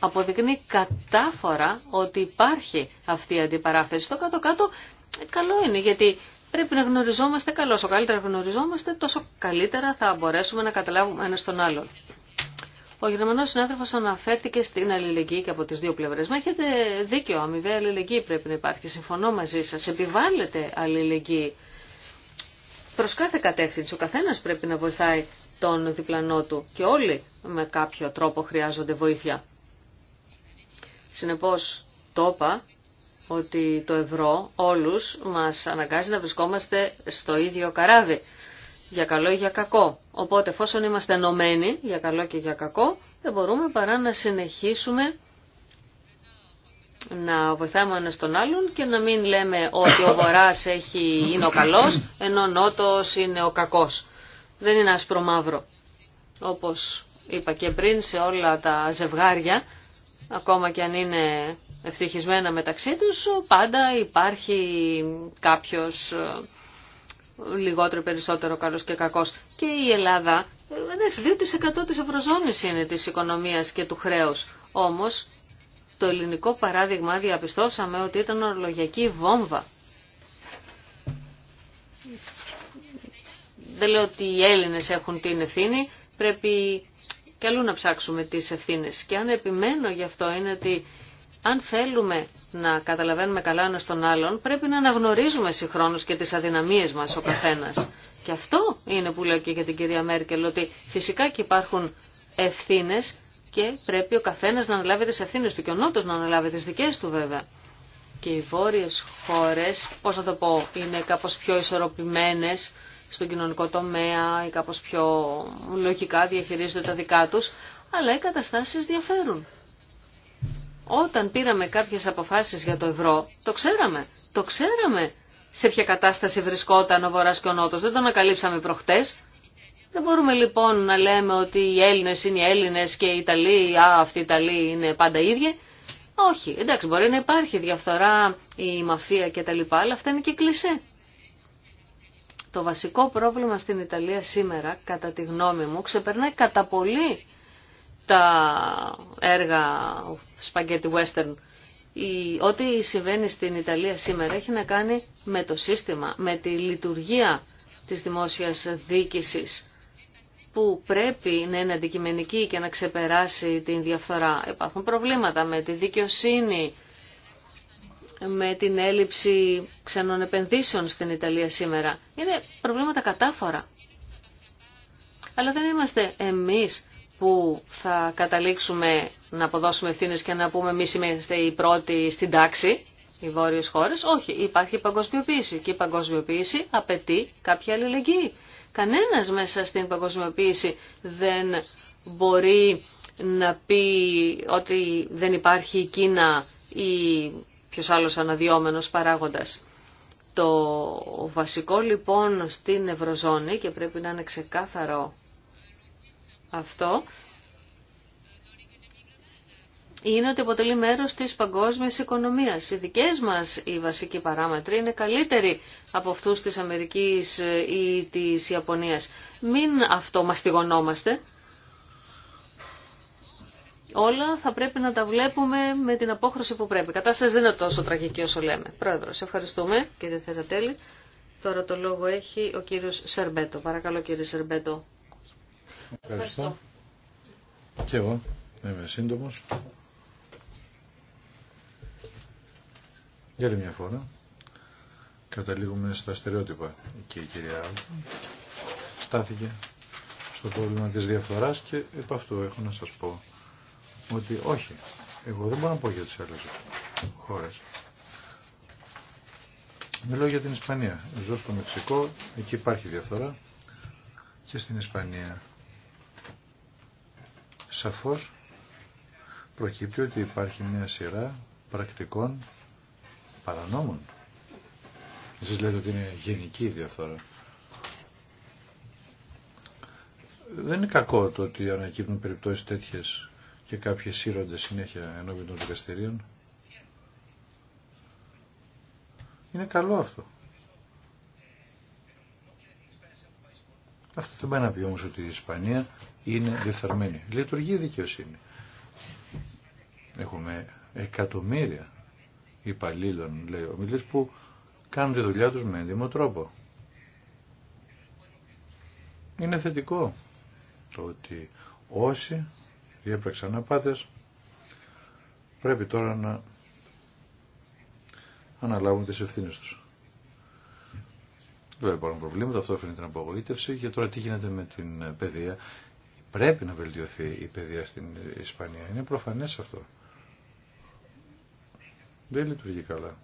αποδεικνύει κατάφορα ότι υπάρχει αυτή η αντιπαράθεση. Το κάτω-κάτω ε, καλό είναι γιατί πρέπει να γνωριζόμαστε καλό. Όσο καλύτερα γνωριζόμαστε τόσο καλύτερα θα μπορέσουμε να καταλάβουμε ένα τον άλλον. Ο Γερμανός συνάδελφος αναφέρθηκε στην αλληλεγγύη και από τις δύο πλευρές. Μα έχετε δίκιο, αμοιβαία αλληλεγγύη πρέπει να υπάρχει. Συμφωνώ μαζί σας. Επιβάλλεται αλληλεγγύη. Προς κάθε κατεύθυνση ο καθένας πρέπει να βοηθάει τον διπλανό του και όλοι με κάποιο τρόπο χρειάζονται βοήθεια. Συνεπώ το είπα ότι το ευρώ όλους μας αναγκάζει να βρισκόμαστε στο ίδιο καράβι για καλό ή για κακό. Οπότε εφόσον είμαστε ενωμένοι για καλό και για κακό, δεν μπορούμε παρά να συνεχίσουμε να βοηθάμε ένα τον άλλον και να μην λέμε ότι ο βοράς έχει, είναι ο καλός, ενώ ο Νότος είναι ο κακός. Δεν είναι άσπρο μαύρο. Όπως είπα και πριν σε όλα τα ζευγάρια, ακόμα και αν είναι ευτυχισμένα μεταξύ τους, πάντα υπάρχει κάποιος ε, λιγότερο περισσότερο καλό και κακό. Και η Ελλάδα, εντάξει, 2% τη ευρωζώνη είναι τη οικονομία και του χρέους. Όμω, το ελληνικό παράδειγμα διαπιστώσαμε ότι ήταν ορολογιακή βόμβα. Δεν λέω ότι οι Έλληνες έχουν την ευθύνη, πρέπει και αλλού να ψάξουμε τις ευθύνες. Και αν επιμένω γι' αυτό είναι ότι αν θέλουμε να καταλαβαίνουμε καλά ένα τον άλλον, πρέπει να αναγνωρίζουμε συγχρόνως και τι αδυναμίες μα ο καθένα. Και αυτό είναι που λέω και για την κυρία Μέρκελ, ότι φυσικά και υπάρχουν ευθύνε και πρέπει ο καθένα να αναλάβει τι ευθύνε του και ο Νότος να αναλάβει τι δικέ του βέβαια. Και οι βόρειε χώρε, πώ να το πω, είναι κάπω πιο ισορροπημένε στον κοινωνικό τομέα ή κάπω πιο λογικά διαχειρίζονται τα δικά του, αλλά οι καταστάσει διαφέρουν. Όταν πήραμε κάποιες αποφάσεις για το ευρώ, το ξέραμε. Το ξέραμε σε ποια κατάσταση βρισκόταν ο Βορράς και ο Νότος. Δεν το ανακαλύψαμε προχτές. Δεν μπορούμε λοιπόν να λέμε ότι οι Έλληνες είναι οι Έλληνες και οι Ιταλοί, α, αυτοί οι Ιταλοί είναι πάντα ίδιοι. Όχι, εντάξει μπορεί να υπάρχει διαφθορά, η μαφία κτλ. Αλλά αυτά είναι και κλισέ. Το βασικό πρόβλημα στην Ιταλία σήμερα, κατά τη γνώμη μου, ξεπερνάει κατά πολύ τα έργα σπαγκέτι western. Η, ό,τι συμβαίνει στην Ιταλία σήμερα έχει να κάνει με το σύστημα, με τη λειτουργία της δημόσιας διοίκησης που πρέπει να είναι αντικειμενική και να ξεπεράσει την διαφθορά. Υπάρχουν προβλήματα με τη δικαιοσύνη, με την έλλειψη ξενών επενδύσεων στην Ιταλία σήμερα. Είναι προβλήματα κατάφορα. Αλλά δεν είμαστε εμείς που θα καταλήξουμε να αποδώσουμε ευθύνε και να πούμε εμεί είμαστε οι πρώτοι στην τάξη, οι βόρειε χώρε, Όχι, υπάρχει παγκοσμιοποίηση και η παγκοσμιοποίηση απαιτεί κάποια αλληλεγγύη. Κανένας μέσα στην παγκοσμιοποίηση δεν μπορεί να πει ότι δεν υπάρχει η Κίνα ή ποιος άλλος αναδιόμενος παράγοντας. Το βασικό λοιπόν στην Ευρωζώνη και πρέπει να είναι ξεκάθαρο αυτό είναι ότι αποτελεί μέρος της παγκόσμιας οικονομίας. Οι δικές μας οι βασικοί παράμετροι είναι καλύτεροι από αυτούς της Αμερικής ή της Ιαπωνίας. Μην αυτό Όλα θα πρέπει να τα βλέπουμε με την απόχρωση που πρέπει. Η κατάσταση δεν είναι τόσο τραγική όσο λέμε. Πρόεδρος, ευχαριστούμε κύριε Θερατέλη. Τώρα το λόγο έχει ο κύριος Σερμπέτο. Παρακαλώ κύριε Σερμπέτο. Ευχαριστώ. Και εγώ είμαι σύντομο. Για άλλη μια φορά καταλήγουμε στα στερεότυπα και η κυρία στάθηκε στο πρόβλημα της διαφθοράς και επ' αυτού έχω να σας πω ότι όχι, εγώ δεν μπορώ να πω για τις άλλες χώρες. Μιλώ για την Ισπανία. Ζω στο Μεξικό, εκεί υπάρχει διαφορά. και στην Ισπανία σαφώς προκύπτει ότι υπάρχει μια σειρά πρακτικών παρανόμων. Εσείς λέτε ότι είναι γενική η διαφθορά. Δεν είναι κακό το ότι ανακύπτουν περιπτώσεις τέτοιες και κάποιες σύρονται συνέχεια ενώπιον των δικαστηρίων. Είναι καλό αυτό. Αυτό δεν πάει να πει όμως ότι η Ισπανία είναι διεφθαρμένη. Λειτουργεί η δικαιοσύνη. Έχουμε εκατομμύρια υπαλλήλων, λέει ο μιλής, που κάνουν τη δουλειά τους με έντιμο τρόπο. Είναι θετικό το ότι όσοι διέπραξαν απάτες πρέπει τώρα να αναλάβουν τις ευθύνες τους. Βέβαια υπάρχουν προβλήματα, αυτό έφερε την απογοήτευση και τώρα τι γίνεται με την παιδεία. Πρέπει να βελτιωθεί η παιδεία στην Ισπανία. Είναι προφανές αυτό. Δεν λειτουργεί καλά.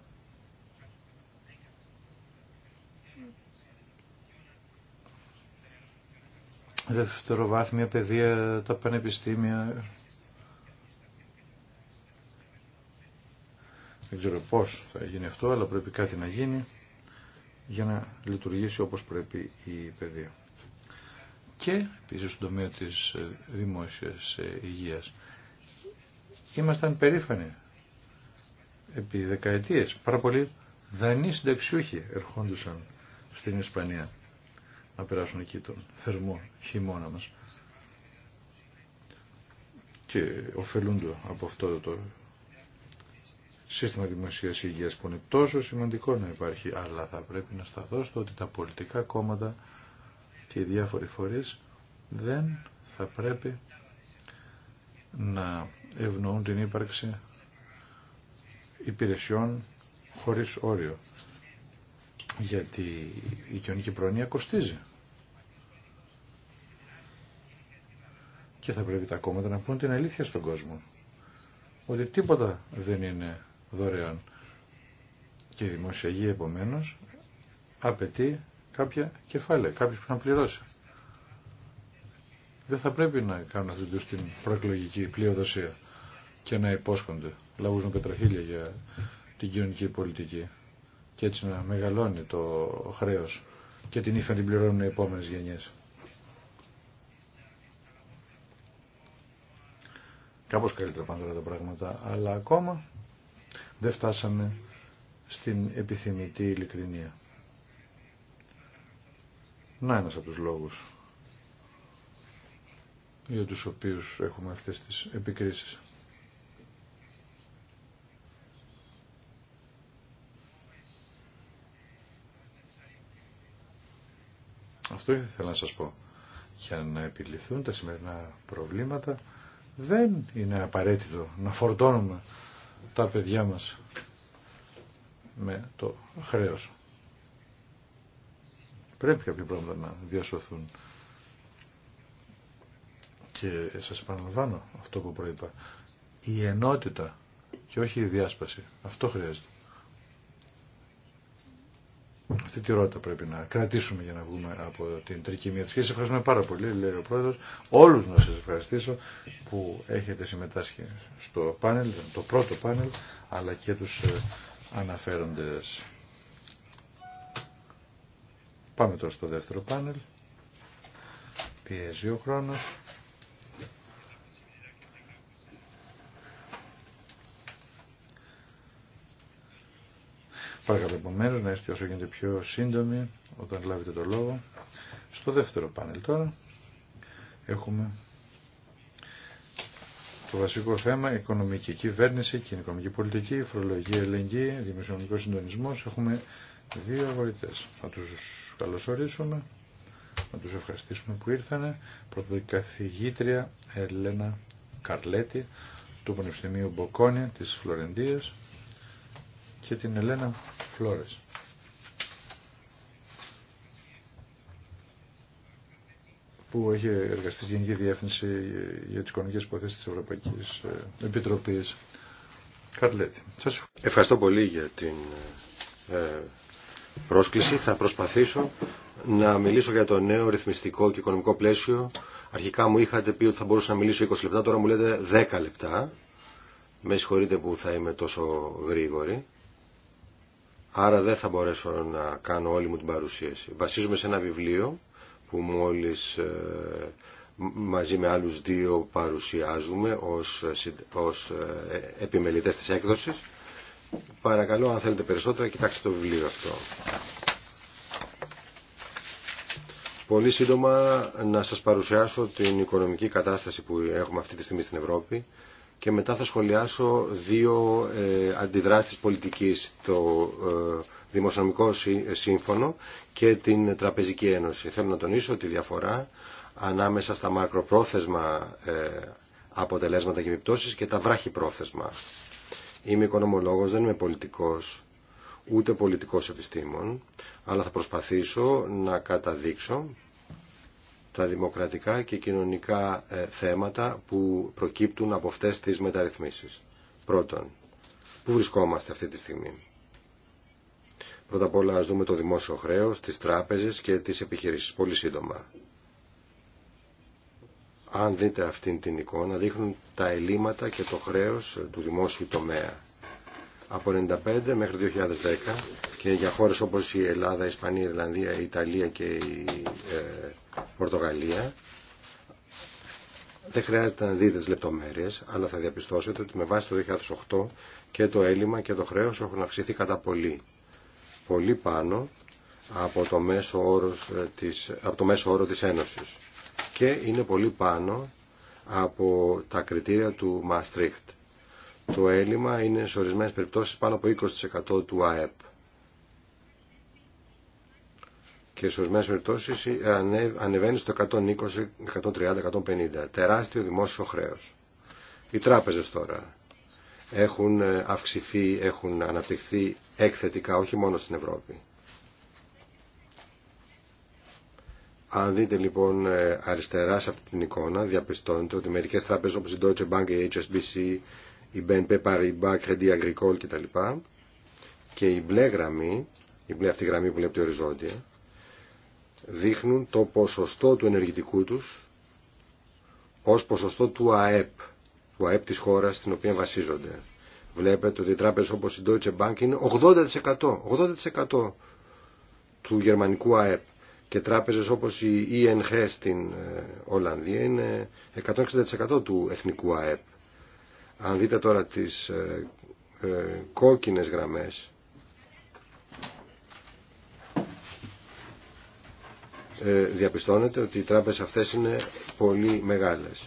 Δευτεροβάθμια παιδεία, τα πανεπιστήμια. Δεν ξέρω πώς θα γίνει αυτό, αλλά πρέπει κάτι να γίνει για να λειτουργήσει όπως πρέπει η παιδεία. Και επίσης στον τομέα της ε, δημόσιας ε, υγείας. Ήμασταν περήφανοι επί δεκαετίες. Πάρα πολλοί δανείοι συνταξιούχοι ερχόντουσαν στην Ισπανία να περάσουν εκεί τον θερμό χειμώνα μας και ωφελούνται από αυτό το σύστημα δημοσίας υγείας που είναι τόσο σημαντικό να υπάρχει, αλλά θα πρέπει να σταθώ στο ότι τα πολιτικά κόμματα και οι διάφοροι φορείς δεν θα πρέπει να ευνοούν την ύπαρξη υπηρεσιών χωρίς όριο. Γιατί η κοινωνική πρόνοια κοστίζει. Και θα πρέπει τα κόμματα να πούν την αλήθεια στον κόσμο. Ότι τίποτα δεν είναι δωρεάν. Και η δημόσια υγεία επομένως απαιτεί κάποια κεφάλαια, κάποιο που να πληρώσει. Δεν θα πρέπει να κάνουν αυτήν την προεκλογική πλειοδοσία και να υπόσχονται λαού με πετραχίλια για την κοινωνική πολιτική και έτσι να μεγαλώνει το χρέος και την ύφα την πληρώνουν οι επόμενες γενιές. Κάπως καλύτερα πάντα τα πράγματα, αλλά ακόμα δεν φτάσαμε στην επιθυμητή ειλικρινία. Να ένας από τους λόγους για τους οποίους έχουμε αυτές τις επικρίσεις. Αυτό ήθελα να σας πω. Για να επιληθούν τα σημερινά προβλήματα δεν είναι απαραίτητο να φορτώνουμε τα παιδιά μας με το χρέος. Πρέπει κάποια πράγματα να διασωθούν. Και σας επαναλαμβάνω αυτό που προείπα. Η ενότητα και όχι η διάσπαση. Αυτό χρειάζεται αυτή τη ρότα πρέπει να κρατήσουμε για να βγούμε από την τρικυμία της σχέση Ευχαριστούμε πάρα πολύ, λέει ο πρόεδρος. Όλους να σας ευχαριστήσω που έχετε συμμετάσχει στο πάνελ, το πρώτο πάνελ, αλλά και τους ε, αναφέροντες. Πάμε τώρα στο δεύτερο πάνελ. Πιέζει ο χρόνος. Παρακαλώ επομένω να είστε όσο γίνεται πιο σύντομοι όταν λάβετε το λόγο. Στο δεύτερο πάνελ τώρα έχουμε το βασικό θέμα, οικονομική κυβέρνηση, κοινωνική πολιτική, φορολογία, ελεγγύη, δημοσιονομικό συντονισμό. Έχουμε δύο αγορητέ. Να του καλωσορίσουμε, να του ευχαριστήσουμε που ήρθαν. Πρωτοκαθηγήτρια Ελένα Καρλέτη του Πανεπιστημίου Μποκόνια τη Φλωρεντία και την Ελένα Φλόρες. που έχει εργαστεί στην Γενική Διεύθυνση για τις Οικονομικές Υποθέσεις της Ευρωπαϊκής ε, Επιτροπής. ευχαριστώ πολύ για την ε, πρόσκληση. Θα προσπαθήσω να μιλήσω για το νέο ρυθμιστικό και οικονομικό πλαίσιο. Αρχικά μου είχατε πει ότι θα μπορούσα να μιλήσω 20 λεπτά, τώρα μου λέτε 10 λεπτά. Με συγχωρείτε που θα είμαι τόσο γρήγορη. Άρα δεν θα μπορέσω να κάνω όλη μου την παρουσίαση. Βασίζομαι σε ένα βιβλίο που μόλις ε, μαζί με άλλους δύο παρουσιάζουμε ως, ε, ως ε, επιμελητές της έκδοσης. Παρακαλώ αν θέλετε περισσότερα κοιτάξτε το βιβλίο αυτό. Πολύ σύντομα να σας παρουσιάσω την οικονομική κατάσταση που έχουμε αυτή τη στιγμή στην Ευρώπη και μετά θα σχολιάσω δύο ε, αντιδράσεις πολιτικής, το ε, Δημοσιονομικό ε, Σύμφωνο και την Τραπεζική Ένωση. Θέλω να τονίσω τη διαφορά ανάμεσα στα μακροπρόθεσμα ε, αποτελέσματα και επιπτώσεις και τα βράχη πρόθεσμα. Είμαι οικονομολόγος, δεν είμαι πολιτικός, ούτε πολιτικός επιστήμων, αλλά θα προσπαθήσω να καταδείξω τα δημοκρατικά και κοινωνικά ε, θέματα που προκύπτουν από αυτές τις μεταρρυθμίσεις. Πρώτον, πού βρισκόμαστε αυτή τη στιγμή. Πρώτα απ' όλα ας δούμε το δημόσιο χρέος, τις τράπεζες και τις επιχειρήσεις. Πολύ σύντομα. Αν δείτε αυτήν την εικόνα, δείχνουν τα ελλείμματα και το χρέος του δημόσιου τομέα από 1995 μέχρι 2010 και για χώρες όπως η Ελλάδα, η Ισπανία, η Ιρλανδία, η Ιταλία και η ε, Πορτογαλία. Δεν χρειάζεται να δείτε τις λεπτομέρειες, αλλά θα διαπιστώσετε ότι με βάση το 2008 και το έλλειμμα και το χρέος έχουν αυξηθεί κατά πολύ. Πολύ πάνω από το μέσο, όρο ε, της, από το μέσο όρο της Ένωσης. Και είναι πολύ πάνω από τα κριτήρια του Maastricht το έλλειμμα είναι σε ορισμένες περιπτώσεις πάνω από 20% του ΑΕΠ. Και σε ορισμένες περιπτώσεις ε, ανεβαίνει στο 120, 130, 150. Τεράστιο δημόσιο χρέος. Οι τράπεζες τώρα έχουν ε, αυξηθεί, έχουν αναπτυχθεί εκθετικά, όχι μόνο στην Ευρώπη. Αν δείτε λοιπόν ε, αριστερά σε αυτή την εικόνα, διαπιστώνετε ότι μερικές τράπεζες όπως η Deutsche Bank, η HSBC, η BNP Paribas, Credit Agricole κτλ. Και η μπλε γραμμή, η μπλε αυτή γραμμή που βλέπετε οριζόντια, δείχνουν το ποσοστό του ενεργητικού τους ως ποσοστό του ΑΕΠ, του ΑΕΠ της χώρας στην οποία βασίζονται. Βλέπετε ότι οι τράπεζες όπως η Deutsche Bank είναι 80%, 80% του γερμανικού ΑΕΠ και τράπεζες όπως η ING στην ε, Ολλανδία είναι 160% του εθνικού ΑΕΠ. Αν δείτε τώρα τις ε, ε, κόκκινες γραμμές, ε, ότι οι τράπεζες αυτές είναι πολύ μεγάλες.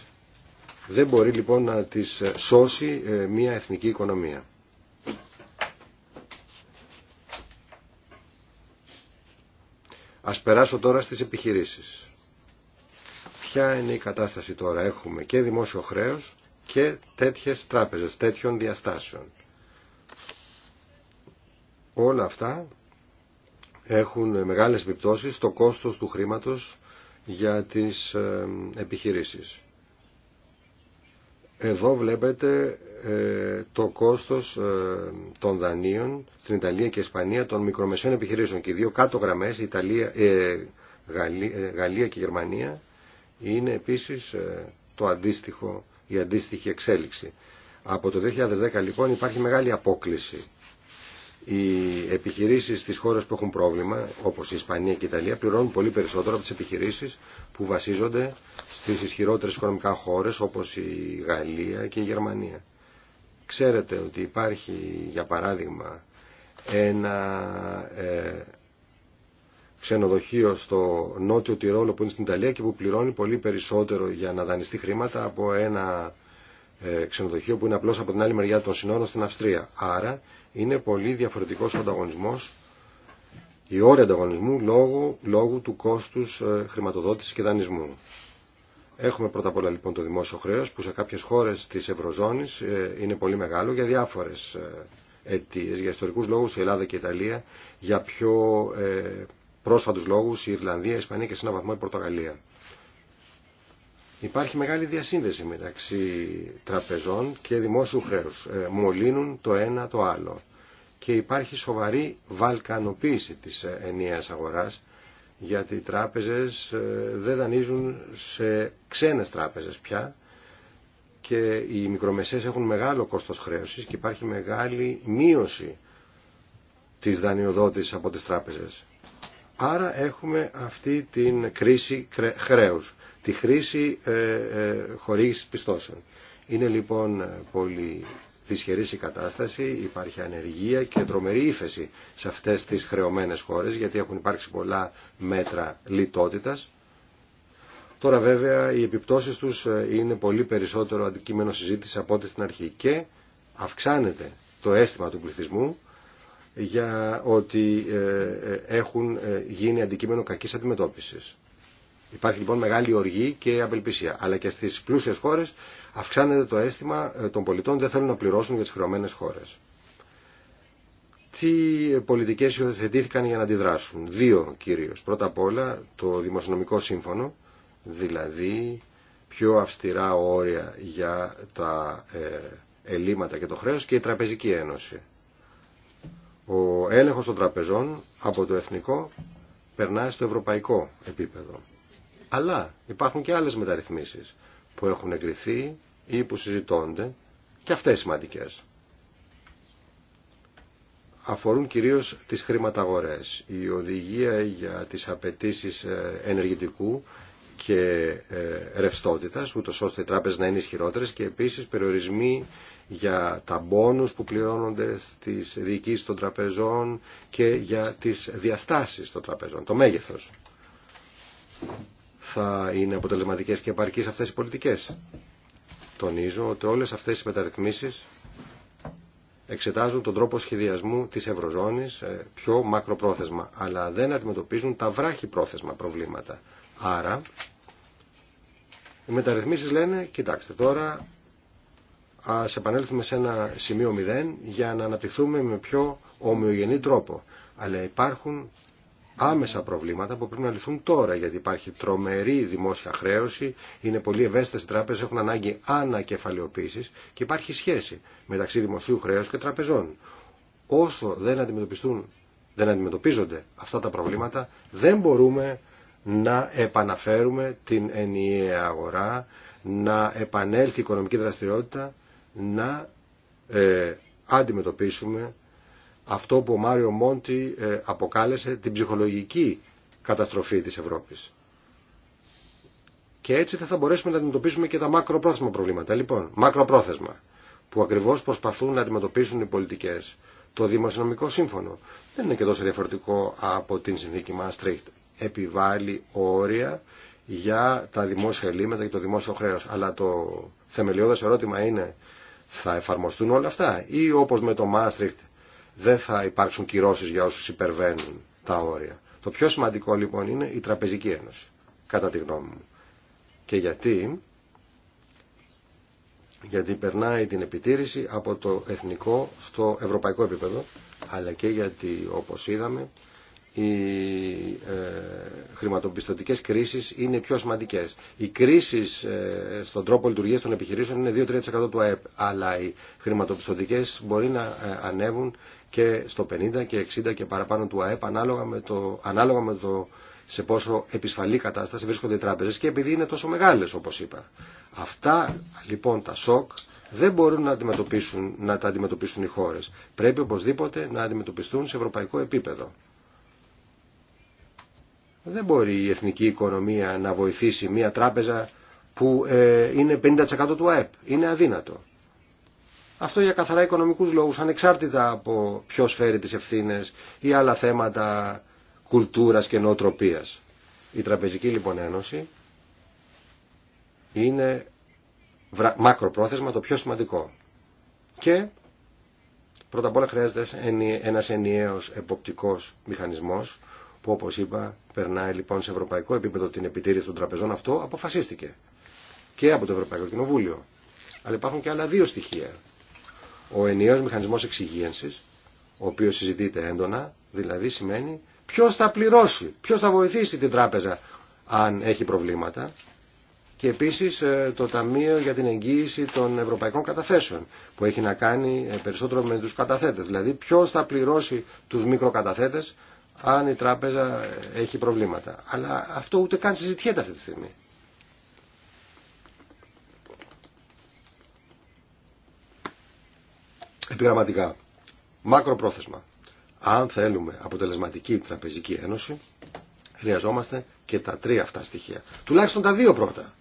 Δεν μπορεί λοιπόν να τις ε, σώσει ε, μια εθνική οικονομία. Ας περάσω τώρα στις επιχειρήσεις. Ποια είναι η κατάσταση τώρα. Έχουμε και δημόσιο χρέος και τέτοιες τράπεζες, τέτοιων διαστάσεων. Όλα αυτά έχουν μεγάλες επιπτώσεις στο κόστος του χρήματος για τις ε, επιχειρήσεις. Εδώ βλέπετε ε, το κόστος ε, των δανείων στην Ιταλία και Ισπανία των μικρομεσαίων επιχειρήσεων και οι δύο κάτω γραμμές, Ιταλία, Γαλλία, Γαλλία και Γερμανία, είναι επίσης το αντίστοιχο η αντίστοιχη εξέλιξη. Από το 2010 λοιπόν υπάρχει μεγάλη απόκληση. Οι επιχειρήσει στι χώρε που έχουν πρόβλημα, όπω η Ισπανία και η Ιταλία, πληρώνουν πολύ περισσότερο από τι επιχειρήσει που βασίζονται στι ισχυρότερε οικονομικά χώρε, όπω η Γαλλία και η Γερμανία. Ξέρετε ότι υπάρχει, για παράδειγμα, ένα ε, ξενοδοχείο στο νότιο Τυρόλο που είναι στην Ιταλία και που πληρώνει πολύ περισσότερο για να δανειστεί χρήματα από ένα ε, ξενοδοχείο που είναι απλώς από την άλλη μεριά των συνόρων στην Αυστρία. Άρα είναι πολύ διαφορετικός ο ανταγωνισμός, η όρια ανταγωνισμού λόγω, λόγω του κόστους ε, χρηματοδότησης και δανεισμού. Έχουμε πρώτα απ' όλα λοιπόν το δημόσιο χρέος που σε κάποιες χώρες της Ευρωζώνης ε, είναι πολύ μεγάλο για διάφορες αιτίες. Για ιστορικούς λόγους η Ελλάδα και η Ιταλία για πιο πρόσφατους λόγους η Ιρλανδία, η Ισπανία και σε έναν βαθμό η Πορτογαλία. Υπάρχει μεγάλη διασύνδεση μεταξύ τραπεζών και δημόσιου χρέους. Ε, μολύνουν το ένα το άλλο. Και υπάρχει σοβαρή βαλκανοποίηση της ε, ενιαία αγοράς γιατί οι τράπεζες ε, δεν δανείζουν σε ξένες τράπεζες πια και οι μικρομεσαίες έχουν μεγάλο κόστος χρέωσης και υπάρχει μεγάλη μείωση της δανειοδότησης από τις τράπεζες. Άρα έχουμε αυτή την κρίση χρέους, τη χρήση ε, ε, χορήγησης πιστώσεων. Είναι λοιπόν ε, πολύ δυσχερή η κατάσταση, υπάρχει ανεργία και τρομερή ύφεση σε αυτές τις χρεωμένες χώρες γιατί έχουν υπάρξει πολλά μέτρα λιτότητας. Τώρα βέβαια οι επιπτώσεις τους είναι πολύ περισσότερο αντικείμενο συζήτηση από ό,τι στην αρχή και αυξάνεται το αίσθημα του πληθυσμού για ότι ε, ε, έχουν ε, γίνει αντικείμενο κακής αντιμετώπισης. Υπάρχει λοιπόν μεγάλη οργή και απελπισία. Αλλά και στις πλούσιες χώρες αυξάνεται το αίσθημα των πολιτών δεν θέλουν να πληρώσουν για τις χρεωμένες χώρες. Τι πολιτικές υιοθετήθηκαν για να αντιδράσουν. Δύο κυρίως. Πρώτα απ' όλα το Δημοσιονομικό Σύμφωνο, δηλαδή πιο αυστηρά όρια για τα ελλείμματα και το χρέος και η Τραπεζική Ένωση ο έλεγχος των τραπεζών από το εθνικό περνάει στο ευρωπαϊκό επίπεδο. Αλλά υπάρχουν και άλλες μεταρρυθμίσεις που έχουν εγκριθεί ή που συζητώνται και αυτές σημαντικές. Αφορούν κυρίως τις χρηματαγορές. Η οδηγία για τις απαιτήσεις ε, ενεργητικού και ε, ρευστότητας, ούτως ώστε οι τράπεζες να είναι ισχυρότερες και επίσης περιορισμοί για τα μπόνους που πληρώνονται στις διοικήσεις των τραπεζών και για τις διαστάσεις των τραπεζών, το μέγεθος. Θα είναι αποτελεσματικές και επαρκείς αυτές οι πολιτικές. Τονίζω ότι όλες αυτές οι μεταρρυθμίσεις εξετάζουν τον τρόπο σχεδιασμού της Ευρωζώνης ε, πιο μακροπρόθεσμα, αλλά δεν αντιμετωπίζουν τα βράχη πρόθεσμα προβλήματα. Άρα, οι μεταρρυθμίσεις λένε, κοιτάξτε τώρα, ας επανέλθουμε σε ένα σημείο μηδέν για να αναπτυχθούμε με πιο ομοιογενή τρόπο. Αλλά υπάρχουν άμεσα προβλήματα που πρέπει να λυθούν τώρα, γιατί υπάρχει τρομερή δημόσια χρέωση, είναι πολύ ευαίσθητε τράπεζε, έχουν ανάγκη ανακεφαλαιοποίησης και υπάρχει σχέση μεταξύ δημοσίου χρέου και τραπεζών. Όσο δεν αντιμετωπιστούν, δεν αντιμετωπίζονται αυτά τα προβλήματα, δεν μπορούμε να επαναφέρουμε την ενιαία αγορά, να επανέλθει η οικονομική δραστηριότητα να ε, αντιμετωπίσουμε αυτό που ο Μάριο Μόντι ε, αποκάλεσε την ψυχολογική καταστροφή της Ευρώπης. Και έτσι θα, θα μπορέσουμε να αντιμετωπίσουμε και τα μακροπρόθεσμα προβλήματα. Λοιπόν, μακροπρόθεσμα που ακριβώς προσπαθούν να αντιμετωπίσουν οι πολιτικές. Το Δημοσιονομικό Σύμφωνο δεν είναι και τόσο διαφορετικό από την συνθήκη Maastricht. Επιβάλλει όρια για τα δημόσια ελλείμματα και το δημόσιο χρέος. Αλλά το θεμελιώδες ερώτημα είναι θα εφαρμοστούν όλα αυτά ή όπως με το Μάστριχτ δεν θα υπάρξουν κυρώσεις για όσους υπερβαίνουν τα όρια. Το πιο σημαντικό λοιπόν είναι η Τραπεζική Ένωση, κατά τη γνώμη μου. Και γιατί, γιατί περνάει την επιτήρηση από το εθνικό στο ευρωπαϊκό επίπεδο, αλλά και γιατί όπως είδαμε οι ε, χρηματοπιστωτικές κρίσεις είναι πιο σημαντικές. Οι κρίσεις ε, στον τρόπο λειτουργίας των επιχειρήσεων είναι 2-3% του ΑΕΠ, αλλά οι χρηματοπιστωτικές μπορεί να ε, ανέβουν και στο 50 και 60 και παραπάνω του ΑΕΠ, ανάλογα με το, ανάλογα με το σε πόσο επισφαλή κατάσταση βρίσκονται οι τράπεζες και επειδή είναι τόσο μεγάλες όπως είπα. Αυτά λοιπόν τα σοκ δεν μπορούν να, αντιμετωπίσουν, να τα αντιμετωπίσουν οι χώρες. Πρέπει οπωσδήποτε να αντιμετωπιστούν σε ευρωπαϊκό επίπεδο. Δεν μπορεί η εθνική οικονομία να βοηθήσει μια τράπεζα που ε, είναι 50% του ΑΕΠ. Είναι αδύνατο. Αυτό για καθαρά οικονομικούς λόγους, ανεξάρτητα από ποιος φέρει τις ευθύνες ή άλλα θέματα κουλτούρας και νοοτροπίας. Η Τραπεζική λοιπόν Ένωση είναι μακροπρόθεσμα το πιο σημαντικό. Και πρώτα απ' όλα χρειάζεται ένας ενιαίος εποπτικός μηχανισμός που όπως είπα περνάει λοιπόν σε ευρωπαϊκό επίπεδο την επιτήρηση των τραπεζών. Αυτό αποφασίστηκε και από το Ευρωπαϊκό Κοινοβούλιο. Αλλά υπάρχουν και άλλα δύο στοιχεία. Ο ενιαίος μηχανισμός εξυγίανσης, ο οποίος συζητείται έντονα, δηλαδή σημαίνει ποιος θα πληρώσει, ποιος θα βοηθήσει την τράπεζα αν έχει προβλήματα και επίσης ε, το Ταμείο για την Εγγύηση των Ευρωπαϊκών Καταθέσεων που έχει να κάνει ε, περισσότερο με τους καταθέτες. Δηλαδή ποιος θα πληρώσει τους μικροκαταθέτες αν η τράπεζα έχει προβλήματα. Αλλά αυτό ούτε καν συζητιέται αυτή τη στιγμή. Επιγραμματικά, μακροπρόθεσμα. Αν θέλουμε αποτελεσματική τραπεζική ένωση, χρειαζόμαστε και τα τρία αυτά στοιχεία. Τουλάχιστον τα δύο πρώτα.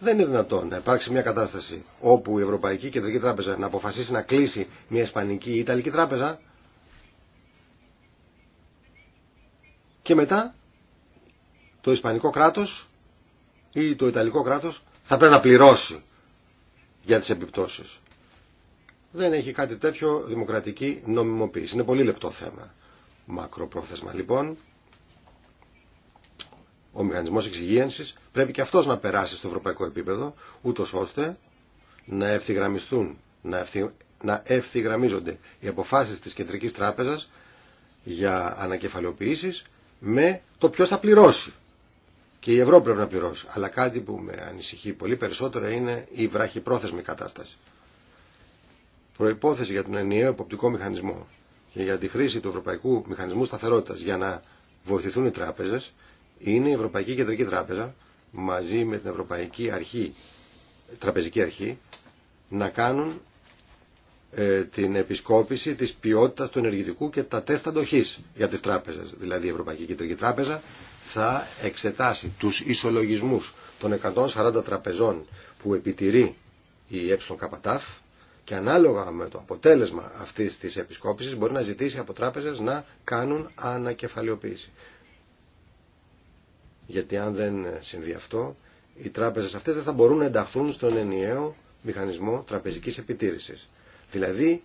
Δεν είναι δυνατόν να υπάρξει μια κατάσταση όπου η Ευρωπαϊκή Κεντρική Τράπεζα να αποφασίσει να κλείσει μια Ισπανική ή Ιταλική τράπεζα και μετά το Ισπανικό κράτος ή το Ιταλικό κράτος θα πρέπει να πληρώσει για τις επιπτώσεις. Δεν έχει κάτι τέτοιο δημοκρατική νομιμοποίηση. Είναι πολύ λεπτό θέμα. Μακροπρόθεσμα λοιπόν. Ο μηχανισμός εξυγίανσης πρέπει και αυτός να περάσει στο ευρωπαϊκό επίπεδο, ούτω ώστε να ευθυγραμμιστούν, να, να ευθυγραμμίζονται οι αποφάσεις της Κεντρικής Τράπεζας για ανακεφαλαιοποιήσεις με το ποιο θα πληρώσει. Και η Ευρώπη πρέπει να πληρώσει. Αλλά κάτι που με ανησυχεί πολύ περισσότερο είναι η βραχυπρόθεσμη κατάσταση. Προϋπόθεση για τον ενιαίο εποπτικό μηχανισμό και για τη χρήση του Ευρωπαϊκού Μηχανισμού Σταθερότητας για να βοηθηθούν οι τράπεζες είναι η Ευρωπαϊκή Κεντρική Τράπεζα μαζί με την Ευρωπαϊκή Αρχή, Τραπεζική Αρχή να κάνουν ε, την επισκόπηση της ποιότητας του ενεργητικού και τα τεστ αντοχής για τις τράπεζες. Δηλαδή η Ευρωπαϊκή Κεντρική Τράπεζα θα εξετάσει τους ισολογισμούς των 140 τραπεζών που επιτηρεί η ΕΚΤΑΦ και ανάλογα με το αποτέλεσμα αυτής της επισκόπησης μπορεί να ζητήσει από τράπεζες να κάνουν ανακεφαλαιοποίηση. Γιατί αν δεν συμβεί αυτό, οι τράπεζες αυτές δεν θα μπορούν να ενταχθούν στον ενιαίο μηχανισμό τραπεζικής επιτήρησης. Δηλαδή,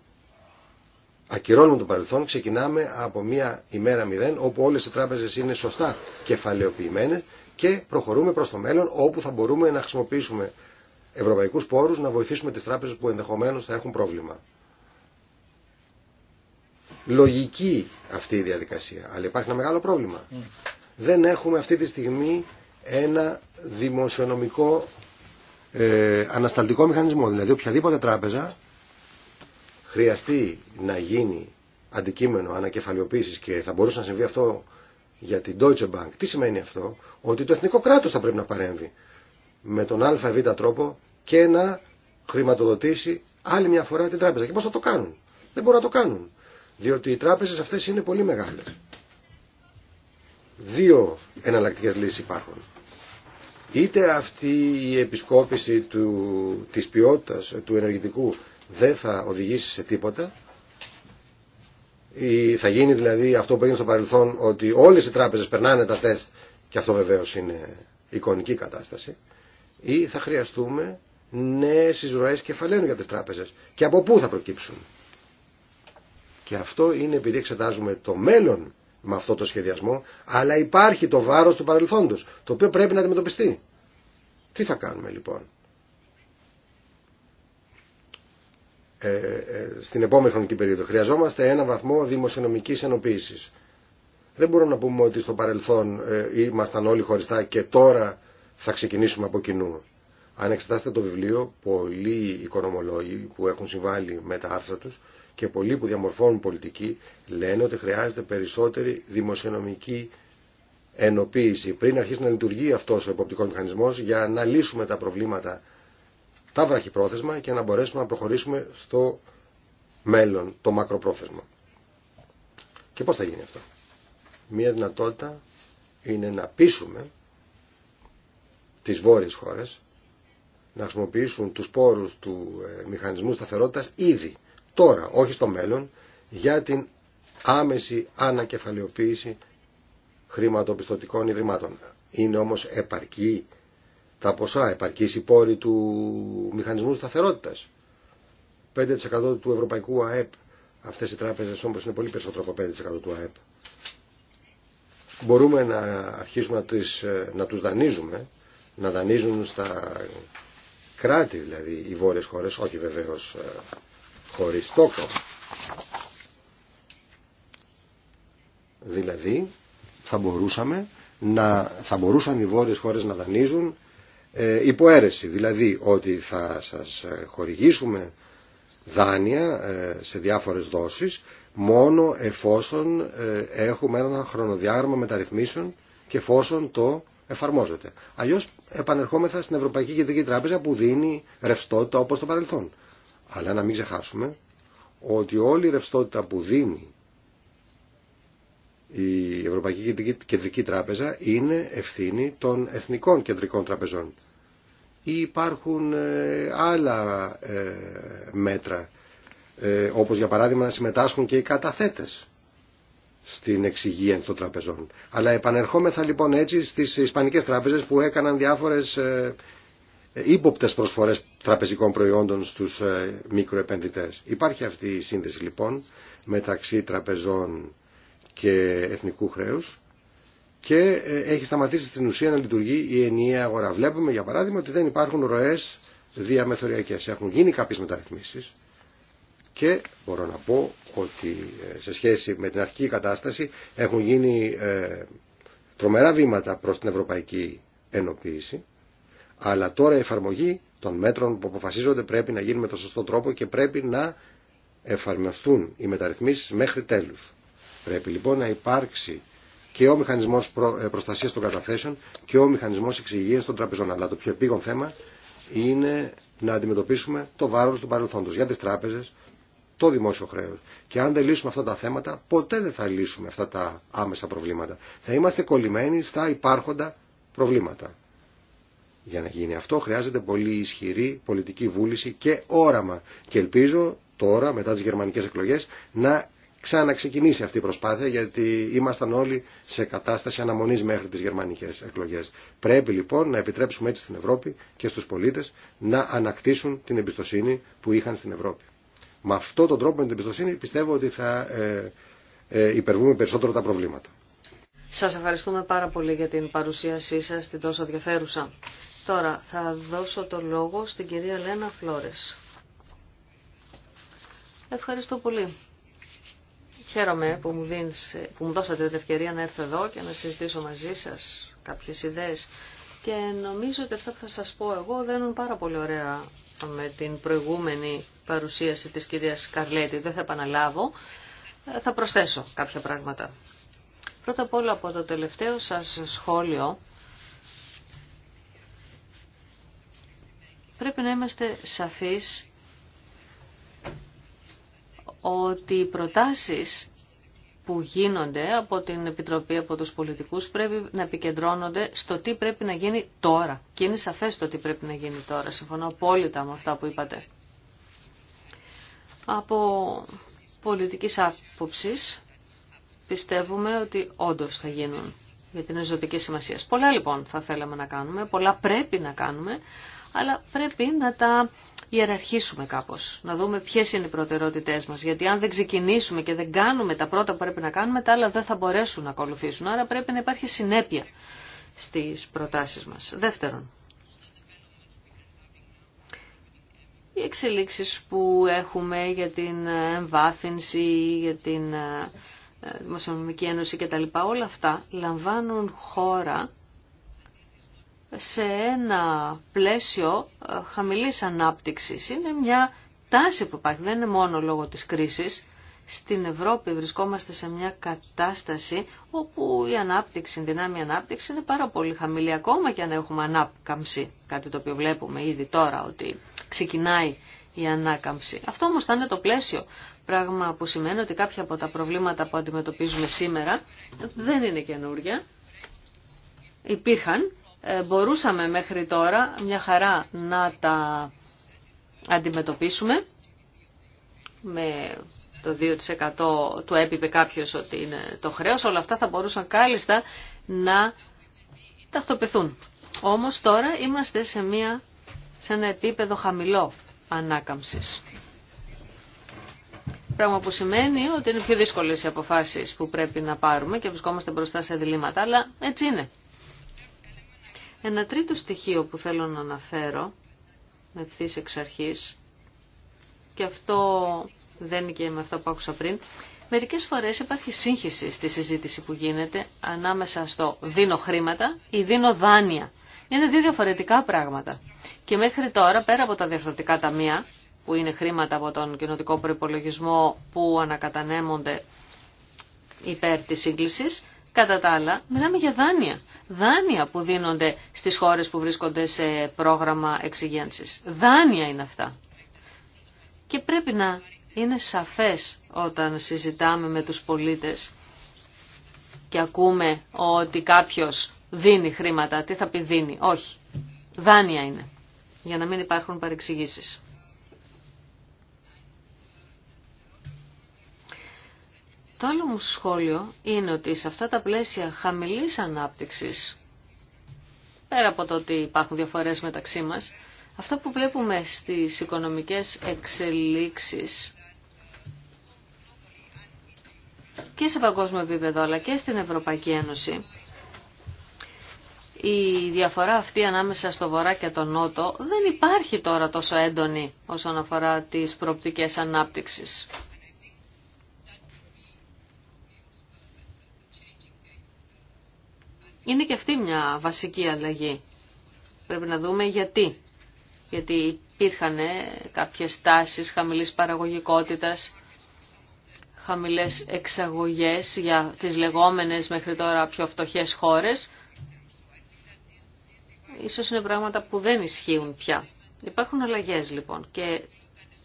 ακυρώνουμε το παρελθόν, ξεκινάμε από μια ημέρα μηδέν, όπου όλες οι τράπεζες είναι σωστά κεφαλαιοποιημένες και προχωρούμε προς το μέλλον, όπου θα μπορούμε να χρησιμοποιήσουμε ευρωπαϊκούς πόρους, να βοηθήσουμε τις τράπεζες που ενδεχομένως θα έχουν πρόβλημα. Λογική αυτή η διαδικασία, αλλά υπάρχει ένα μεγάλο πρόβλημα. Mm. Δεν έχουμε αυτή τη στιγμή ένα δημοσιονομικό ε, ανασταλτικό μηχανισμό. Δηλαδή οποιαδήποτε τράπεζα χρειαστεί να γίνει αντικείμενο ανακεφαλαιοποίησης και θα μπορούσε να συμβεί αυτό για την Deutsche Bank. Τι σημαίνει αυτό? Ότι το εθνικό κράτος θα πρέπει να παρέμβει με τον ΑΒ τρόπο και να χρηματοδοτήσει άλλη μια φορά την τράπεζα. Και πώς θα το κάνουν. Δεν μπορούν να το κάνουν. Διότι οι τράπεζες αυτές είναι πολύ μεγάλες. Δύο εναλλακτικέ λύσεις υπάρχουν. Είτε αυτή η επισκόπηση του, της ποιότητας του ενεργητικού δεν θα οδηγήσει σε τίποτα. Ή θα γίνει δηλαδή αυτό που έγινε στο παρελθόν ότι όλες οι τράπεζες περνάνε τα τεστ και αυτό βεβαίως είναι εικονική κατάσταση ή θα χρειαστούμε νέες εισρωές κεφαλαίων για τις τράπεζες και από πού θα προκύψουν. Και αυτό είναι επειδή εξετάζουμε το μέλλον με αυτό το σχεδιασμό, αλλά υπάρχει το βάρος του παρελθόντος, το οποίο πρέπει να αντιμετωπιστεί. Τι θα κάνουμε λοιπόν. Ε, ε, στην επόμενη χρονική περίοδο. Χρειαζόμαστε ένα βαθμό δημοσιονομική ενοποίηση. Δεν μπορούμε να πούμε ότι στο παρελθόν ε, ήμασταν όλοι χωριστά και τώρα θα ξεκινήσουμε από κοινού. Αν εξετάσετε το βιβλίο, πολλοί οικονομολόγοι που έχουν συμβάλει με τα άρθρα του και πολλοί που διαμορφώνουν πολιτική λένε ότι χρειάζεται περισσότερη δημοσιονομική ενοποίηση πριν αρχίσει να λειτουργεί αυτό ο εποπτικό μηχανισμό για να λύσουμε τα προβλήματα τα πρόθεσμα και να μπορέσουμε να προχωρήσουμε στο μέλλον, το μακροπρόθεσμα. Και πώς θα γίνει αυτό. Μία δυνατότητα είναι να πείσουμε τις βόρειες χώρες να χρησιμοποιήσουν τους πόρους του ε, μηχανισμού σταθερότητας ήδη, τώρα, όχι στο μέλλον, για την άμεση ανακεφαλαιοποίηση χρηματοπιστωτικών ιδρυμάτων. Είναι όμως επαρκή τα ποσά, επαρκής οι του μηχανισμού σταθερότητας. 5% του ευρωπαϊκού ΑΕΠ, αυτές οι τράπεζες όμως είναι πολύ περισσότερο από 5% του ΑΕΠ. Μπορούμε να αρχίσουμε να, να τους δανείζουμε, να δανείζουν στα κράτη δηλαδή οι βόρειες χώρες, όχι βεβαίως ε, χωρίς τόκο. Δηλαδή θα, μπορούσαμε να, θα μπορούσαν οι βόρειες χώρες να δανείζουν ε, υποαίρεση. Δηλαδή ότι θα σας ε, χορηγήσουμε δάνεια ε, σε διάφορες δόσεις μόνο εφόσον ε, έχουμε ένα χρονοδιάγραμμα μεταρρυθμίσεων και εφόσον το εφαρμόζεται. Αλλιώς επανερχόμεθα στην Ευρωπαϊκή Κεντρική Τράπεζα που δίνει ρευστότητα όπως το παρελθόν. Αλλά να μην ξεχάσουμε ότι όλη η ρευστότητα που δίνει η Ευρωπαϊκή Κεντρική Τράπεζα είναι ευθύνη των εθνικών κεντρικών τραπεζών. Ή υπάρχουν ε, άλλα ε, μέτρα, ε, όπως για παράδειγμα να συμμετάσχουν και οι καταθέτες στην εξυγίανση των τραπεζών. Αλλά επανερχόμεθα λοιπόν έτσι στις Ισπανικές τράπεζες που έκαναν διάφορες ύποπτες προσφορές τραπεζικών προϊόντων στους μικροεπενδυτές. Υπάρχει αυτή η σύνδεση λοιπόν μεταξύ τραπεζών και εθνικού χρέους και ε, έχει σταματήσει στην ουσία να λειτουργεί η ενιαία αγορά. Βλέπουμε για παράδειγμα ότι δεν υπάρχουν ροές διαμεθοριακές. Έχουν γίνει κάποιες μεταρρυθμίσεις και μπορώ να πω ότι ε, σε σχέση με την αρχική κατάσταση έχουν γίνει ε, τρομερά βήματα προς την ευρωπαϊκή ενοποίηση αλλά τώρα η εφαρμογή των μέτρων που αποφασίζονται πρέπει να γίνει με τον σωστό τρόπο και πρέπει να εφαρμοστούν οι μεταρρυθμίσεις μέχρι τέλους. Πρέπει λοιπόν να υπάρξει και ο μηχανισμό ε, προστασία των καταθέσεων και ο μηχανισμό εξυγεία των τραπεζών. Αλλά το πιο επίγον θέμα είναι να αντιμετωπίσουμε το βάρο του παρελθόντο για τι τράπεζε, το δημόσιο χρέο. Και αν δεν λύσουμε αυτά τα θέματα, ποτέ δεν θα λύσουμε αυτά τα άμεσα προβλήματα. Θα είμαστε κολλημένοι στα υπάρχοντα προβλήματα. Για να γίνει αυτό χρειάζεται πολύ ισχυρή πολιτική βούληση και όραμα. Και ελπίζω τώρα, μετά τι γερμανικέ εκλογέ, να ξαναξεκινήσει αυτή η προσπάθεια γιατί ήμασταν όλοι σε κατάσταση αναμονής μέχρι τις γερμανικές εκλογές. Πρέπει λοιπόν να επιτρέψουμε έτσι στην Ευρώπη και στους πολίτες να ανακτήσουν την εμπιστοσύνη που είχαν στην Ευρώπη. Με αυτόν τον τρόπο με την εμπιστοσύνη πιστεύω ότι θα ε, ε, υπερβούμε περισσότερο τα προβλήματα. Σας ευχαριστούμε πάρα πολύ για την παρουσίασή σας, την τόσο ενδιαφέρουσα. Τώρα θα δώσω το λόγο στην κυρία Λένα Φλόρες. Ευχαριστώ πολύ. Χαίρομαι που μου, δίνεις, που μου δώσατε την ευκαιρία να έρθω εδώ και να συζητήσω μαζί σας κάποιες ιδέες. Και νομίζω ότι αυτά που θα σας πω εγώ είναι πάρα πολύ ωραία με την προηγούμενη παρουσίαση της κυρίας Καρλέτη. Δεν θα επαναλάβω, ε, θα προσθέσω κάποια πράγματα. Πρώτα απ' όλα από το τελευταίο σας σχόλιο, πρέπει να είμαστε σαφείς ότι οι προτάσεις που γίνονται από την Επιτροπή, από τους πολιτικούς, πρέπει να επικεντρώνονται στο τι πρέπει να γίνει τώρα. Και είναι σαφές το τι πρέπει να γίνει τώρα. Συμφωνώ απόλυτα με αυτά που είπατε. Από πολιτικής άποψης πιστεύουμε ότι όντως θα γίνουν για την ζωτική σημασία. Πολλά λοιπόν θα θέλαμε να κάνουμε, πολλά πρέπει να κάνουμε, αλλά πρέπει να τα ιεραρχήσουμε κάπως, να δούμε ποιες είναι οι προτεραιότητές μας, γιατί αν δεν ξεκινήσουμε και δεν κάνουμε τα πρώτα που πρέπει να κάνουμε, τα άλλα δεν θα μπορέσουν να ακολουθήσουν, άρα πρέπει να υπάρχει συνέπεια στις προτάσεις μας. Δεύτερον, οι εξελίξεις που έχουμε για την εμβάθυνση, για την ε, ε, Δημοσιονομική Ένωση κτλ. Όλα αυτά λαμβάνουν χώρα σε ένα πλαίσιο ε, χαμηλής ανάπτυξης. Είναι μια τάση που υπάρχει, δεν είναι μόνο λόγω της κρίσης. Στην Ευρώπη βρισκόμαστε σε μια κατάσταση όπου η ανάπτυξη, η δυνάμει ανάπτυξη είναι πάρα πολύ χαμηλή ακόμα και αν έχουμε ανάκαμψη, κάτι το οποίο βλέπουμε ήδη τώρα ότι ξεκινάει η ανάκαμψη. Αυτό όμως θα είναι το πλαίσιο, πράγμα που σημαίνει ότι κάποια από τα προβλήματα που αντιμετωπίζουμε σήμερα δεν είναι καινούρια, υπήρχαν ε, μπορούσαμε μέχρι τώρα μια χαρά να τα αντιμετωπίσουμε με το 2% του έπιπε κάποιος ότι είναι το χρέος, όλα αυτά θα μπορούσαν κάλλιστα να ταυτοποιηθούν. Όμως τώρα είμαστε σε, μια, σε ένα επίπεδο χαμηλό ανάκαμψης. Πράγμα που σημαίνει ότι είναι πιο δύσκολες οι αποφάσεις που πρέπει να πάρουμε και βρισκόμαστε μπροστά σε διλήμματα, αλλά έτσι είναι. Ένα τρίτο στοιχείο που θέλω να αναφέρω με ευθύ εξ αρχής και αυτό δεν είναι και με αυτό που άκουσα πριν, μερικές φορές υπάρχει σύγχυση στη συζήτηση που γίνεται ανάμεσα στο δίνω χρήματα ή δίνω δάνεια. Είναι δύο διαφορετικά πράγματα. Και μέχρι τώρα, πέρα από τα διαφορετικά ταμεία, που είναι χρήματα από τον κοινοτικό προϋπολογισμό που ανακατανέμονται υπέρ της σύγκλησης, Κατά τα άλλα, μιλάμε για δάνεια. Δάνεια που δίνονται στις χώρες που βρίσκονται σε πρόγραμμα εξυγένσης. Δάνεια είναι αυτά. Και πρέπει να είναι σαφές όταν συζητάμε με τους πολίτες και ακούμε ότι κάποιος δίνει χρήματα. Τι θα πει δίνει. Όχι. Δάνεια είναι. Για να μην υπάρχουν παρεξηγήσεις. Το άλλο μου σχόλιο είναι ότι σε αυτά τα πλαίσια χαμηλής ανάπτυξης, πέρα από το ότι υπάρχουν διαφορές μεταξύ μας, αυτό που βλέπουμε στις οικονομικές εξελίξεις και σε παγκόσμιο επίπεδο αλλά και στην Ευρωπαϊκή Ένωση, η διαφορά αυτή ανάμεσα στο βορρά και τον νότο δεν υπάρχει τώρα τόσο έντονη όσον αφορά τις προοπτικές ανάπτυξης. Είναι και αυτή μια βασική αλλαγή. Πρέπει να δούμε γιατί. Γιατί υπήρχαν ε, κάποιες τάσεις χαμηλής παραγωγικότητας, χαμηλές εξαγωγές για τις λεγόμενες μέχρι τώρα πιο φτωχές χώρες. Ίσως είναι πράγματα που δεν ισχύουν πια. Υπάρχουν αλλαγές λοιπόν και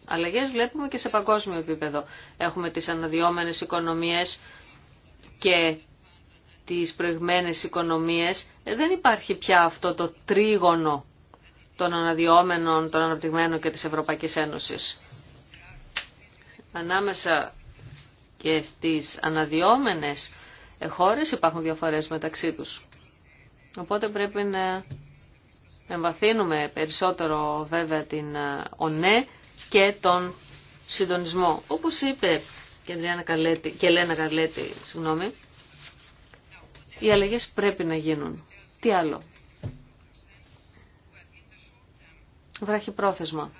αλλαγές βλέπουμε και σε παγκόσμιο επίπεδο. Έχουμε τις αναδυόμενες οικονομίες και τις προηγμένες οικονομίες ε, δεν υπάρχει πια αυτό το τρίγωνο των αναδυόμενων, των αναπτυγμένων και της Ευρωπαϊκής Ένωσης. Ανάμεσα και στις αναδυόμενες χώρες υπάρχουν διαφορές μεταξύ τους. Οπότε πρέπει να εμβαθύνουμε περισσότερο βέβαια την ΟΝΕ ναι και τον συντονισμό. Όπως είπε και, Καλέτη, και Ελένα Καλέτη, συγγνώμη, οι αλλαγές πρέπει να γίνουν. Τι άλλο. Βράχει πρόθεσμα.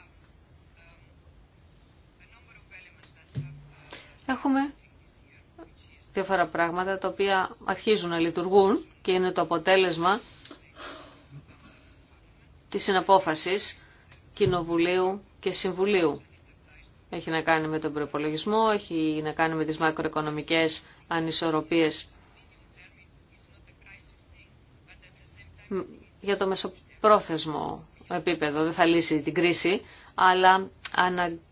Έχουμε διάφορα πράγματα τα οποία αρχίζουν να λειτουργούν και είναι το αποτέλεσμα της συναπόφασης Κοινοβουλίου και Συμβουλίου. Έχει να κάνει με τον προπολογισμό, έχει να κάνει με τις μακροοικονομικές ανισορροπίες για το μεσοπρόθεσμο επίπεδο. Δεν θα λύσει την κρίση, αλλά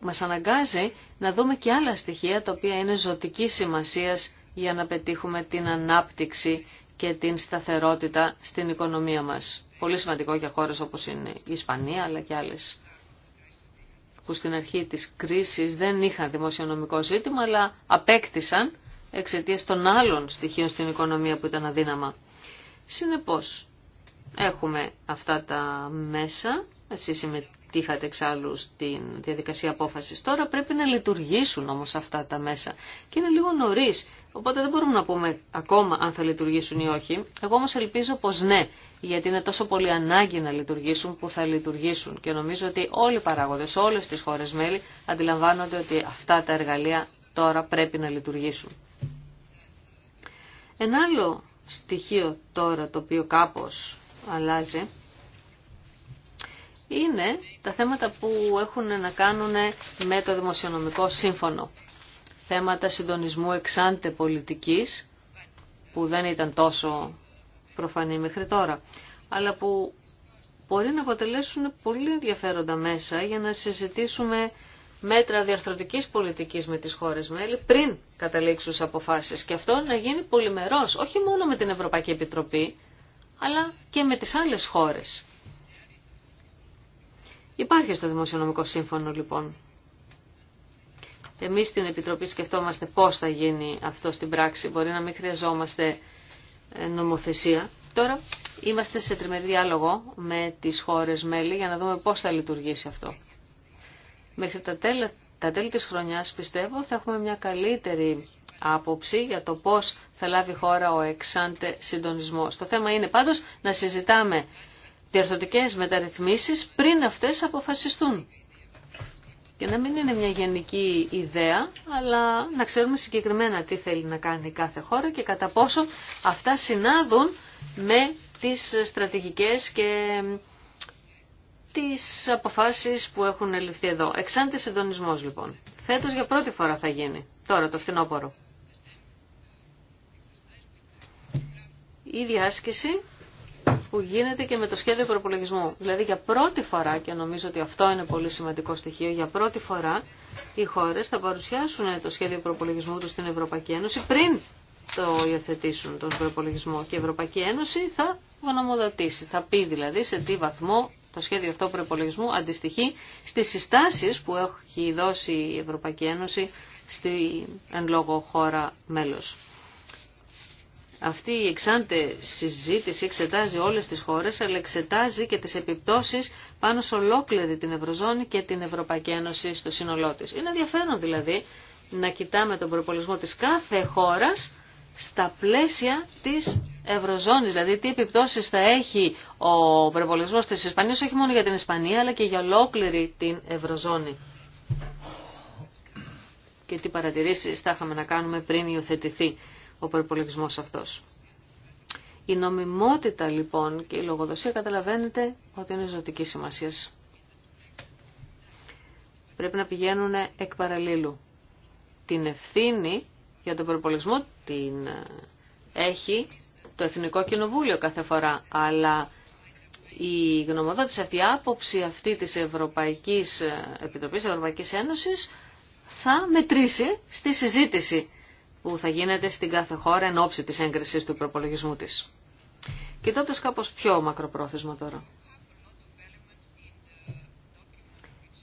μας αναγκάζει να δούμε και άλλα στοιχεία τα οποία είναι ζωτική σημασίας για να πετύχουμε την ανάπτυξη και την σταθερότητα στην οικονομία μας. Πολύ σημαντικό για χώρες όπως είναι η Ισπανία αλλά και άλλες που στην αρχή της κρίσης δεν είχαν δημοσιονομικό ζήτημα αλλά απέκτησαν εξαιτίας των άλλων στοιχείων στην οικονομία που ήταν αδύναμα. Συνεπώς, Έχουμε αυτά τα μέσα, εσείς συμμετείχατε εξάλλου στην διαδικασία απόφασης. Τώρα πρέπει να λειτουργήσουν όμως αυτά τα μέσα και είναι λίγο νωρί. οπότε δεν μπορούμε να πούμε ακόμα αν θα λειτουργήσουν ή όχι. Εγώ όμως ελπίζω πως ναι, γιατί είναι τόσο πολύ ανάγκη να λειτουργήσουν που θα λειτουργήσουν και νομίζω ότι όλοι οι παράγοντες, όλες τις χώρες μέλη αντιλαμβάνονται ότι αυτά τα εργαλεία τώρα πρέπει να λειτουργήσουν. Ένα άλλο στοιχείο τώρα το οποίο κάπως αλλάζει είναι τα θέματα που έχουν να κάνουν με το δημοσιονομικό σύμφωνο. Θέματα συντονισμού εξάντε πολιτικής που δεν ήταν τόσο προφανή μέχρι τώρα, αλλά που μπορεί να αποτελέσουν πολύ ενδιαφέροντα μέσα για να συζητήσουμε μέτρα διαρθρωτικής πολιτικής με τις χώρες μέλη πριν καταλήξουν αποφάσεις. Και αυτό να γίνει πολυμερός, όχι μόνο με την Ευρωπαϊκή Επιτροπή, αλλά και με τις άλλες χώρες. Υπάρχει στο Δημοσιονομικό Σύμφωνο λοιπόν. Εμείς στην Επιτροπή σκεφτόμαστε πώς θα γίνει αυτό στην πράξη. Μπορεί να μην χρειαζόμαστε ε, νομοθεσία. Τώρα είμαστε σε τριμερή διάλογο με τις χώρες μέλη για να δούμε πώς θα λειτουργήσει αυτό. Μέχρι τα τέλη, τα τέλη της χρονιάς πιστεύω θα έχουμε μια καλύτερη άποψη για το πώς θα λάβει η χώρα ο εξάντε συντονισμός. Το θέμα είναι πάντως να συζητάμε διερθωτικές μεταρρυθμίσεις πριν αυτές αποφασιστούν. Και να μην είναι μια γενική ιδέα, αλλά να ξέρουμε συγκεκριμένα τι θέλει να κάνει κάθε χώρα και κατά πόσο αυτά συνάδουν με τις στρατηγικές και τις αποφάσεις που έχουν ληφθεί εδώ. Εξάντε συντονισμός λοιπόν. Φέτος για πρώτη φορά θα γίνει. Τώρα το φθινόπωρο. η άσκηση που γίνεται και με το σχέδιο προπολογισμού. Δηλαδή για πρώτη φορά, και νομίζω ότι αυτό είναι πολύ σημαντικό στοιχείο, για πρώτη φορά οι χώρες θα παρουσιάσουν το σχέδιο προπολογισμού τους στην Ευρωπαϊκή Ένωση πριν το υιοθετήσουν τον προπολογισμό και η Ευρωπαϊκή Ένωση θα γνωμοδοτήσει, θα πει δηλαδή σε τι βαθμό το σχέδιο αυτό προπολογισμού αντιστοιχεί στις συστάσεις που έχει δώσει η Ευρωπαϊκή Ένωση στη εν λόγω χώρα μέλος. Αυτή η εξάντε συζήτηση εξετάζει όλες τις χώρες, αλλά εξετάζει και τις επιπτώσεις πάνω σε ολόκληρη την Ευρωζώνη και την Ευρωπαϊκή Ένωση στο σύνολό της. Είναι ενδιαφέρον δηλαδή να κοιτάμε τον προπολισμό της κάθε χώρας στα πλαίσια της Ευρωζώνης, δηλαδή τι επιπτώσεις θα έχει ο προπολισμός της Ισπανίας, όχι μόνο για την Ισπανία, αλλά και για ολόκληρη την Ευρωζώνη. Και τι παρατηρήσεις θα είχαμε να κάνουμε πριν υιοθετηθεί ο προπολογισμό αυτός. Η νομιμότητα λοιπόν και η λογοδοσία καταλαβαίνετε ότι είναι ζωτική σημασία. Πρέπει να πηγαίνουν εκ παραλίλου. Την ευθύνη για τον προπολογισμό την έχει το Εθνικό Κοινοβούλιο κάθε φορά, αλλά η γνωμοδότηση αυτή, η άποψη αυτή της Ευρωπαϊκής Επιτροπής, της Ευρωπαϊκής Ένωσης, θα μετρήσει στη συζήτηση που θα γίνεται στην κάθε χώρα εν ώψη της έγκρισης του προπολογισμού της. Κοιτώντα κάπως πιο μακροπρόθεσμα τώρα.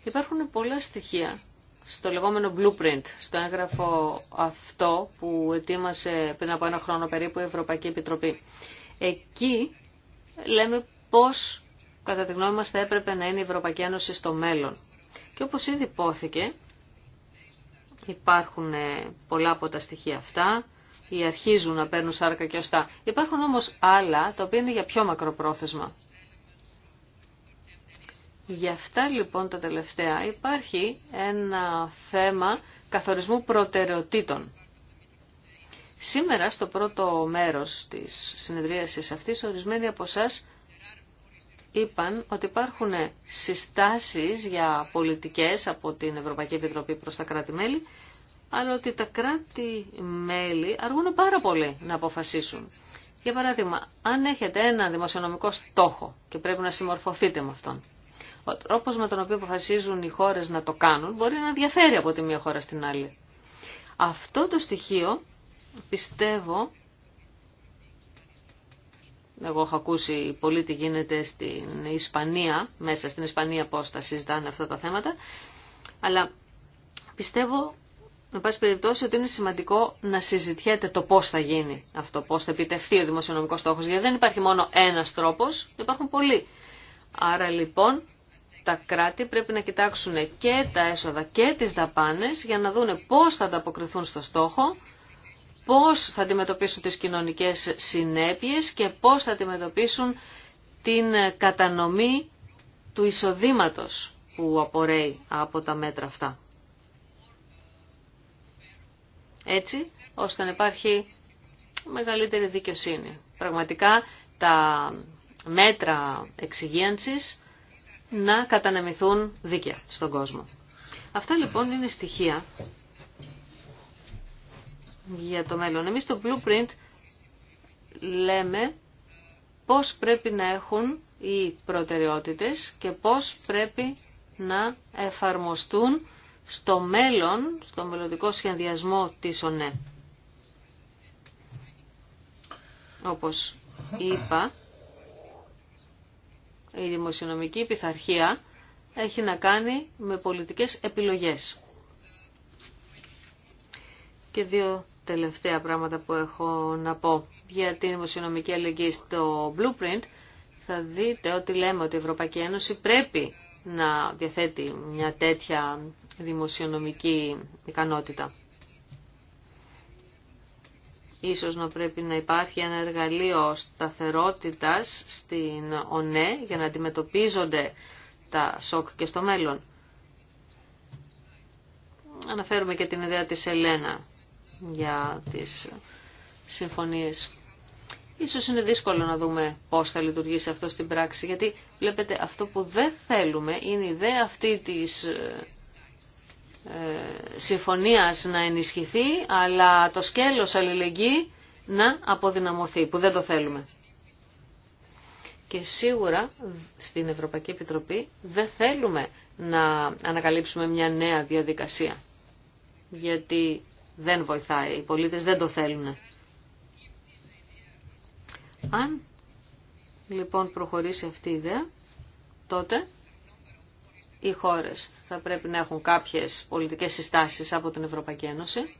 Υπάρχουν πολλά στοιχεία στο λεγόμενο blueprint, στο έγγραφο αυτό που ετοίμασε πριν από ένα χρόνο περίπου η Ευρωπαϊκή Επιτροπή. Εκεί λέμε πώς κατά τη γνώμη μας θα έπρεπε να είναι η Ευρωπαϊκή Ένωση στο μέλλον. Και όπως ήδη υπόθηκε, Υπάρχουν ε, πολλά από τα στοιχεία αυτά ή αρχίζουν να παίρνουν σάρκα και οστά. Υπάρχουν όμως άλλα τα οποία είναι για πιο μακροπρόθεσμα. Γι' αυτά λοιπόν τα τελευταία υπάρχει ένα θέμα καθορισμού προτεραιοτήτων. Σήμερα στο πρώτο μέρος της συνεδρίασης αυτής ορισμένοι από εσά είπαν ότι υπάρχουν συστάσεις για πολιτικές από την Ευρωπαϊκή Επιτροπή προς τα κράτη-μέλη, αλλά ότι τα κράτη-μέλη αργούν πάρα πολύ να αποφασίσουν. Για παράδειγμα, αν έχετε ένα δημοσιονομικό στόχο και πρέπει να συμμορφωθείτε με αυτόν, ο τρόπο με τον οποίο αποφασίζουν οι χώρε να το κάνουν μπορεί να διαφέρει από τη μία χώρα στην άλλη. Αυτό το στοιχείο πιστεύω εγώ έχω ακούσει πολύ τι γίνεται στην Ισπανία, μέσα στην Ισπανία πώς τα συζητάνε αυτά τα θέματα. Αλλά πιστεύω, με πάση περιπτώσει, ότι είναι σημαντικό να συζητιέται το πώς θα γίνει αυτό, πώς θα επιτευχθεί ο δημοσιονομικός στόχος. Γιατί δεν υπάρχει μόνο ένας τρόπος, υπάρχουν πολλοί. Άρα λοιπόν τα κράτη πρέπει να κοιτάξουν και τα έσοδα και τις δαπάνες για να δούνε πώς θα ανταποκριθούν στο στόχο πώς θα αντιμετωπίσουν τις κοινωνικές συνέπειες και πώς θα αντιμετωπίσουν την κατανομή του εισοδήματος που απορρέει από τα μέτρα αυτά. Έτσι, ώστε να υπάρχει μεγαλύτερη δικαιοσύνη. Πραγματικά τα μέτρα εξυγίανσης να κατανεμηθούν δίκαια στον κόσμο. Αυτά λοιπόν είναι στοιχεία για το μέλλον. Εμείς στο Blueprint λέμε πώς πρέπει να έχουν οι προτεραιότητες και πώς πρέπει να εφαρμοστούν στο μέλλον, στο μελλοντικό σχεδιασμό της ΟΝΕ. Όπως είπα, η δημοσιονομική πειθαρχία έχει να κάνει με πολιτικές επιλογές. Και δύο τελευταία πράγματα που έχω να πω για την δημοσιονομική αλληλεγγύη στο Blueprint, θα δείτε ότι λέμε ότι η Ευρωπαϊκή Ένωση πρέπει να διαθέτει μια τέτοια δημοσιονομική ικανότητα. Ίσως να πρέπει να υπάρχει ένα εργαλείο σταθερότητας στην ΟΝΕ για να αντιμετωπίζονται τα σοκ και στο μέλλον. Αναφέρουμε και την ιδέα της Ελένα για τις συμφωνίες. Ίσως είναι δύσκολο να δούμε πώς θα λειτουργήσει αυτό στην πράξη, γιατί βλέπετε αυτό που δεν θέλουμε είναι η ιδέα αυτή της ε, ε, συμφωνίας να ενισχυθεί, αλλά το σκέλος αλληλεγγύη να αποδυναμωθεί, που δεν το θέλουμε. Και σίγουρα στην Ευρωπαϊκή Επιτροπή δεν θέλουμε να ανακαλύψουμε μια νέα διαδικασία. Γιατί δεν βοηθάει. Οι πολίτες δεν το θέλουν. Αν λοιπόν προχωρήσει αυτή η ιδέα, τότε οι χώρες θα πρέπει να έχουν κάποιες πολιτικές συστάσεις από την Ευρωπαϊκή Ένωση.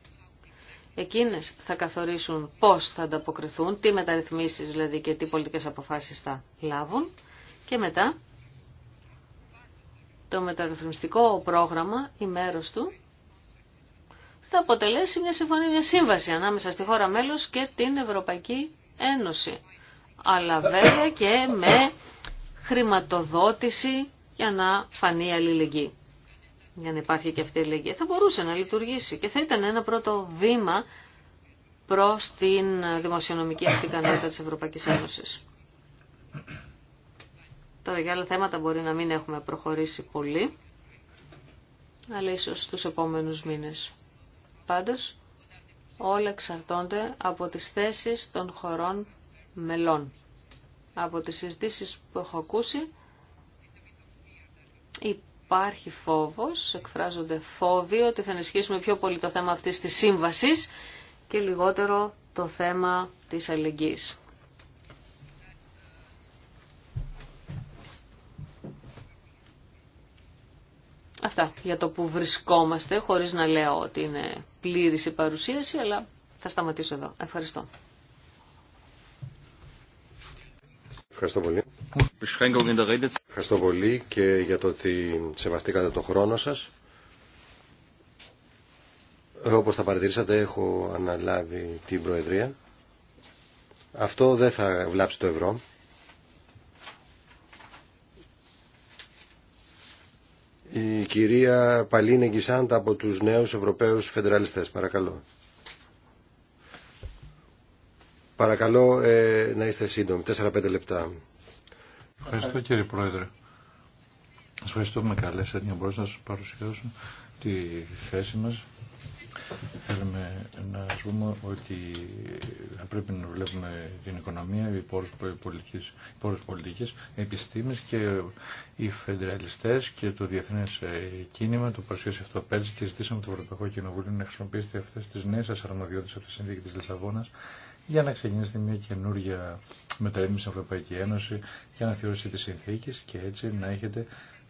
Εκείνες θα καθορίσουν πώς θα ανταποκριθούν, τι μεταρρυθμίσεις δηλαδή και τι πολιτικές αποφάσεις θα λάβουν. Και μετά το μεταρρυθμιστικό πρόγραμμα, η μέρος του, θα αποτελέσει μια συμφωνία, μια σύμβαση ανάμεσα στη χώρα μέλος και την Ευρωπαϊκή Ένωση. Αλλά βέβαια και με χρηματοδότηση για να φανεί αλληλεγγύη. Για να υπάρχει και αυτή η αλληλεγγύη. Θα μπορούσε να λειτουργήσει και θα ήταν ένα πρώτο βήμα προς την δημοσιονομική αυτή ικανότητα της Ευρωπαϊκής Ένωσης. Τώρα για άλλα θέματα μπορεί να μην έχουμε προχωρήσει πολύ, αλλά ίσως στους επόμενους μήνες. Πάντως, όλα εξαρτώνται από τις θέσεις των χωρών μελών. Από τις συζητήσεις που έχω ακούσει, υπάρχει φόβος, εκφράζονται φόβοι ότι θα ενισχύσουμε πιο πολύ το θέμα αυτής της σύμβασης και λιγότερο το θέμα της αλληλεγγύης. Αυτά για το που βρισκόμαστε, χωρίς να λέω ότι είναι πλήρης η παρουσίαση, αλλά θα σταματήσω εδώ. Ευχαριστώ. Ευχαριστώ πολύ. Ευχαριστώ πολύ και για το ότι σεβαστήκατε το χρόνο σας. Όπως θα παρατηρήσατε έχω αναλάβει την Προεδρία. Αυτό δεν θα βλάψει το ευρώ. η κυρία Παλίνε Γκισάντα από τους νέους Ευρωπαίους Φεντεραλιστές. Παρακαλώ. Παρακαλώ ε, να είστε σύντομοι. 4-5 λεπτά. Ευχαριστώ κύριε Πρόεδρε. Σας ευχαριστώ που με καλέσατε για να να σας παρουσιάσω τη θέση μας Θέλουμε να ζούμε πούμε ότι θα πρέπει να βλέπουμε την οικονομία, οι πόρους πολιτικής, οι πολιτικής επιστήμης και οι φεντεραλιστές και το διεθνές ε, κίνημα το παρουσίασε αυτό πέρσι και ζητήσαμε το Ευρωπαϊκό Κοινοβούλιο να χρησιμοποιήσετε αυτές τις νέες σας αρμοδιότητες από τη Συνδίκη της Λισαβόνας για να ξεκινήσετε μια καινούργια μεταρρύθμιση στην Ευρωπαϊκή Ένωση για να θεωρήσετε τις συνθήκες και έτσι να έχετε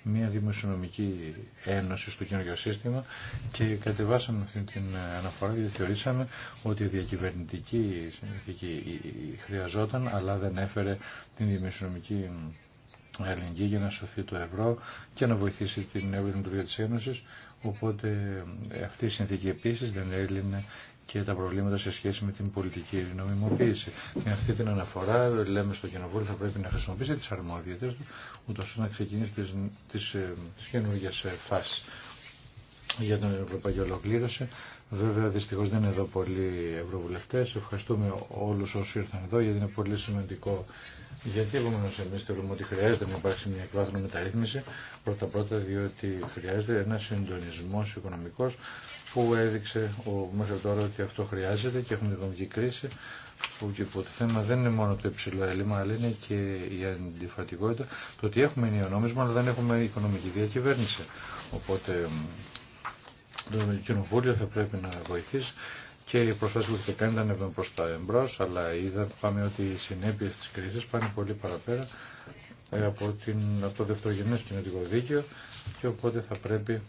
μια δημοσιονομική ένωση στο κοινωνικό σύστημα και κατεβάσαμε αυτή την αναφορά γιατί θεωρήσαμε ότι η διακυβερνητική συνθήκη χρειαζόταν αλλά δεν έφερε την δημοσιονομική ελληνική για να σωθεί το ευρώ και να βοηθήσει την ευρωπαϊκή Ένωση, της Ένωσης. Οπότε ε, αυτή η συνθήκη επίσης δεν έλυνε και τα προβλήματα σε σχέση με την πολιτική νομιμοποίηση. Με αυτή την αναφορά λέμε στο Κοινοβούλιο θα πρέπει να χρησιμοποιήσει τις αρμόδιες του, ούτως ώστε να ξεκινήσει τις, τις, ε, τις ε, για την Ευρωπαϊκή Ολοκλήρωση. Βέβαια, δυστυχώ δεν είναι εδώ πολλοί ευρωβουλευτέ. Ευχαριστούμε όλου όσοι ήρθαν εδώ γιατί είναι πολύ σημαντικό. Γιατί επομένω εμεί θεωρούμε ότι χρειάζεται να υπάρξει μια εκβάθρον μεταρρύθμιση. Πρώτα-πρώτα, διότι χρειάζεται ένα συντονισμό οικονομικό που έδειξε ο, μέχρι τώρα ότι αυτό χρειάζεται και έχουμε την οικονομική κρίση που, και το θέμα δεν είναι μόνο το υψηλό έλλειμμα αλλά είναι και η αντιφατικότητα το ότι έχουμε ενίο νόμισμα αλλά δεν έχουμε οικονομική διακυβέρνηση οπότε το κοινοβούλιο θα πρέπει να βοηθήσει και οι προσπάθειε που έχετε κάνει ήταν προ τα εμπρό, αλλά είδα, πάμε ότι οι συνέπειε τη κρίση πάνε πολύ παραπέρα ε, από, την, από το δευτερογενέ κοινωτικό δίκαιο και οπότε θα πρέπει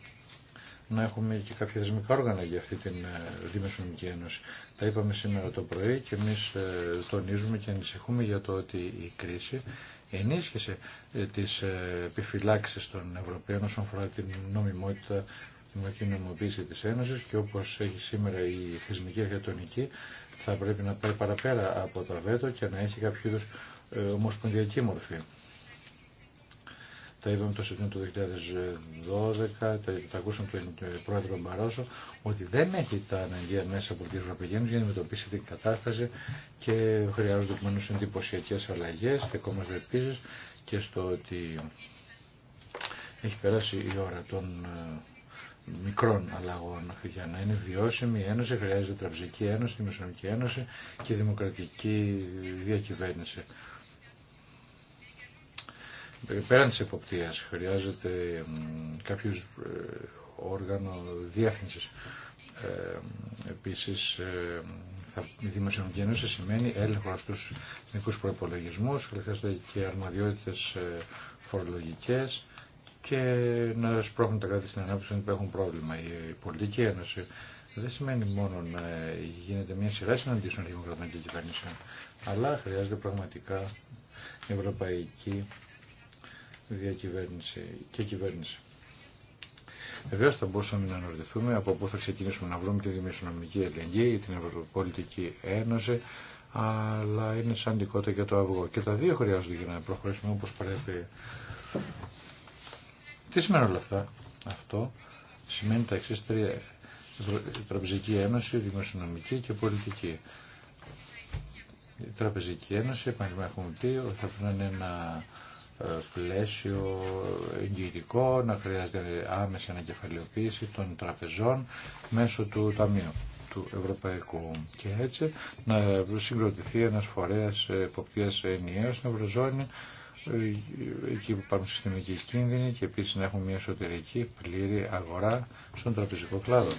να έχουμε και κάποια θεσμικά όργανα για αυτή την ε, Δημοσιονομική Ένωση. Τα είπαμε σήμερα το πρωί και εμείς ε, τονίζουμε και ανησυχούμε για το ότι η κρίση ενίσχυσε ε, τις επιφυλάξεις των Ευρωπαίων όσον αφορά την νομιμότητα την νομοποίηση της Ένωσης και όπως έχει σήμερα η θεσμική αρχιτεκτονική θα πρέπει να πάει παραπέρα από το ΑΒΕΤΟ και να έχει κάποιο ομοσπονδιακή μορφή τα είδαμε το Σεπτέμβριο του 2012, τα, τα ακούσαμε τον ε, πρόεδρο Μπαρόσο, ότι δεν έχει τα αναγκαία μέσα από την Ευρωπαϊκή Ένωση για να αντιμετωπίσει την κατάσταση και χρειάζονται επομένω εντυπωσιακέ αλλαγέ. Στεκόμαστε επίση και στο ότι έχει περάσει η ώρα των ε, μικρών αλλαγών. Για να είναι βιώσιμη η Ένωση χρειάζεται τραπεζική ένωση, Μεσονομική ένωση και δημοκρατική διακυβέρνηση πέραν της εποπτείας χρειάζεται κάποιο ε, όργανο διεύθυνσης. Ε, επίσης ε, θα, η Δημοσιονομική Ένωση σημαίνει έλεγχο στους εθνικού προϋπολογισμούς, χρειάζεται και αρμαδιότητες ε, φορολογικές και να σπρώχνουν τα κράτη στην ανάπτυξη που έχουν πρόβλημα. Η πολιτική ένωση δεν σημαίνει μόνο να γίνεται μια σειρά συναντήσεων δημοκρατών και κυβερνήσεων, αλλά χρειάζεται πραγματικά ευρωπαϊκή διακυβέρνηση και κυβέρνηση. Βεβαίω θα μπορούσαμε να αναρωτηθούμε από πού θα ξεκινήσουμε να βρούμε τη δημοσιονομική ελεγγύη, την Ευρωπολιτική Ένωση, αλλά είναι σαν την και το αυγό. Και τα δύο χρειάζονται για να προχωρήσουμε όπω. πρέπει. Τι σημαίνουν όλα αυτά. Αυτό σημαίνει τα εξή τρία. Τραπεζική Ένωση, Δημοσιονομική και Πολιτική. Η Τραπεζική Ένωση, επαγγελματικά έχουμε πει, θα πρέπει να είναι ένα ε, πλαίσιο εγγυητικό, να χρειάζεται άμεση ανακεφαλαιοποίηση των τραπεζών μέσω του Ταμείου του Ευρωπαϊκού και έτσι να συγκροτηθεί ένας φορέας εποπτείας ενιαίος στην Ευρωζώνη ε, εκεί που υπάρχουν συστημικοί κίνδυνοι και επίσης να έχουμε μια εσωτερική πλήρη αγορά στον τραπεζικό κλάδο.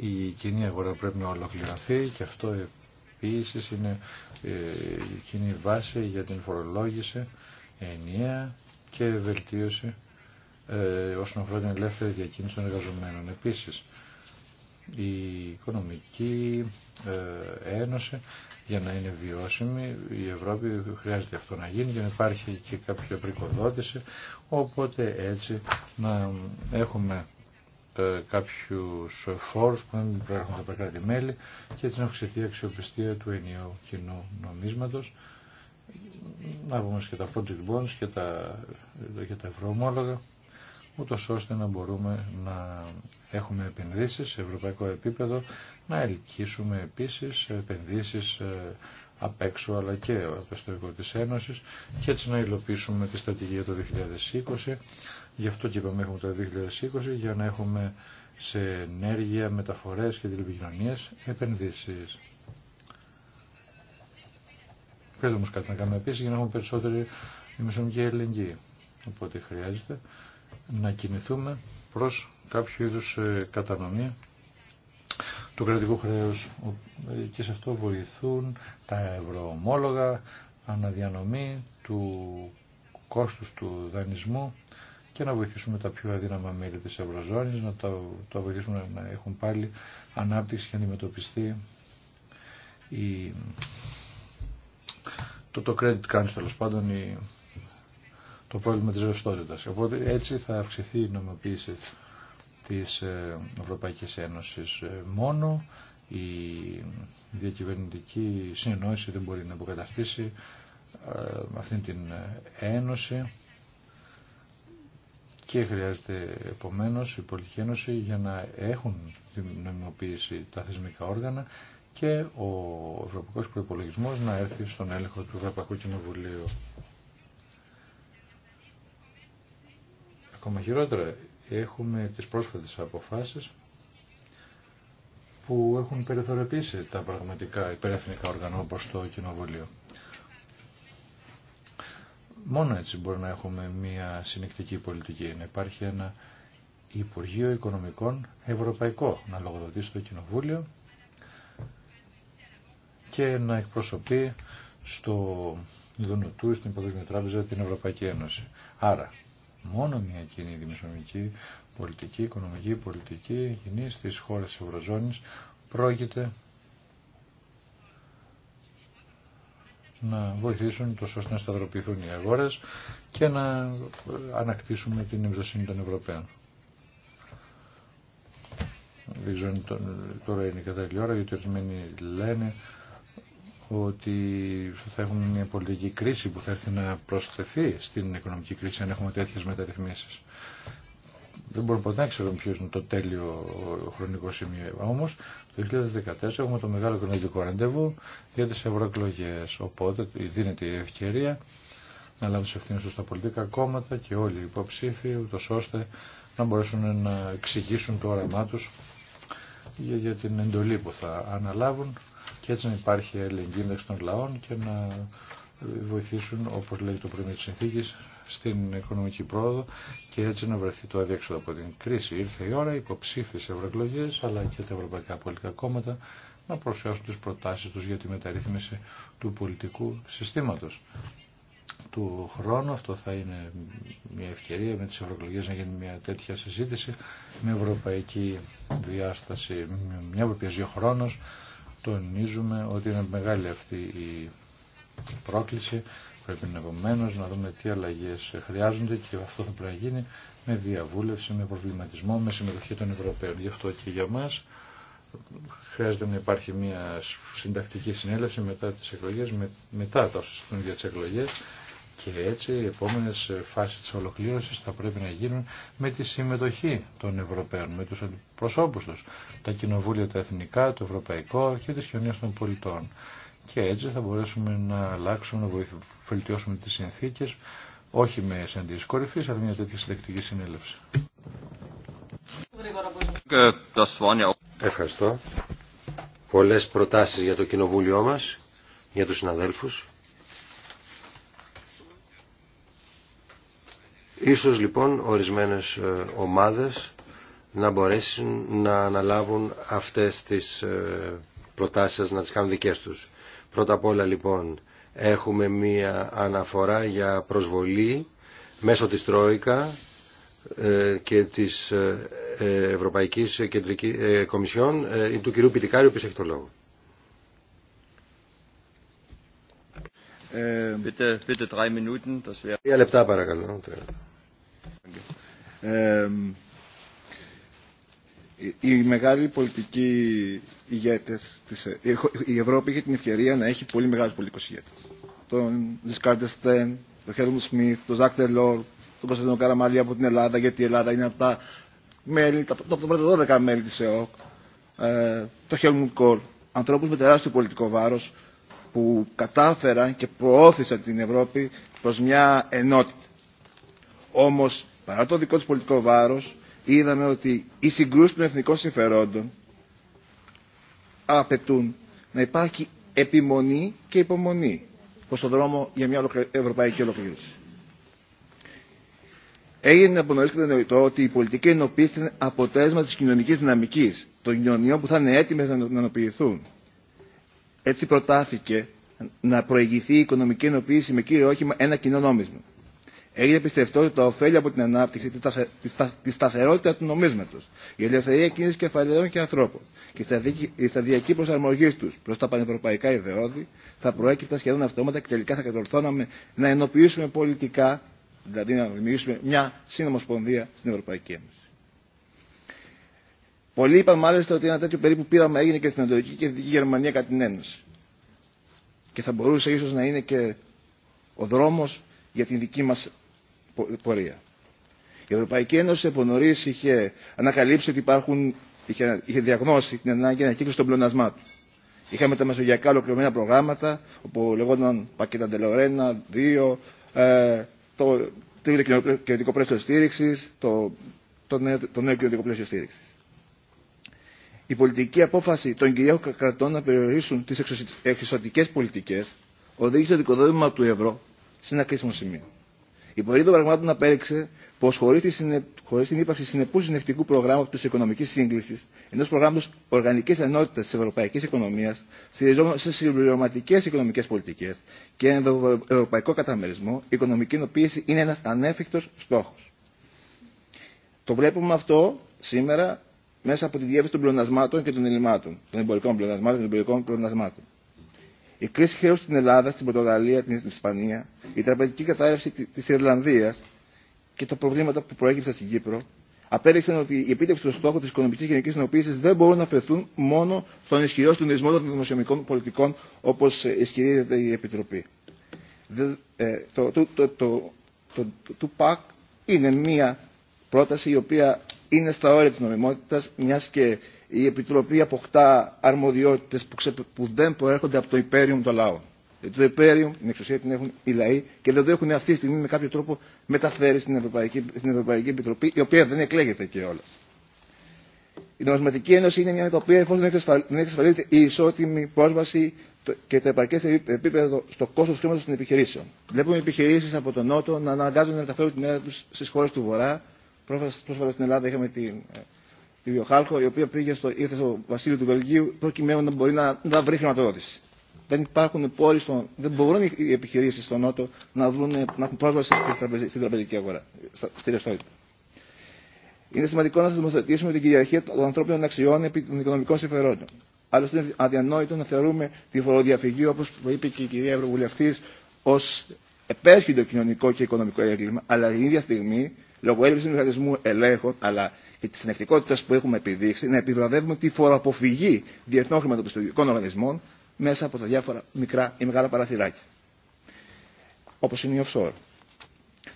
Η κοινή αγορά πρέπει να ολοκληρωθεί και αυτό επίσης είναι ε, η κοινή βάση για την φορολόγηση ενιαία και βελτίωση ε, όσον αφορά την ελεύθερη διακίνηση των εργαζομένων. Επίσης, η οικονομική ε, ένωση για να είναι βιώσιμη, η Ευρώπη χρειάζεται αυτό να γίνει για να υπάρχει και κάποια πρικοδότηση, οπότε έτσι να έχουμε ε, κάποιους φόρους που να προέρχονται τα κράτη-μέλη και έτσι να αυξηθεί η αξιοπιστία του ενιαίου κοινού νομίσματος να έχουμε και τα project bonds και τα, και τα ευρωομόλογα, ούτω ώστε να μπορούμε να έχουμε επενδύσεις σε ευρωπαϊκό επίπεδο, να ελκύσουμε επίσης επενδύσεις ε, απ' έξω αλλά και από το της Ένωσης και έτσι να υλοποιήσουμε τη στρατηγία το 2020. Γι' αυτό και είπαμε έχουμε το 2020 για να έχουμε σε ενέργεια, μεταφορές και τηλεπικοινωνίες επενδύσεις πρέπει όμω κάτι να κάνουμε επίση για να έχουμε περισσότερη δημοσιονομική ελεγγύη. Οπότε χρειάζεται να κινηθούμε προ κάποιο είδου ε, κατανομή του κρατικού χρέου. Ε, και σε αυτό βοηθούν τα ευρωομόλογα, αναδιανομή του κόστου του δανεισμού και να βοηθήσουμε τα πιο αδύναμα μέλη της Ευρωζώνης, να το τα βοηθήσουμε να έχουν πάλι ανάπτυξη και αντιμετωπιστεί η το, το credit crunch τέλο πάντων η, το πρόβλημα της ρευστότητα. Οπότε έτσι θα αυξηθεί η νομοποίηση της ε, Ευρωπαϊκής Ένωσης ε, μόνο η διακυβερνητική συνεννόηση δεν μπορεί να αποκαταστήσει ε, αυτήν την ένωση και χρειάζεται επομένως η Πολιτική Ένωση για να έχουν την νομιμοποίηση τα θεσμικά όργανα και ο Ευρωπαϊκός Προϋπολογισμός να έρθει στον έλεγχο του Ευρωπαϊκού Κοινοβουλίου. Ακόμα χειρότερα, έχουμε τις πρόσφατες αποφάσεις που έχουν περιθωριοποιήσει τα πραγματικά υπερεθνικά οργανώματα στο το Κοινοβουλίο. Μόνο έτσι μπορεί να έχουμε μια συνεκτική πολιτική. Να υπάρχει ένα Υπουργείο Οικονομικών Ευρωπαϊκό να λογοδοτεί στο Κοινοβούλιο και να εκπροσωπεί στο Δουνουτού, στην Παγκόσμια Τράπεζα, την Ευρωπαϊκή Ένωση. Άρα, μόνο μια κοινή δημοσιονομική πολιτική, οικονομική πολιτική κοινή στις χώρες της Ευρωζώνης πρόκειται να βοηθήσουν τόσο ώστε να σταυροποιηθούν οι αγορές και να ανακτήσουμε την εμπιστοσύνη των Ευρωπαίων. Δεν ξέρω τώρα είναι η κατάλληλη ώρα, γιατί ορισμένοι λένε ότι θα έχουμε μια πολιτική κρίση που θα έρθει να προσθεθεί στην οικονομική κρίση αν έχουμε τέτοιε μεταρρυθμίσει. Δεν μπορούμε ποτέ να ξέρουμε ποιο είναι το τέλειο χρονικό σημείο. Όμω το 2014 έχουμε το μεγάλο οικονομικό ραντεβού για τι ευρωεκλογέ. Οπότε δίνεται η ευκαιρία να λάβουν τι ευθύνε του τα πολιτικά κόμματα και όλοι οι υποψήφοι, ούτω ώστε να μπορέσουν να εξηγήσουν το όραμά του για, για την εντολή που θα αναλάβουν και έτσι να υπάρχει αλληλεγγύη των λαών και να βοηθήσουν, όπως λέει το πρωί της συνθήκης, στην οικονομική πρόοδο και έτσι να βρεθεί το αδιέξοδο από την κρίση. Ήρθε η ώρα, υποψήφιες ευρωεκλογέ, αλλά και τα ευρωπαϊκά πολιτικά κόμματα να προσφέρουν τις προτάσεις τους για τη μεταρρύθμιση του πολιτικού συστήματος. Του χρόνου αυτό θα είναι μια ευκαιρία με τις ευρωεκλογέ να γίνει μια τέτοια συζήτηση με ευρωπαϊκή διάσταση, μια που πιέζει ο χρόνος τονίζουμε ότι είναι μεγάλη αυτή η πρόκληση. Πρέπει επομένω να δούμε τι αλλαγέ χρειάζονται και αυτό θα πρέπει να γίνει με διαβούλευση, με προβληματισμό, με συμμετοχή των Ευρωπαίων. Γι' αυτό και για μα χρειάζεται να υπάρχει μια συντακτική συνέλευση μετά τι εκλογέ, με, μετά τα όσα για τι εκλογέ και έτσι οι επόμενες φάσεις της ολοκλήρωσης θα πρέπει να γίνουν με τη συμμετοχή των Ευρωπαίων, με τους προσώπους τους, τα κοινοβούλια τα εθνικά, το ευρωπαϊκό και τις κοινωνίες των πολιτών. Και έτσι θα μπορέσουμε να αλλάξουμε, να βελτιώσουμε τις συνθήκες, όχι με συναντήσεις κορυφής, αλλά μια τέτοια συλλεκτική συνέλευση. Ευχαριστώ. Πολλές προτάσεις για το κοινοβούλιο μας, για τους συναδέλφους. Ίσως λοιπόν ορισμένες ε, ομάδες να μπορέσουν να αναλάβουν αυτές τις ε, προτάσεις να τις κάνουν δικές τους. Πρώτα απ' όλα λοιπόν έχουμε μία αναφορά για προσβολή μέσω της Τρόικα ε, και της Ευρωπαϊκής Κεντρικής Κομισιόν του κυρίου Πιτικάριου, που έχει το λόγο. Τρία λεπτά παρακαλώ. Ε, οι μεγάλοι πολιτικοί ηγέτες της, ε, η Ευρώπη είχε την ευκαιρία να έχει πολύ μεγάλου πολιτικούς ηγέτες τον Ζισκάρντε Στέν, τον Χέλμουντ Σμιθ, τον Ζακ Τελόρ, τον Κωνσταντινό Καραμαλή από την Ελλάδα, γιατί η Ελλάδα είναι από τα μέλη, από τα πρώτα 12 μέλη της ΕΟΚ, ε, τον Χέλμουντ Κόλ, ανθρώπους με τεράστιο πολιτικό βάρος που κατάφεραν και προώθησαν την Ευρώπη προς μια ενότητα. Όμως Παρά το δικό του πολιτικό βάρο, είδαμε ότι οι συγκρούσει των εθνικών συμφερόντων απαιτούν να υπάρχει επιμονή και υπομονή προς τον δρόμο για μια ευρωπαϊκή ολοκλήρωση. Έγινε από νωρίς κατανοητό ότι η πολιτική ενοποίηση είναι αποτέλεσμα της κοινωνικής δυναμικής, των κοινωνιών που θα είναι έτοιμες να ενοποιηθούν. Έτσι προτάθηκε να προηγηθεί η οικονομική ενοποίηση με κύριο όχημα ένα κοινό νόμισμα. Έγινε πιστευτό ότι τα ωφέλη από την ανάπτυξη, τη σταθερότητα του νομίσματο, η ελευθερία κίνηση κεφαλαίων και ανθρώπων και η σταδιακή προσαρμογή του προ τα πανευρωπαϊκά ιδεώδη θα προέκυπταν σχεδόν αυτόματα και τελικά θα κατορθώναμε να ενοποιήσουμε πολιτικά, δηλαδή να δημιουργήσουμε μια συνομοσπονδία στην Ευρωπαϊκή Ένωση. Πολλοί είπαν μάλιστα ότι ένα τέτοιο περίπου πείραμα έγινε και στην Ανατολική και η Γερμανία κατά την Ένωση. Και θα μπορούσε ίσω να είναι και ο δρόμο για την δική μας πορεία. Η Ευρωπαϊκή Ένωση από νωρί είχε ανακαλύψει ότι υπάρχουν, είχε, είχε διαγνώσει την ανάγκη ανακύκλωση των πλεονασμάτων. του. Είχαμε τα μεσογειακά ολοκληρωμένα προγράμματα, όπου λεγόταν πακέτα Ντελορένα, 2, ε, το τρίτο κοινωνικό πλαίσιο στήριξη, το, το, νέο, το νέο πλαίσιο στήριξη. Η πολιτική απόφαση των κυριαρχών κρατών να περιορίσουν τι εξωστατικέ πολιτικέ οδήγησε το δικοδόμημα του ευρώ σε ένα κρίσιμο σημείο. Η πορεία των πραγμάτων απέριξε πω χωρί την ύπαρξη συνεπού συνευτικού προγράμματο οικονομική σύγκληση, ενό προγράμματο οργανική ενότητα τη ευρωπαϊκή οικονομία, στηριζόμενο σε συμπληρωματικέ οικονομικέ πολιτικέ και ευρωπαϊκό καταμερισμό, η οικονομική ενοποίηση είναι ένα ανέφικτο στόχο. Το βλέπουμε αυτό σήμερα μέσα από τη διεύθυνση των πλεονασμάτων και των ελλημάτων, των εμπορικών πλεονασμάτων και των εμπορικών πλεονασμάτων. Η κρίση χρέου στην Ελλάδα, στην Πορτογαλία, την Ισπανία, η τραπεζική κατάρρευση τη Ιρλανδία και τα προβλήματα που προέκυψαν στην Κύπρο απέδειξαν ότι η επίτευξη των στόχων τη οικονομική γενική νομοποίηση δεν μπορούν να αφαιθούν μόνο στον ισχυρό συντονισμό των δημοσιονομικών πολιτικών, όπω ισχυρίζεται η Επιτροπή. Ε, το, το, ΠΑΚ είναι μία πρόταση η οποία είναι στα όρια τη νομιμότητα μια και η Επιτροπή αποκτά αρμοδιότητες που, δεν προέρχονται από το υπέριο των λαών. Γιατί το υπέριο, την εξουσία την έχουν οι λαοί και δεν το έχουν αυτή τη στιγμή με κάποιο τρόπο μεταφέρει στην Ευρωπαϊκή, στην Ευρωπαϊκή Επιτροπή, η οποία δεν εκλέγεται και όλα. Η Νομισματική Ένωση είναι μια με οποία, εφόσον δεν εξασφαλίζεται η ισότιμη πρόσβαση και το επαρκέ επίπεδο στο κόστο χρήματο των επιχειρήσεων. Βλέπουμε επιχειρήσει από τον Νότο να αναγκάζονται να μεταφέρουν την έδρα του στι χώρε του Βορρά. Πρόσφατα στην Ελλάδα είχαμε την ε, η Βιοχάλκο, η οποία πήγε στο, ήρθε στο βασίλειο του Βελγίου προκειμένου να μπορεί να, να βρει χρηματοδότηση. Δεν υπάρχουν πόλει, δεν μπορούν οι επιχειρήσει στον Νότο να, βρουν, να έχουν πρόσβαση στην τραπεζική αγορά, στη ρευστότητα. Είναι σημαντικό να θεσμοθετήσουμε την κυριαρχία των ανθρώπινων αξιών επί των οικονομικών συμφερόντων. Άλλωστε, είναι αδιανόητο να θεωρούμε τη φοροδιαφυγή, όπω είπε και η κυρία Ευρωβουλευτή, ω επέσχυντο κοινωνικό και οικονομικό έγκλημα, αλλά την ίδια στιγμή, λόγω έλλειψη μηχανισμού ελέγχων αλλά τη συνεκτικότητα που έχουμε επιδείξει να επιβραβεύουμε τη φοροαποφυγή διεθνών χρηματοπιστωτικών οργανισμών μέσα από τα διάφορα μικρά ή μεγάλα παραθυράκια. Όπω είναι η offshore.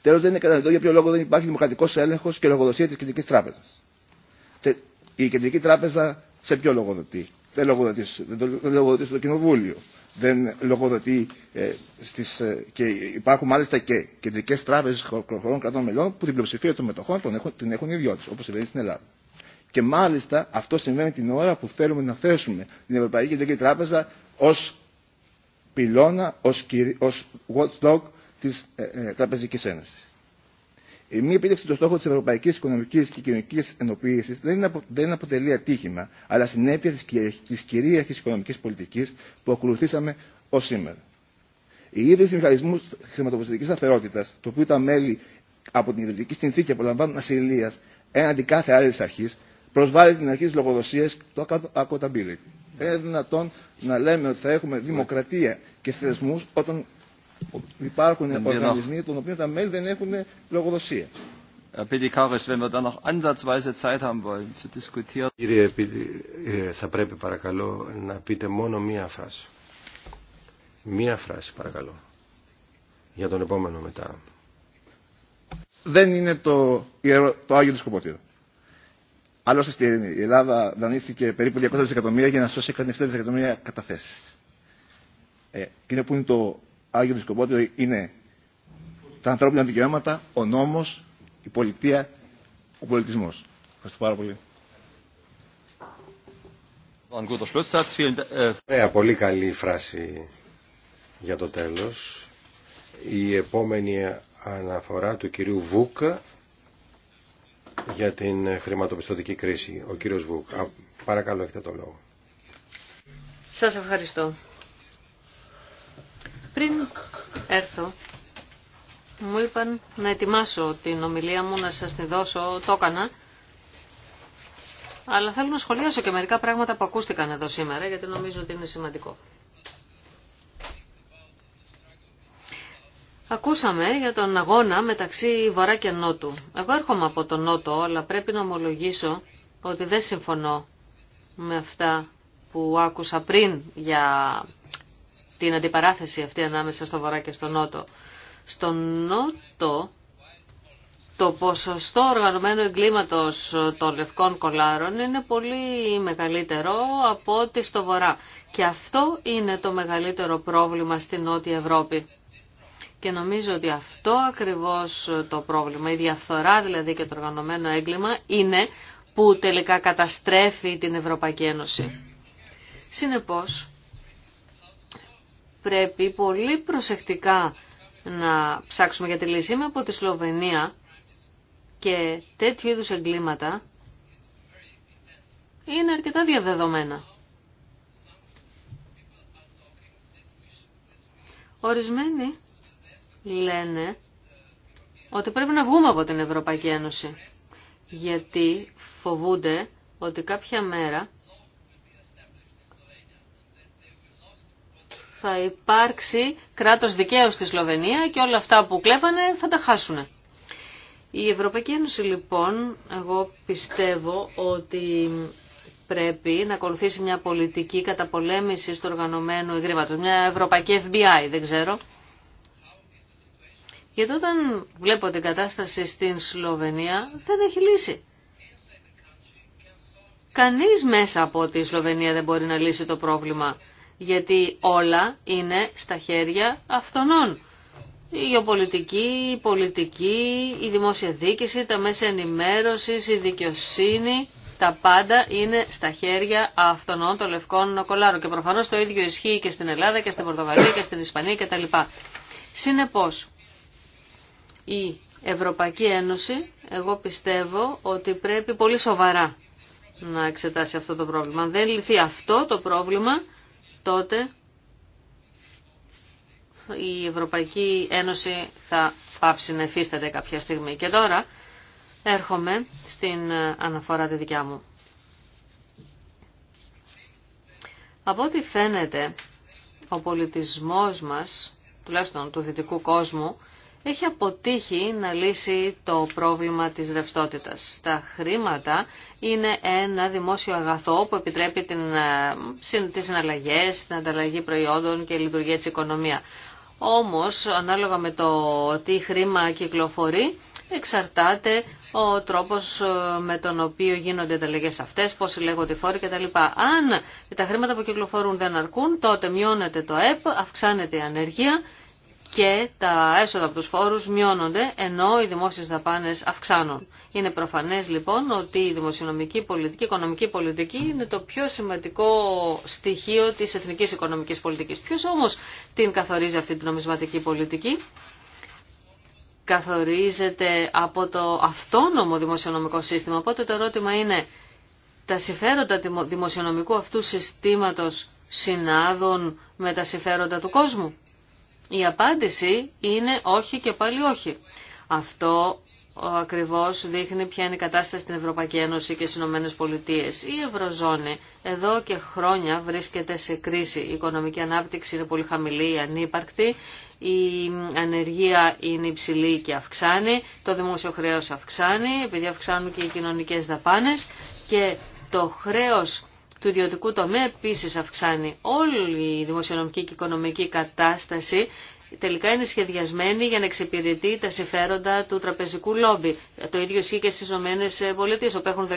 Τέλο, δεν είναι κατανοητό για ποιο λόγο δεν υπάρχει δημοκρατικό έλεγχο και λογοδοσία τη Κεντρική Τράπεζα. Η Κεντρική Τράπεζα σε ποιο Δεν λογοδοτεί, δεν στο Κοινοβούλιο δεν λογοδοτεί ε, και υπάρχουν μάλιστα και κεντρικές τράπεζες χωρών κρατών μελών που την πλειοψηφία των μετοχών τον έχουν, την έχουν οι ιδιώτες, όπως συμβαίνει στην Ελλάδα. Και μάλιστα αυτό συμβαίνει την ώρα που θέλουμε να θέσουμε την Ευρωπαϊκή Κεντρική Τράπεζα ως πυλώνα, ως, ως watchdog της ε, ε Τραπεζικής Ένωσης. Η μη επίτευξη του στόχου τη ευρωπαϊκή οικονομική και κοινωνική ενοποίηση δεν αποτελεί ατύχημα, αλλά συνέπεια τη κυρίαρχη οικονομική πολιτική που ακολουθήσαμε ω σήμερα. Η ίδρυση μηχανισμού χρηματοπιστωτική σταθερότητα, το οποίο τα μέλη από την ιδρυτική συνθήκη απολαμβάνουν ασυλία έναντι κάθε άλλη αρχή, προσβάλλει την αρχή τη λογοδοσία του accountability. Δεν ναι. είναι δυνατόν να λέμε ότι θα έχουμε δημοκρατία και θεσμού όταν Υπάρχουν οργανισμοί των οποίων τα μέλη δεν έχουν λογοδοσία. Κύριε ε, θα πρέπει παρακαλώ να πείτε μόνο μία φράση. Μία φράση παρακαλώ. Για τον επόμενο μετά. Δεν είναι το, το Άγιο Σκοποτήρου. Άλλωστε στην η Ελλάδα δανείστηκε περίπου 200 δισεκατομμύρια για να σώσει 160 δισεκατομμύρια καταθέσει. Ε, είναι που είναι το Άγιο Δισκοπότητο είναι τα ανθρώπινα δικαιώματα, ο νόμος, η πολιτεία, ο πολιτισμός. Ευχαριστώ πάρα πολύ. Äh, Ωραία, πολύ καλή φράση για το τέλος. Η επόμενη αναφορά του κυρίου Βούκ για την χρηματοπιστωτική κρίση. Ο κύριος Βούκ. Παρακαλώ, έχετε το λόγο. Σας ευχαριστώ. Πριν έρθω, μου είπαν να ετοιμάσω την ομιλία μου, να σας τη δώσω, το έκανα. Αλλά θέλω να σχολιάσω και μερικά πράγματα που ακούστηκαν εδώ σήμερα, γιατί νομίζω ότι είναι σημαντικό. Ακούσαμε για τον αγώνα μεταξύ Βορρά και Νότου. Εγώ έρχομαι από τον Νότο, αλλά πρέπει να ομολογήσω ότι δεν συμφωνώ με αυτά που άκουσα πριν για την αντιπαράθεση αυτή ανάμεσα στο Βορρά και στο Νότο. Στο Νότο το ποσοστό οργανωμένου εγκλήματος των λευκών κολάρων είναι πολύ μεγαλύτερο από ό,τι στο Βορρά. Και αυτό είναι το μεγαλύτερο πρόβλημα στην Νότια Ευρώπη. Και νομίζω ότι αυτό ακριβώς το πρόβλημα, η διαφθορά δηλαδή και το οργανωμένο έγκλημα είναι που τελικά καταστρέφει την Ευρωπαϊκή Ένωση. Συνεπώς, πρέπει πολύ προσεκτικά να ψάξουμε για τη λύση. Είμαι από τη Σλοβενία και τέτοιου είδους εγκλήματα είναι αρκετά διαδεδομένα. Ορισμένοι λένε ότι πρέπει να βγούμε από την Ευρωπαϊκή Ένωση, γιατί φοβούνται ότι κάποια μέρα θα υπάρξει κράτος δικαίου στη Σλοβενία και όλα αυτά που κλέβανε θα τα χάσουν. Η Ευρωπαϊκή Ένωση λοιπόν, εγώ πιστεύω ότι πρέπει να ακολουθήσει μια πολιτική καταπολέμηση του οργανωμένου εγκρήματος, μια ευρωπαϊκή FBI, δεν ξέρω. Γιατί όταν βλέπω την κατάσταση στην Σλοβενία δεν έχει λύση. Κανείς μέσα από τη Σλοβενία δεν μπορεί να λύσει το πρόβλημα γιατί όλα είναι στα χέρια αυτονών. Η γεωπολιτική, η πολιτική, η δημόσια δίκηση, τα μέσα ενημέρωσης, η δικαιοσύνη, τα πάντα είναι στα χέρια αυτονών των λευκών κολάρων. Και προφανώς το ίδιο ισχύει και στην Ελλάδα και στην Πορτογαλία και στην Ισπανία κτλ. Συνεπώς, η Ευρωπαϊκή Ένωση, εγώ πιστεύω ότι πρέπει πολύ σοβαρά να εξετάσει αυτό το πρόβλημα. Αν δεν λυθεί αυτό το πρόβλημα, τότε η Ευρωπαϊκή Ένωση θα πάψει να εφίσταται κάποια στιγμή. Και τώρα έρχομαι στην αναφορά τη δικιά μου. Από ό,τι φαίνεται, ο πολιτισμός μας, τουλάχιστον του δυτικού κόσμου, έχει αποτύχει να λύσει το πρόβλημα της ρευστότητα. Τα χρήματα είναι ένα δημόσιο αγαθό που επιτρέπει την, ε, τις συναλλαγές, την ανταλλαγή προϊόντων και λειτουργία της οικονομία. Όμως, ανάλογα με το τι χρήμα κυκλοφορεί, εξαρτάται ο τρόπος ε, με τον οποίο γίνονται οι ανταλλαγές αυτές, πώς συλλέγονται οι φόροι κτλ. Αν τα χρήματα που κυκλοφορούν δεν αρκούν, τότε μειώνεται το ΕΠ, αυξάνεται η ανεργία και τα έσοδα από τους φόρους μειώνονται, ενώ οι δημόσιες δαπάνες αυξάνουν. Είναι προφανές λοιπόν ότι η δημοσιονομική πολιτική, η οικονομική πολιτική είναι το πιο σημαντικό στοιχείο της εθνικής οικονομικής πολιτικής. Ποιος όμως την καθορίζει αυτή την νομισματική πολιτική? Καθορίζεται από το αυτόνομο δημοσιονομικό σύστημα. Οπότε το ερώτημα είναι, τα συμφέροντα δημοσιονομικού αυτού συστήματος συνάδουν με τα συμφέροντα του κόσμου. Η απάντηση είναι όχι και πάλι όχι. Αυτό ακριβώς δείχνει ποια είναι η κατάσταση στην Ευρωπαϊκή Ένωση και στις Ηνωμένες Πολιτείες. Η Ευρωζώνη εδώ και χρόνια βρίσκεται σε κρίση. Η οικονομική ανάπτυξη είναι πολύ χαμηλή, η ανύπαρκτη, η ανεργία είναι υψηλή και αυξάνει, το δημόσιο χρέος αυξάνει, επειδή αυξάνουν και οι κοινωνικές δαπάνες και το χρέος του ιδιωτικού τομέα επίσης αυξάνει. Όλη η δημοσιονομική και οικονομική κατάσταση τελικά είναι σχεδιασμένη για να εξυπηρετεί τα συμφέροντα του τραπεζικού λόμπι. Το ίδιο ισχύει και στι ΗΠΑ, όπου έχουν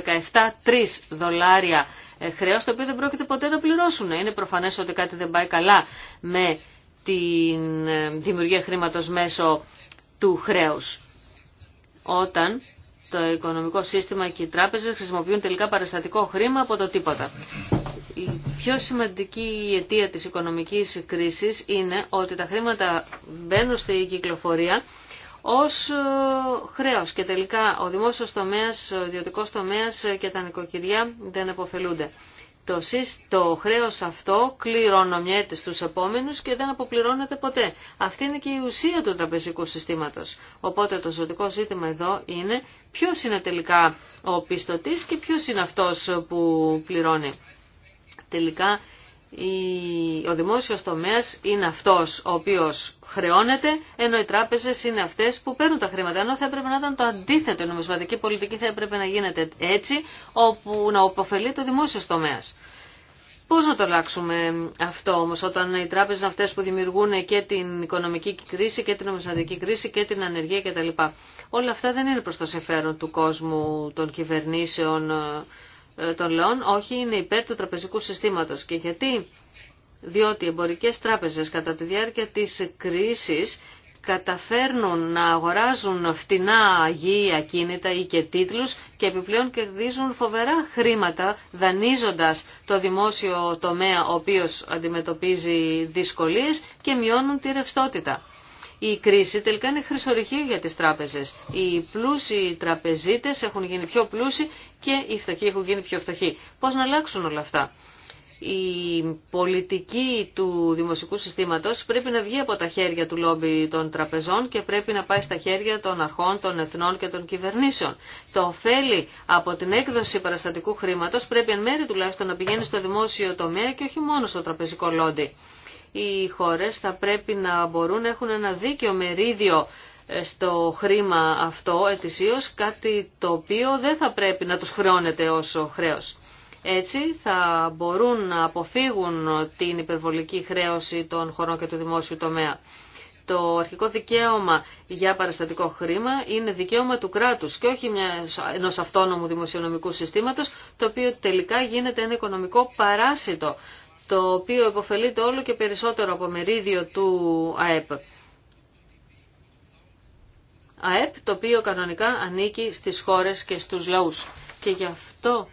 17-3 δολάρια ε, χρέο, το οποίο δεν πρόκειται ποτέ να πληρώσουν. Είναι προφανές ότι κάτι δεν πάει καλά με τη ε, δημιουργία χρήματο μέσω του χρέους. Όταν το οικονομικό σύστημα και οι τράπεζες χρησιμοποιούν τελικά παραστατικό χρήμα από το τίποτα. Η πιο σημαντική αιτία της οικονομικής κρίσης είναι ότι τα χρήματα μπαίνουν στη κυκλοφορία ως ε, χρέος και τελικά ο δημόσιος τομέας, ο ιδιωτικός τομέας και τα νοικοκυριά δεν επωφελούνται το, το χρέος αυτό κληρονομιέται στους επόμενους και δεν αποπληρώνεται ποτέ. Αυτή είναι και η ουσία του τραπεζικού συστήματος. Οπότε το ζωτικό ζήτημα εδώ είναι ποιος είναι τελικά ο πιστωτής και ποιος είναι αυτός που πληρώνει. Τελικά ο δημόσιος τομέας είναι αυτός ο οποίος χρεώνεται, ενώ οι τράπεζες είναι αυτές που παίρνουν τα χρήματα. Ενώ θα έπρεπε να ήταν το αντίθετο, η νομισματική πολιτική θα έπρεπε να γίνεται έτσι, όπου να αποφελεί το δημόσιο τομέας. Πώς να το αλλάξουμε αυτό όμως όταν οι τράπεζες αυτές που δημιουργούν και την οικονομική κρίση και την νομισματική κρίση και την ανεργία κτλ. Όλα αυτά δεν είναι προς το συμφέρον του κόσμου, των κυβερνήσεων, ε, των λαών, όχι είναι υπέρ του τραπεζικού συστήματος. Και γιατί, διότι οι εμπορικές τράπεζες κατά τη διάρκεια της κρίσης καταφέρνουν να αγοράζουν φτηνά γη, ακίνητα ή και τίτλους και επιπλέον κερδίζουν φοβερά χρήματα δανείζοντας το δημόσιο τομέα ο οποίος αντιμετωπίζει δυσκολίες και μειώνουν τη ρευστότητα η κρίση τελικά είναι χρυσορυχείο για τις τράπεζες. Οι πλούσιοι τραπεζίτες έχουν γίνει πιο πλούσιοι και οι φτωχοί έχουν γίνει πιο φτωχοί. Πώς να αλλάξουν όλα αυτά. Η πολιτική του δημοσικού συστήματος πρέπει να βγει από τα χέρια του λόμπι των τραπεζών και πρέπει να πάει στα χέρια των αρχών, των εθνών και των κυβερνήσεων. Το ωφέλη από την έκδοση παραστατικού χρήματος πρέπει εν μέρει τουλάχιστον να πηγαίνει στο δημόσιο τομέα και όχι μόνο στο τραπεζικό λόντι οι χώρες θα πρέπει να μπορούν να έχουν ένα δίκαιο μερίδιο ε, στο χρήμα αυτό ετησίως, κάτι το οποίο δεν θα πρέπει να τους χρεώνεται ως χρέος. Έτσι θα μπορούν να αποφύγουν την υπερβολική χρέωση των χωρών και του δημόσιου τομέα. Το αρχικό δικαίωμα για παραστατικό χρήμα είναι δικαίωμα του κράτους και όχι ενός αυτόνομου δημοσιονομικού συστήματος, το οποίο τελικά γίνεται ένα οικονομικό παράσιτο το οποίο υποφελείται όλο και περισσότερο από μερίδιο του ΑΕΠ. ΑΕΠ το οποίο κανονικά ανήκει στις χώρες και στους λαούς. Και γι' αυτό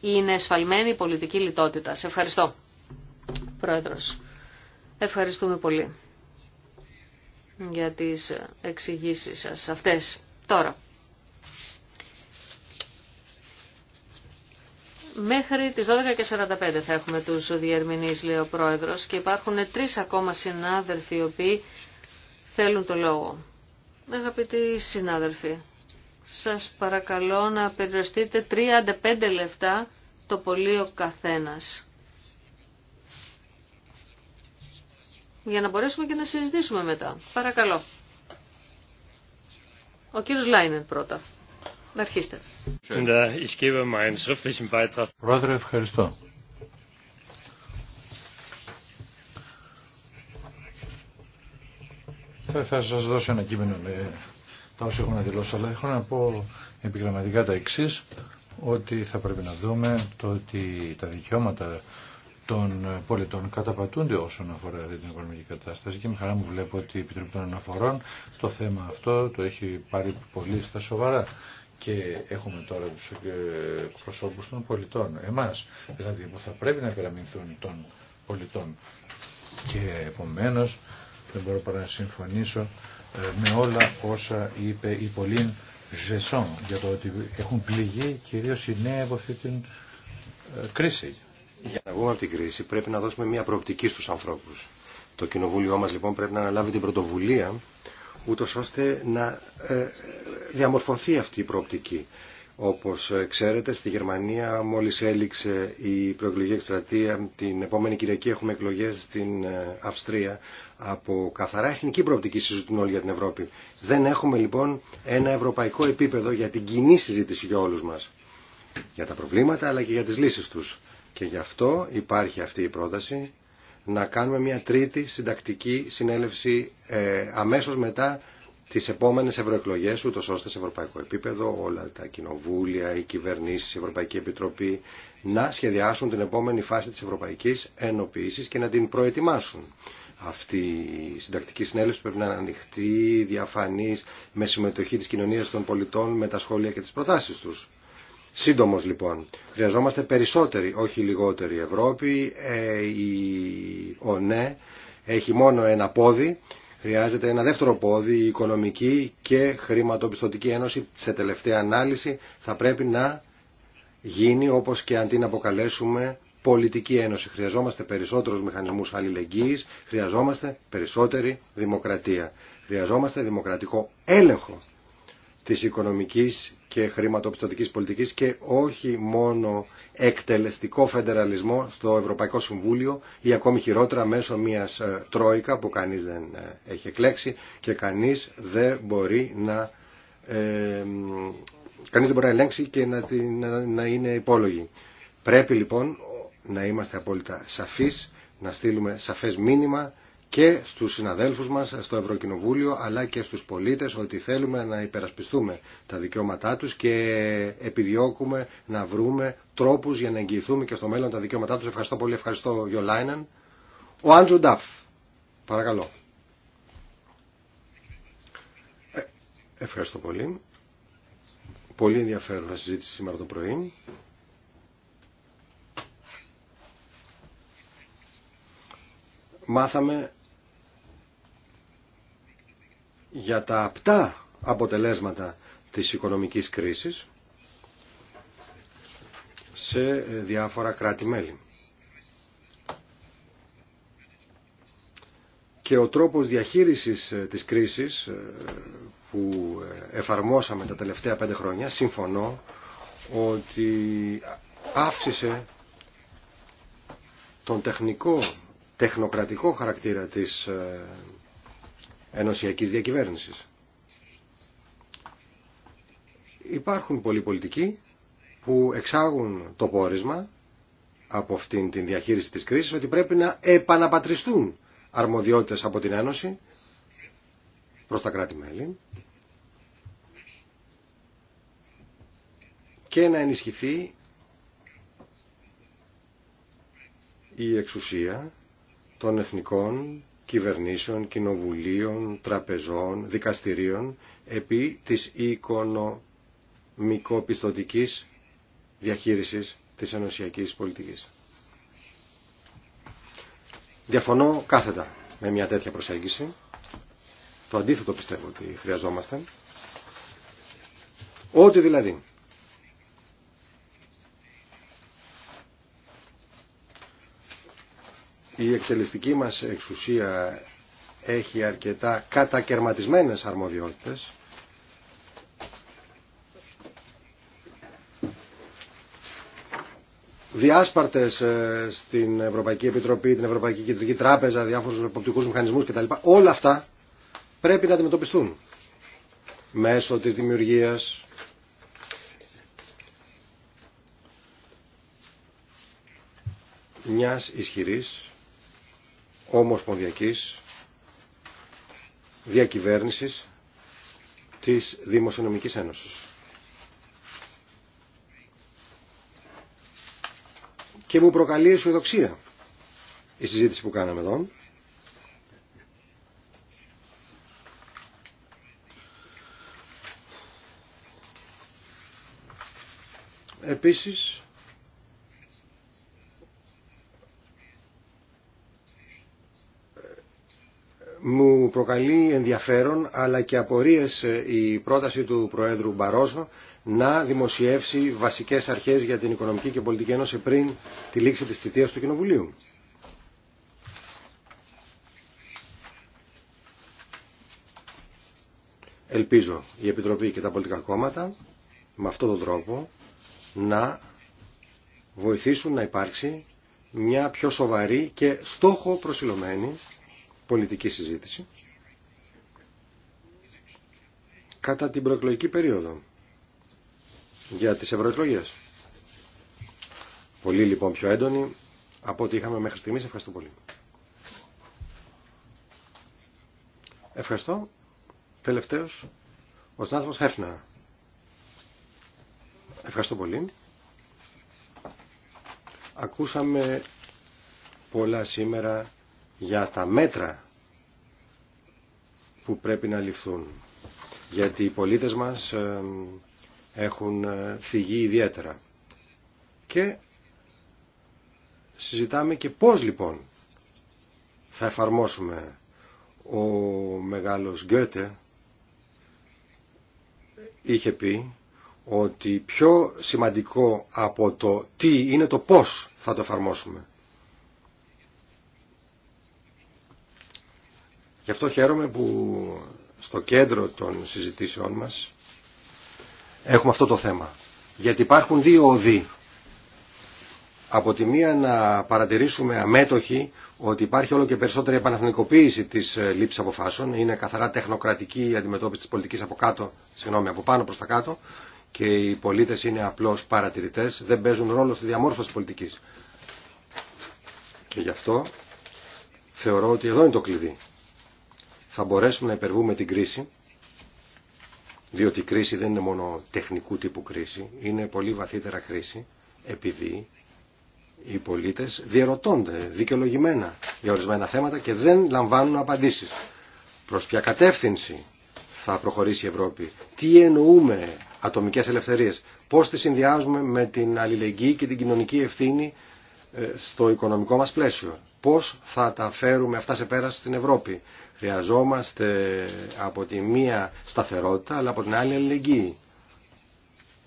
είναι εσφαλμένη η πολιτική λιτότητα. Σε ευχαριστώ, Πρόεδρος. Ευχαριστούμε πολύ για τις εξηγήσεις σας αυτές. Τώρα. Μέχρι τις 12.45 θα έχουμε τους διερμηνείς, λέει ο Πρόεδρος, και υπάρχουν τρεις ακόμα συνάδελφοι οι οποίοι θέλουν το λόγο. Αγαπητοί συνάδελφοι, σας παρακαλώ να περιοριστείτε 35 λεπτά το πολύ ο καθένας. Για να μπορέσουμε και να συζητήσουμε μετά. Παρακαλώ. Ο κύριος Λάινεν πρώτα. Να αρχίσετε. Πρόεδρε, ευχαριστώ. Θα, θα σας δώσω ένα κείμενο με τα όσα έχω να δηλώσω, αλλά έχω να πω επιγραμματικά τα εξή ότι θα πρέπει να δούμε το ότι τα δικαιώματα των πολιτών καταπατούνται όσον αφορά την οικονομική κατάσταση και με χαρά μου βλέπω ότι η Επιτροπή των Αναφορών το θέμα αυτό το έχει πάρει πολύ στα σοβαρά και έχουμε τώρα τους ε, προσώπους των πολιτών, εμάς, δηλαδή που θα πρέπει να υπεραμεινθούν των πολιτών. Και επομένως δεν μπορώ παρά να συμφωνήσω ε, με όλα όσα είπε η Πολύν Ζεσόν για το ότι έχουν πληγεί κυρίως οι νέοι από αυτή την ε, κρίση. Για να βγούμε από την κρίση πρέπει να δώσουμε μια προοπτική στους ανθρώπους. Το κοινοβούλιο μας λοιπόν πρέπει να αναλάβει την πρωτοβουλία ούτως ώστε να ε, διαμορφωθεί αυτή η προοπτική. Όπως ε, ξέρετε, στη Γερμανία μόλις έληξε η προεκλογική εκστρατεία, την επόμενη Κυριακή έχουμε εκλογές στην ε, Αυστρία. Από καθαρά εθνική προοπτική συζητούν όλοι για την Ευρώπη. Δεν έχουμε λοιπόν ένα ευρωπαϊκό επίπεδο για την κοινή συζήτηση για όλους μας. Για τα προβλήματα αλλά και για τις λύσεις τους. Και γι' αυτό υπάρχει αυτή η πρόταση να κάνουμε μια τρίτη συντακτική συνέλευση ε, αμέσως μετά τις επόμενες ευρωεκλογές, ούτως ώστε σε ευρωπαϊκό επίπεδο όλα τα κοινοβούλια, οι κυβερνήσεις, η Ευρωπαϊκή Επιτροπή να σχεδιάσουν την επόμενη φάση της ευρωπαϊκής ενοποίησης και να την προετοιμάσουν. Αυτή η συντακτική συνέλευση πρέπει να είναι ανοιχτή, διαφανής, με συμμετοχή της κοινωνίας των πολιτών, με τα σχόλια και τις προτάσεις τους. Σύντομος λοιπόν, χρειαζόμαστε περισσότερη, όχι λιγότερη Ευρώπη. Ε, η ΟΝΕ ναι, έχει μόνο ένα πόδι, χρειάζεται ένα δεύτερο πόδι, η Οικονομική και Χρηματοπιστωτική Ένωση σε τελευταία ανάλυση θα πρέπει να γίνει όπως και αν την αποκαλέσουμε πολιτική ένωση. Χρειαζόμαστε περισσότερους μηχανισμούς αλληλεγγύης, χρειαζόμαστε περισσότερη δημοκρατία. Χρειαζόμαστε δημοκρατικό έλεγχο της οικονομικής και χρηματοπιστωτικής πολιτικής και όχι μόνο εκτελεστικό φεντεραλισμό στο Ευρωπαϊκό Συμβούλιο ή ακόμη χειρότερα μέσω μιας ε, τρόικα που κανείς δεν ε, έχει εκλέξει και κανείς δεν μπορεί να, ε, κανείς δεν μπορεί να ελέγξει και να, είναι υπόλογη. Πρέπει λοιπόν να είμαστε απόλυτα σαφείς, να στείλουμε σαφές μήνυμα και στους συναδέλφους μας στο Ευρωκοινοβούλιο αλλά και στους πολίτες ότι θέλουμε να υπερασπιστούμε τα δικαιώματά τους και επιδιώκουμε να βρούμε τρόπους για να εγγυηθούμε και στο μέλλον τα δικαιώματά τους. Ευχαριστώ πολύ, ευχαριστώ Γιολάινεν. Ο Άντζο Νταφ, παρακαλώ. Ε, ευχαριστώ πολύ. Πολύ ενδιαφέρουσα συζήτηση σήμερα το πρωί. μάθαμε για τα απτά αποτελέσματα της οικονομικής κρίσης σε διάφορα κράτη-μέλη. Και ο τρόπος διαχείρισης ε, της κρίσης ε, που ε, εφαρμόσαμε τα τελευταία πέντε χρόνια, συμφωνώ ότι αύξησε τον τεχνικό, τεχνοκρατικό χαρακτήρα της ενωσιακής διακυβέρνησης. Υπάρχουν πολλοί πολιτικοί που εξάγουν το πόρισμα από αυτήν την διαχείριση της κρίσης ότι πρέπει να επαναπατριστούν αρμοδιότητες από την Ένωση προς τα κράτη-μέλη και να ενισχυθεί η εξουσία των εθνικών κυβερνήσεων, κοινοβουλίων, τραπεζών, δικαστηρίων επί της οικονομικοπιστωτικής διαχείρισης της ενωσιακής πολιτικής. Διαφωνώ κάθετα με μια τέτοια προσέγγιση. Το αντίθετο πιστεύω ότι χρειαζόμαστε. Ό,τι δηλαδή Η εκτελεστική μας εξουσία έχει αρκετά κατακερματισμένες αρμοδιότητες. Διάσπαρτες ε, στην Ευρωπαϊκή Επιτροπή, την Ευρωπαϊκή Κεντρική Τράπεζα, διάφορους εποπτικούς μηχανισμούς κτλ. Όλα αυτά πρέπει να αντιμετωπιστούν μέσω της δημιουργίας μιας ισχυρής ομοσπονδιακής διακυβέρνησης της Δημοσιονομικής Ένωσης. Και μου προκαλεί αισιοδοξία η συζήτηση που κάναμε εδώ. Επίσης, μου προκαλεί ενδιαφέρον αλλά και απορίες ε, η πρόταση του Προέδρου Μπαρόζο να δημοσιεύσει βασικές αρχές για την Οικονομική και Πολιτική Ένωση πριν τη λήξη της θητείας του Κοινοβουλίου. Ελπίζω η Επιτροπή και τα πολιτικά κόμματα με αυτόν τον τρόπο να βοηθήσουν να υπάρξει μια πιο σοβαρή και στόχο προσιλωμένη πολιτική συζήτηση κατά την προεκλογική περίοδο για τις ευρωεκλογέ. Πολύ λοιπόν πιο έντονη από ό,τι είχαμε μέχρι στιγμής. Ευχαριστώ πολύ. Ευχαριστώ. Τελευταίος, ο Στάθμος Χέφνα. Ευχαριστώ πολύ. Ακούσαμε πολλά σήμερα για τα μέτρα που πρέπει να ληφθούν. Γιατί οι πολίτες μας ε, έχουν ε, θυγεί ιδιαίτερα. Και συζητάμε και πώς λοιπόν θα εφαρμόσουμε ο μεγάλος Γκέτε είχε πει ότι πιο σημαντικό από το τι είναι το πώς θα το εφαρμόσουμε. Γι' αυτό χαίρομαι που στο κέντρο των συζητήσεών μας έχουμε αυτό το θέμα. Γιατί υπάρχουν δύο οδοί. Από τη μία να παρατηρήσουμε αμέτωχοι ότι υπάρχει όλο και περισσότερη επαναθνικοποίηση της ε, λήψης αποφάσεων. Είναι καθαρά τεχνοκρατική η αντιμετώπιση της πολιτικής από, κάτω, συγγνώμη, από πάνω προς τα κάτω και οι πολίτες είναι απλώς παρατηρητές, δεν παίζουν ρόλο στη διαμόρφωση πολιτικής. Και γι' αυτό θεωρώ ότι εδώ είναι το κλειδί θα μπορέσουμε να υπερβούμε την κρίση, διότι η κρίση δεν είναι μόνο τεχνικού τύπου κρίση, είναι πολύ βαθύτερα κρίση, επειδή οι πολίτες διαρωτώνται δικαιολογημένα για ορισμένα θέματα και δεν λαμβάνουν απαντήσεις. Προς ποια κατεύθυνση θα προχωρήσει η Ευρώπη, τι εννοούμε ατομικές ελευθερίες, πώς τις συνδυάζουμε με την αλληλεγγύη και την κοινωνική ευθύνη ε, στο οικονομικό μας πλαίσιο. Πώς θα τα φέρουμε αυτά σε πέρα στην Ευρώπη. Χρειαζόμαστε από τη μία σταθερότητα, αλλά από την άλλη αλληλεγγύη.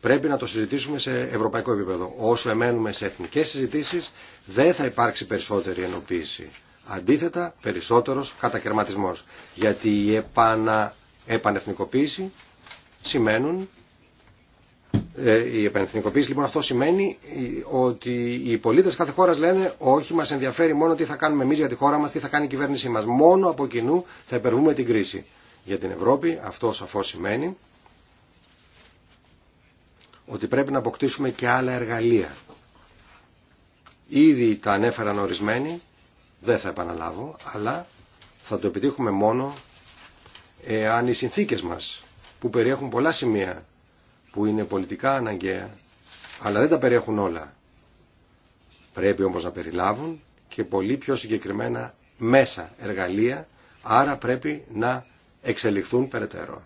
Πρέπει να το συζητήσουμε σε ευρωπαϊκό επίπεδο. Όσο εμένουμε σε εθνικές συζητήσεις, δεν θα υπάρξει περισσότερη ενοποίηση. Αντίθετα, περισσότερος κατακαιρματισμός. Γιατί η επανα, επανεθνικοποίηση σημαίνουν ε, η επενθυνικοποίηση. λοιπόν αυτό σημαίνει ότι οι πολίτες κάθε χώρα λένε όχι μας ενδιαφέρει μόνο τι θα κάνουμε εμεί για τη χώρα μας, τι θα κάνει η κυβέρνησή μας. Μόνο από κοινού θα υπερβούμε την κρίση. Για την Ευρώπη αυτό σαφώς σημαίνει ότι πρέπει να αποκτήσουμε και άλλα εργαλεία. Ήδη τα ανέφεραν ορισμένοι, δεν θα επαναλάβω, αλλά θα το επιτύχουμε μόνο εάν οι συνθήκες μας που περιέχουν πολλά σημεία που είναι πολιτικά αναγκαία, αλλά δεν τα περιέχουν όλα. Πρέπει όμως να περιλάβουν και πολύ πιο συγκεκριμένα μέσα, εργαλεία, άρα πρέπει να εξελιχθούν περαιτέρω.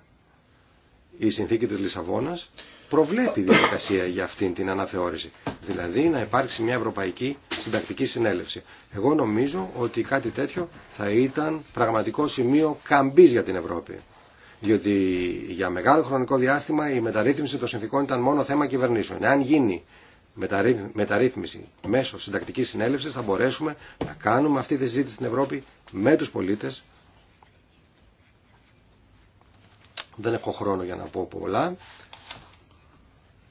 Η συνθήκη της Λισαβόνας προβλέπει διαδικασία για αυτήν την αναθεώρηση. Δηλαδή να υπάρξει μια Ευρωπαϊκή Συντακτική Συνέλευση. Εγώ νομίζω ότι κάτι τέτοιο θα ήταν πραγματικό σημείο καμπής για την Ευρώπη. Διότι για μεγάλο χρονικό διάστημα η μεταρρύθμιση των συνθήκων ήταν μόνο θέμα κυβερνήσεων. Εάν γίνει μεταρρύθμιση μέσω συντακτική συνέλευση θα μπορέσουμε να κάνουμε αυτή τη συζήτηση στην Ευρώπη με του πολίτε. Δεν έχω χρόνο για να πω πολλά.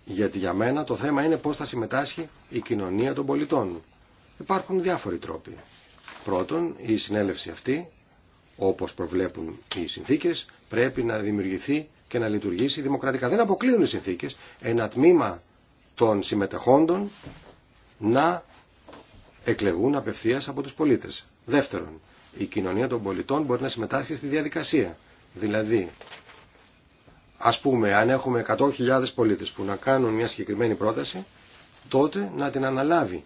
Γιατί για μένα το θέμα είναι πώς θα συμμετάσχει η κοινωνία των πολιτών. Υπάρχουν διάφοροι τρόποι. Πρώτον, η συνέλευση αυτή, όπως προβλέπουν οι συνθήκες, Πρέπει να δημιουργηθεί και να λειτουργήσει δημοκρατικά. Δεν αποκλείουν οι συνθήκε, ένα τμήμα των συμμετεχόντων να εκλεγούν απευθεία από τους πολίτες. Δεύτερον, η κοινωνία των πολιτών μπορεί να συμμετάσχει στη διαδικασία. Δηλαδή, ας πούμε, αν έχουμε 100.000 πολίτες που να κάνουν μια συγκεκριμένη πρόταση, τότε να την αναλάβει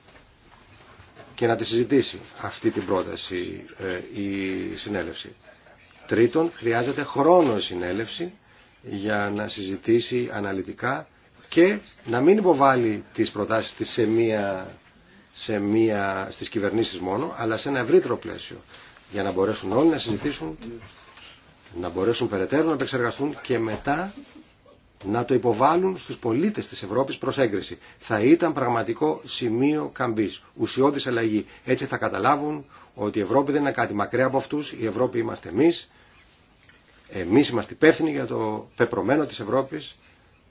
και να τη συζητήσει αυτή την πρόταση ε, η συνέλευση. Τρίτον, χρειάζεται χρόνο η συνέλευση για να συζητήσει αναλυτικά και να μην υποβάλει τις προτάσεις της σε μία, σε μία, στις κυβερνήσεις μόνο, αλλά σε ένα ευρύτερο πλαίσιο, για να μπορέσουν όλοι να συζητήσουν, να μπορέσουν περαιτέρω να επεξεργαστούν και μετά να το υποβάλουν στους πολίτες της Ευρώπης προς έγκριση. Θα ήταν πραγματικό σημείο καμπής, ουσιώδης αλλαγή. Έτσι θα καταλάβουν ότι η Ευρώπη δεν είναι κάτι μακριά από αυτούς, η Ευρώπη είμαστε εμείς εμείς είμαστε υπεύθυνοι για το πεπρωμένο της Ευρώπης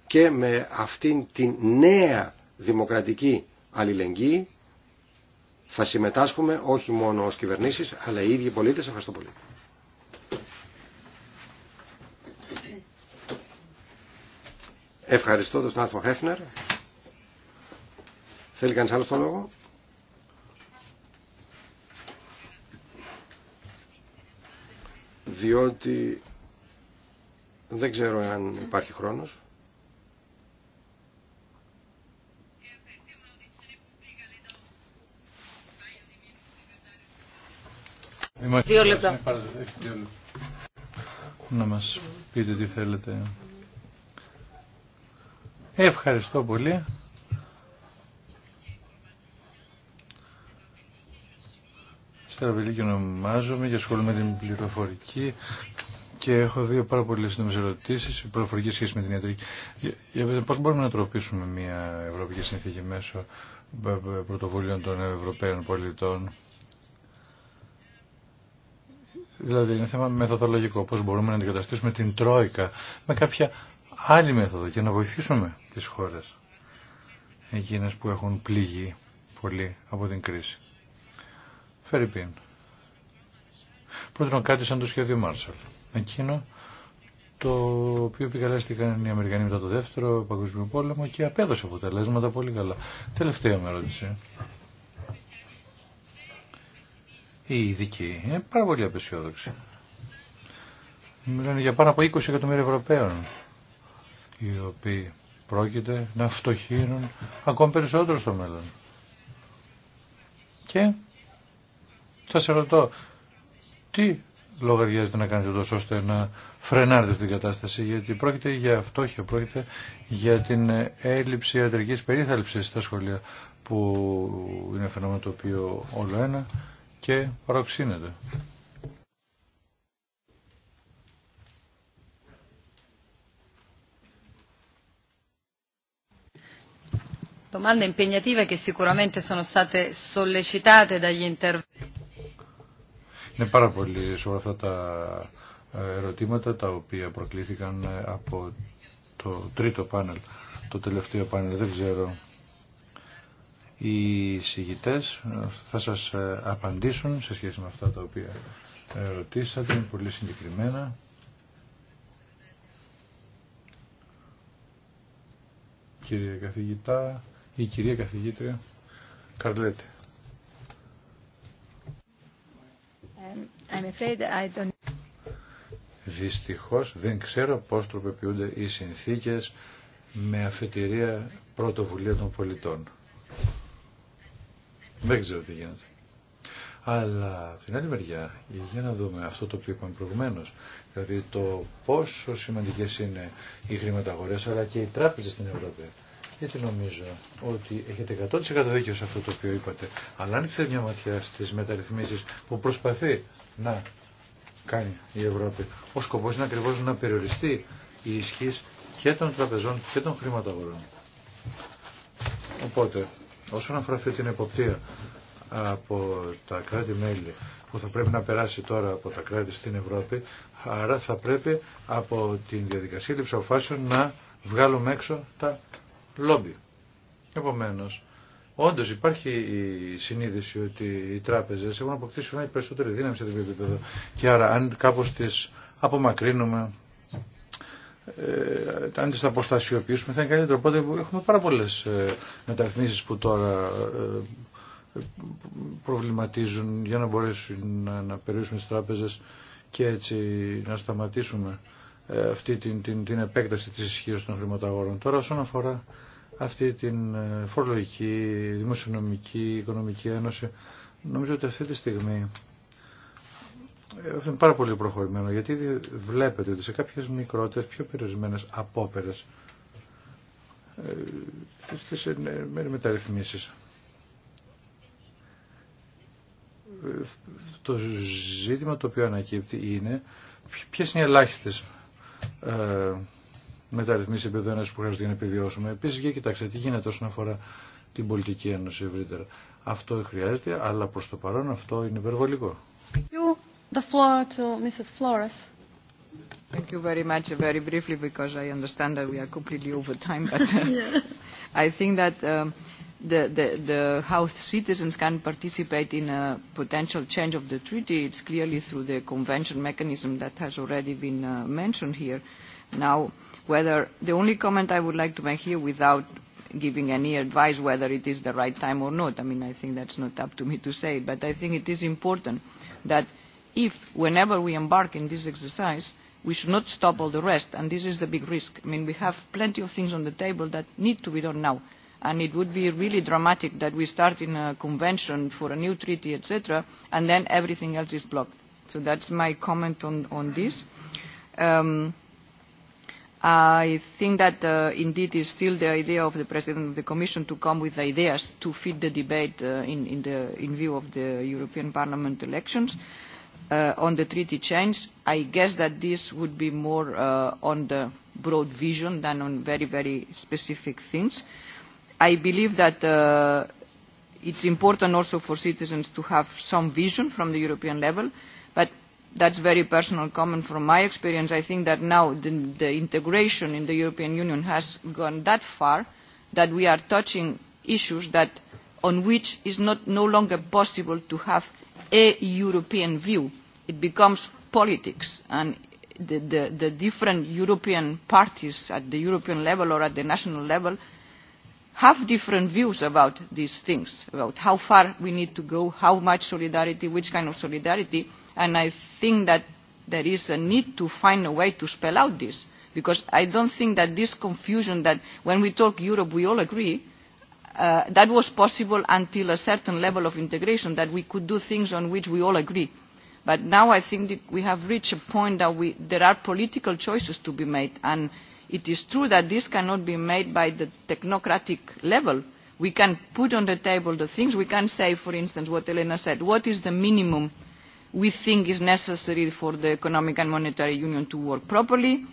και με αυτήν την νέα δημοκρατική αλληλεγγύη θα συμμετάσχουμε όχι μόνο ως κυβερνήσεις αλλά οι ίδιοι πολίτες. Ευχαριστώ πολύ. Ευχαριστώ τον συνάδελφο Χέφνερ. Θέλει κανείς άλλο το λόγο. Διότι δεν ξέρω αν υπάρχει χρόνος. Δύο λεπτά. Να μας πείτε τι θέλετε. Ευχαριστώ πολύ. Στραβελή και ονομάζομαι και ασχολούμαι με την πληροφορική. Και έχω δύο πάρα πολύ σύντομε ερωτήσει. Η προφορική σχέση με την ιατρική. Πώ μπορούμε να τροπήσουμε μια ευρωπαϊκή συνθήκη μέσω ε, ε, πρωτοβουλίων των Ευρωπαίων πολιτών. Δηλαδή είναι θέμα μεθοδολογικό. Πώ μπορούμε να αντικαταστήσουμε την Τρόικα με κάποια άλλη μέθοδο και να βοηθήσουμε τι χώρε εκείνες που έχουν πληγεί πολύ από την κρίση. Φερρυπίν. Πρώτον κάτι σαν το σχέδιο Μάρσαλ εκείνο το οποίο επικαλέστηκαν οι Αμερικανοί μετά το δεύτερο παγκόσμιο πόλεμο και απέδωσε αποτελέσματα πολύ καλά. Τελευταία με ερώτηση. Οι ειδικοί είναι πάρα πολύ απεσιόδοξοι. Μιλάνε για πάνω από 20 εκατομμύρια Ευρωπαίων οι οποίοι πρόκειται να φτωχύνουν ακόμη περισσότερο στο μέλλον. Και σε ρωτώ, τι λογαριάζεται να κάνετε τόσο ώστε να φρενάρετε την κατάσταση γιατί πρόκειται για φτώχεια, πρόκειται για την έλλειψη ιατρικής περίθαλψης στα σχολεία που είναι φαινόμενο το οποίο όλο ένα και παροξύνεται. Είναι πάρα πολύ σοβαρά αυτά τα ε, ερωτήματα τα οποία προκλήθηκαν ε, από το τρίτο πάνελ, το τελευταίο πάνελ, δεν ξέρω. Οι συγητές ε, θα σας απαντήσουν σε σχέση με αυτά τα οποία ρωτήσατε, είναι πολύ συγκεκριμένα. Κύριε καθηγητά ή κυρία καθηγήτρια Καρλέτε. Δυστυχώς δεν ξέρω πώς τροπεποιούνται οι συνθήκες με αφετηρία πρωτοβουλία των πολιτών. Δεν ξέρω τι γίνεται. Αλλά από την άλλη μεριά, για να δούμε αυτό το οποίο είπαμε προηγουμένω, δηλαδή το πόσο σημαντικέ είναι οι χρηματαγορέ αλλά και οι τράπεζε στην Ευρώπη. Γιατί νομίζω ότι έχετε 100% δίκιο σε αυτό το οποίο είπατε. Αλλά αν μια ματιά στι μεταρρυθμίσει που προσπαθεί να κάνει η Ευρώπη. Ο σκοπός είναι ακριβώς να περιοριστεί η ισχύς και των τραπεζών και των χρηματαγορών. Οπότε, όσον αφορά αυτή την εποπτεία από τα κράτη-μέλη που θα πρέπει να περάσει τώρα από τα κράτη στην Ευρώπη, άρα θα πρέπει από την διαδικασία λήψη αποφάσεων να βγάλουμε έξω τα λόμπι. Επομένως, Όντω υπάρχει η συνείδηση ότι οι τράπεζε έχουν αποκτήσει μια περισσότερη δύναμη σε τέτοιο επίπεδο. Και άρα, αν κάπω τι απομακρύνουμε, ε, αν τι αποστασιοποιήσουμε, θα είναι καλύτερο. Οπότε έχουμε πάρα πολλέ ε, μεταρρυθμίσει που τώρα ε, προβληματίζουν για να μπορέσουν να, να περιορίσουμε τι τράπεζε και έτσι να σταματήσουμε ε, αυτή την, την, την επέκταση τη ισχύω των χρηματαγορών. Τώρα, όσον αφορά αυτή την ε, φορολογική, δημοσιονομική, οικονομική ένωση. Νομίζω ότι αυτή τη στιγμή ε, αυτό είναι πάρα πολύ προχωρημένο γιατί βλέπετε ότι σε κάποιες μικρότερες, πιο περιορισμένες απόπερες ε, στις μεταρρυθμίσεις το ζήτημα το οποίο ανακύπτει είναι ποιες είναι οι ελάχιστες μεταρρυθμίσει επίπεδο ένα που χρειάζεται για να επιβιώσουμε. Επίση, για κοιτάξτε τι γίνεται όσον αφορά την πολιτική ένωση ευρύτερα. Αυτό χρειάζεται, αλλά προ το παρόν αυτό είναι υπερβολικό. The floor to Mrs. Flores. Thank you very much. Very briefly, because I understand that we are completely over time, but I think that the, the, the how citizens can participate in a potential change of the treaty, it's clearly through the convention mechanism that has already been mentioned here. Now, whether the only comment I would like to make here without giving any advice whether it is the right time or not. I mean, I think that's not up to me to say, but I think it is important that if, whenever we embark in this exercise, we should not stop all the rest, and this is the big risk. I mean, we have plenty of things on the table that need to be done now, and it would be really dramatic that we start in a convention for a new treaty, etc., and then everything else is blocked. So that's my comment on this. I think that indeed is still the idea of the President of the Commission to come with ideas to feed the debate in view of the European Parliament elections. On the treaty change, I guess that this would be more on the broad vision than on very, very specific things. I believe that it's important also for citizens to have some vision from the European level, but That's very personal comment from my experience. I think that now the integration in the European Union has gone that far that we are touching issues that on which is no longer possible to have a European view. It becomes politics and the different European parties at the European level or at the national level have different views about these things, about how far we need to go, how much solidarity, which kind of solidarity and I think that there is a need to find a way to spell out this, because I don't think that this confusion that when we talk Europe we all agree, that was possible until a certain level of integration, that we could do things on which we all agree. But now I think we have reached a point that we, there are political choices to be made, and it is true that this cannot be made by the technocratic level. We can put on the table the things, we can say, for instance, what Elena said, what is the minimum we think is necessary for the Economic and Monetary Union to work properly,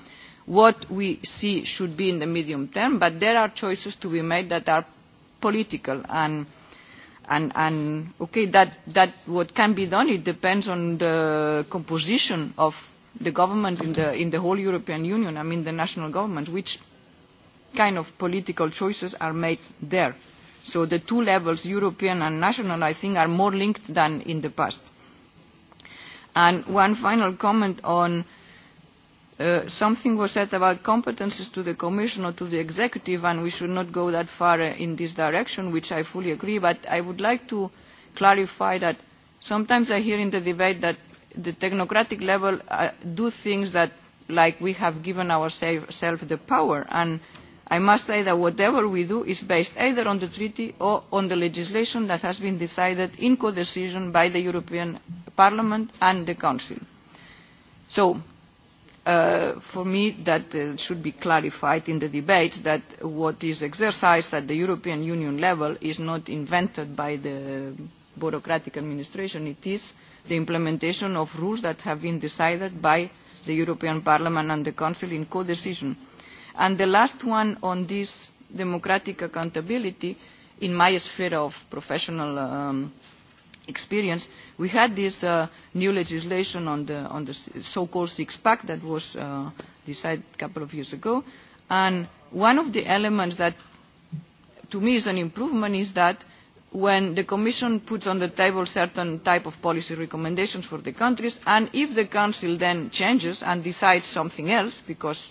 what we see should be in the medium term, but there are choices to be made that are political and and okay that that what can be done it depends on the composition of the governments in the in the whole European Union, I mean the national governments, which kind of political choices are made there. So the two levels, European and national, I think are more linked than in the past. And one final comment on something was said about competences to the Commission or to the Executive, and we should not go that far in this direction, which I fully agree. But I would like to clarify that sometimes I hear in the debate that the technocratic level do things that, like we have given ourselves the power, and I must say that whatever we do is based either on the treaty or on the legislation that has been decided in co-decision by the European Parliament and the Council. So, for me, that should be clarified in the debates that what is exercised at the European Union level is not invented by the bureaucratic administration. It is the implementation of rules that have been decided by the European Parliament and the Council in co-decision And the last one on this democratic accountability, in my sphere of professional experience, we had this new legislation on the on the so-called six pack that was decided a couple of years ago, and one of the elements that to me is an improvement is that when the Commission puts on the table certain type of policy recommendations for the countries, and if the Council then changes and decides something else, because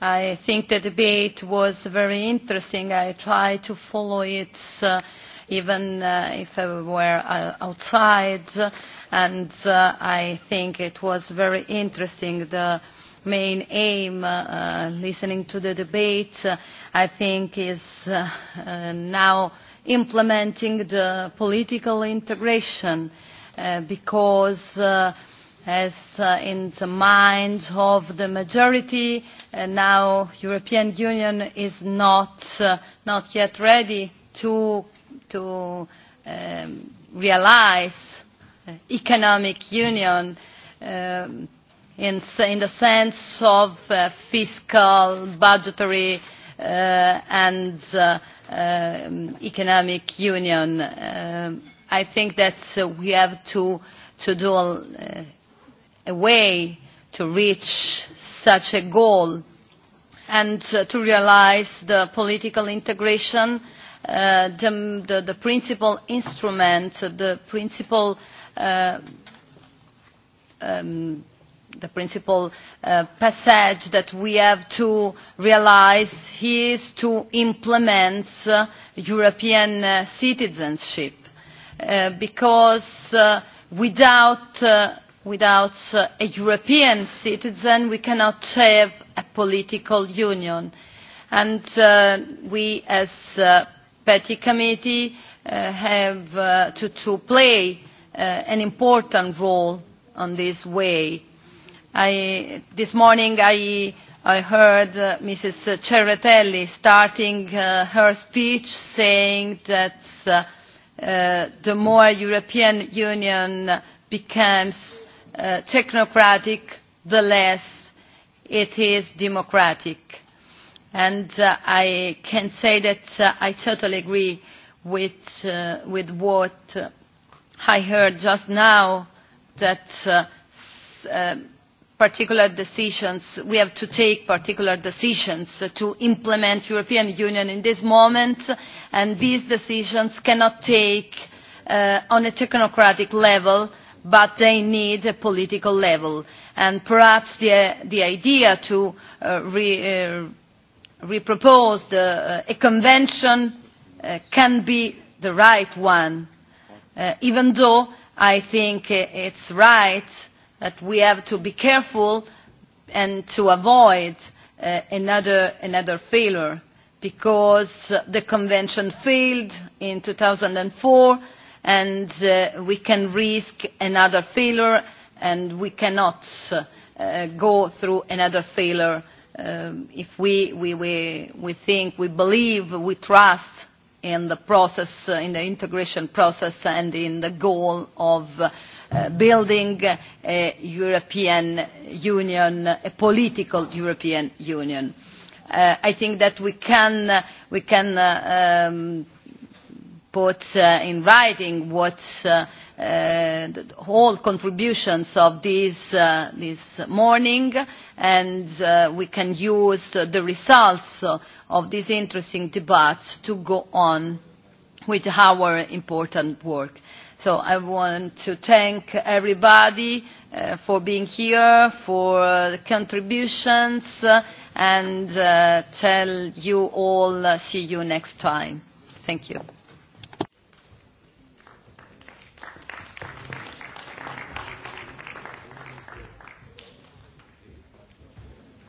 I think the debate was very interesting. I tried to follow it even if I were outside, and I think it was very interesting. The main aim, listening to the debate, I think is now implementing the political integration because as in the mind of the majority now European Union is not not yet ready to to realize economic union in in the sense of fiscal budgetary and economic union I think that we have to to do away to reach such a goal and to realize the political integration, the principal instrument, the principal the principal passage that we have to realize is to implement European citizenship because without without a European citizen, we cannot have a political union. And we, as Petty Committee, have to play an important role on this way. This morning I heard Mrs. Cerretelli starting her speech saying that the more European Union becomes technocratic, the less it is democratic. And I can say that I totally agree with with what I heard just now that particular decisions we have to take particular decisions to implement European Union in this moment and these decisions cannot take on a technocratic level but they need a political level. And perhaps the idea to repropose a convention can be the right one, even though I think it's right that we have to be careful and to avoid another another failure because the convention failed in 2004 and we can risk another failure and we cannot go through another failure if we we we think we believe we trust in the process in the integration process and in the goal of building a European Union a political European Union I think that we can we can put in writing what the whole contributions of this this morning and we can use the results of this interesting debate to go on with our important work. So I want to thank everybody for being here, for the contributions and tell you all see you next time. Thank you.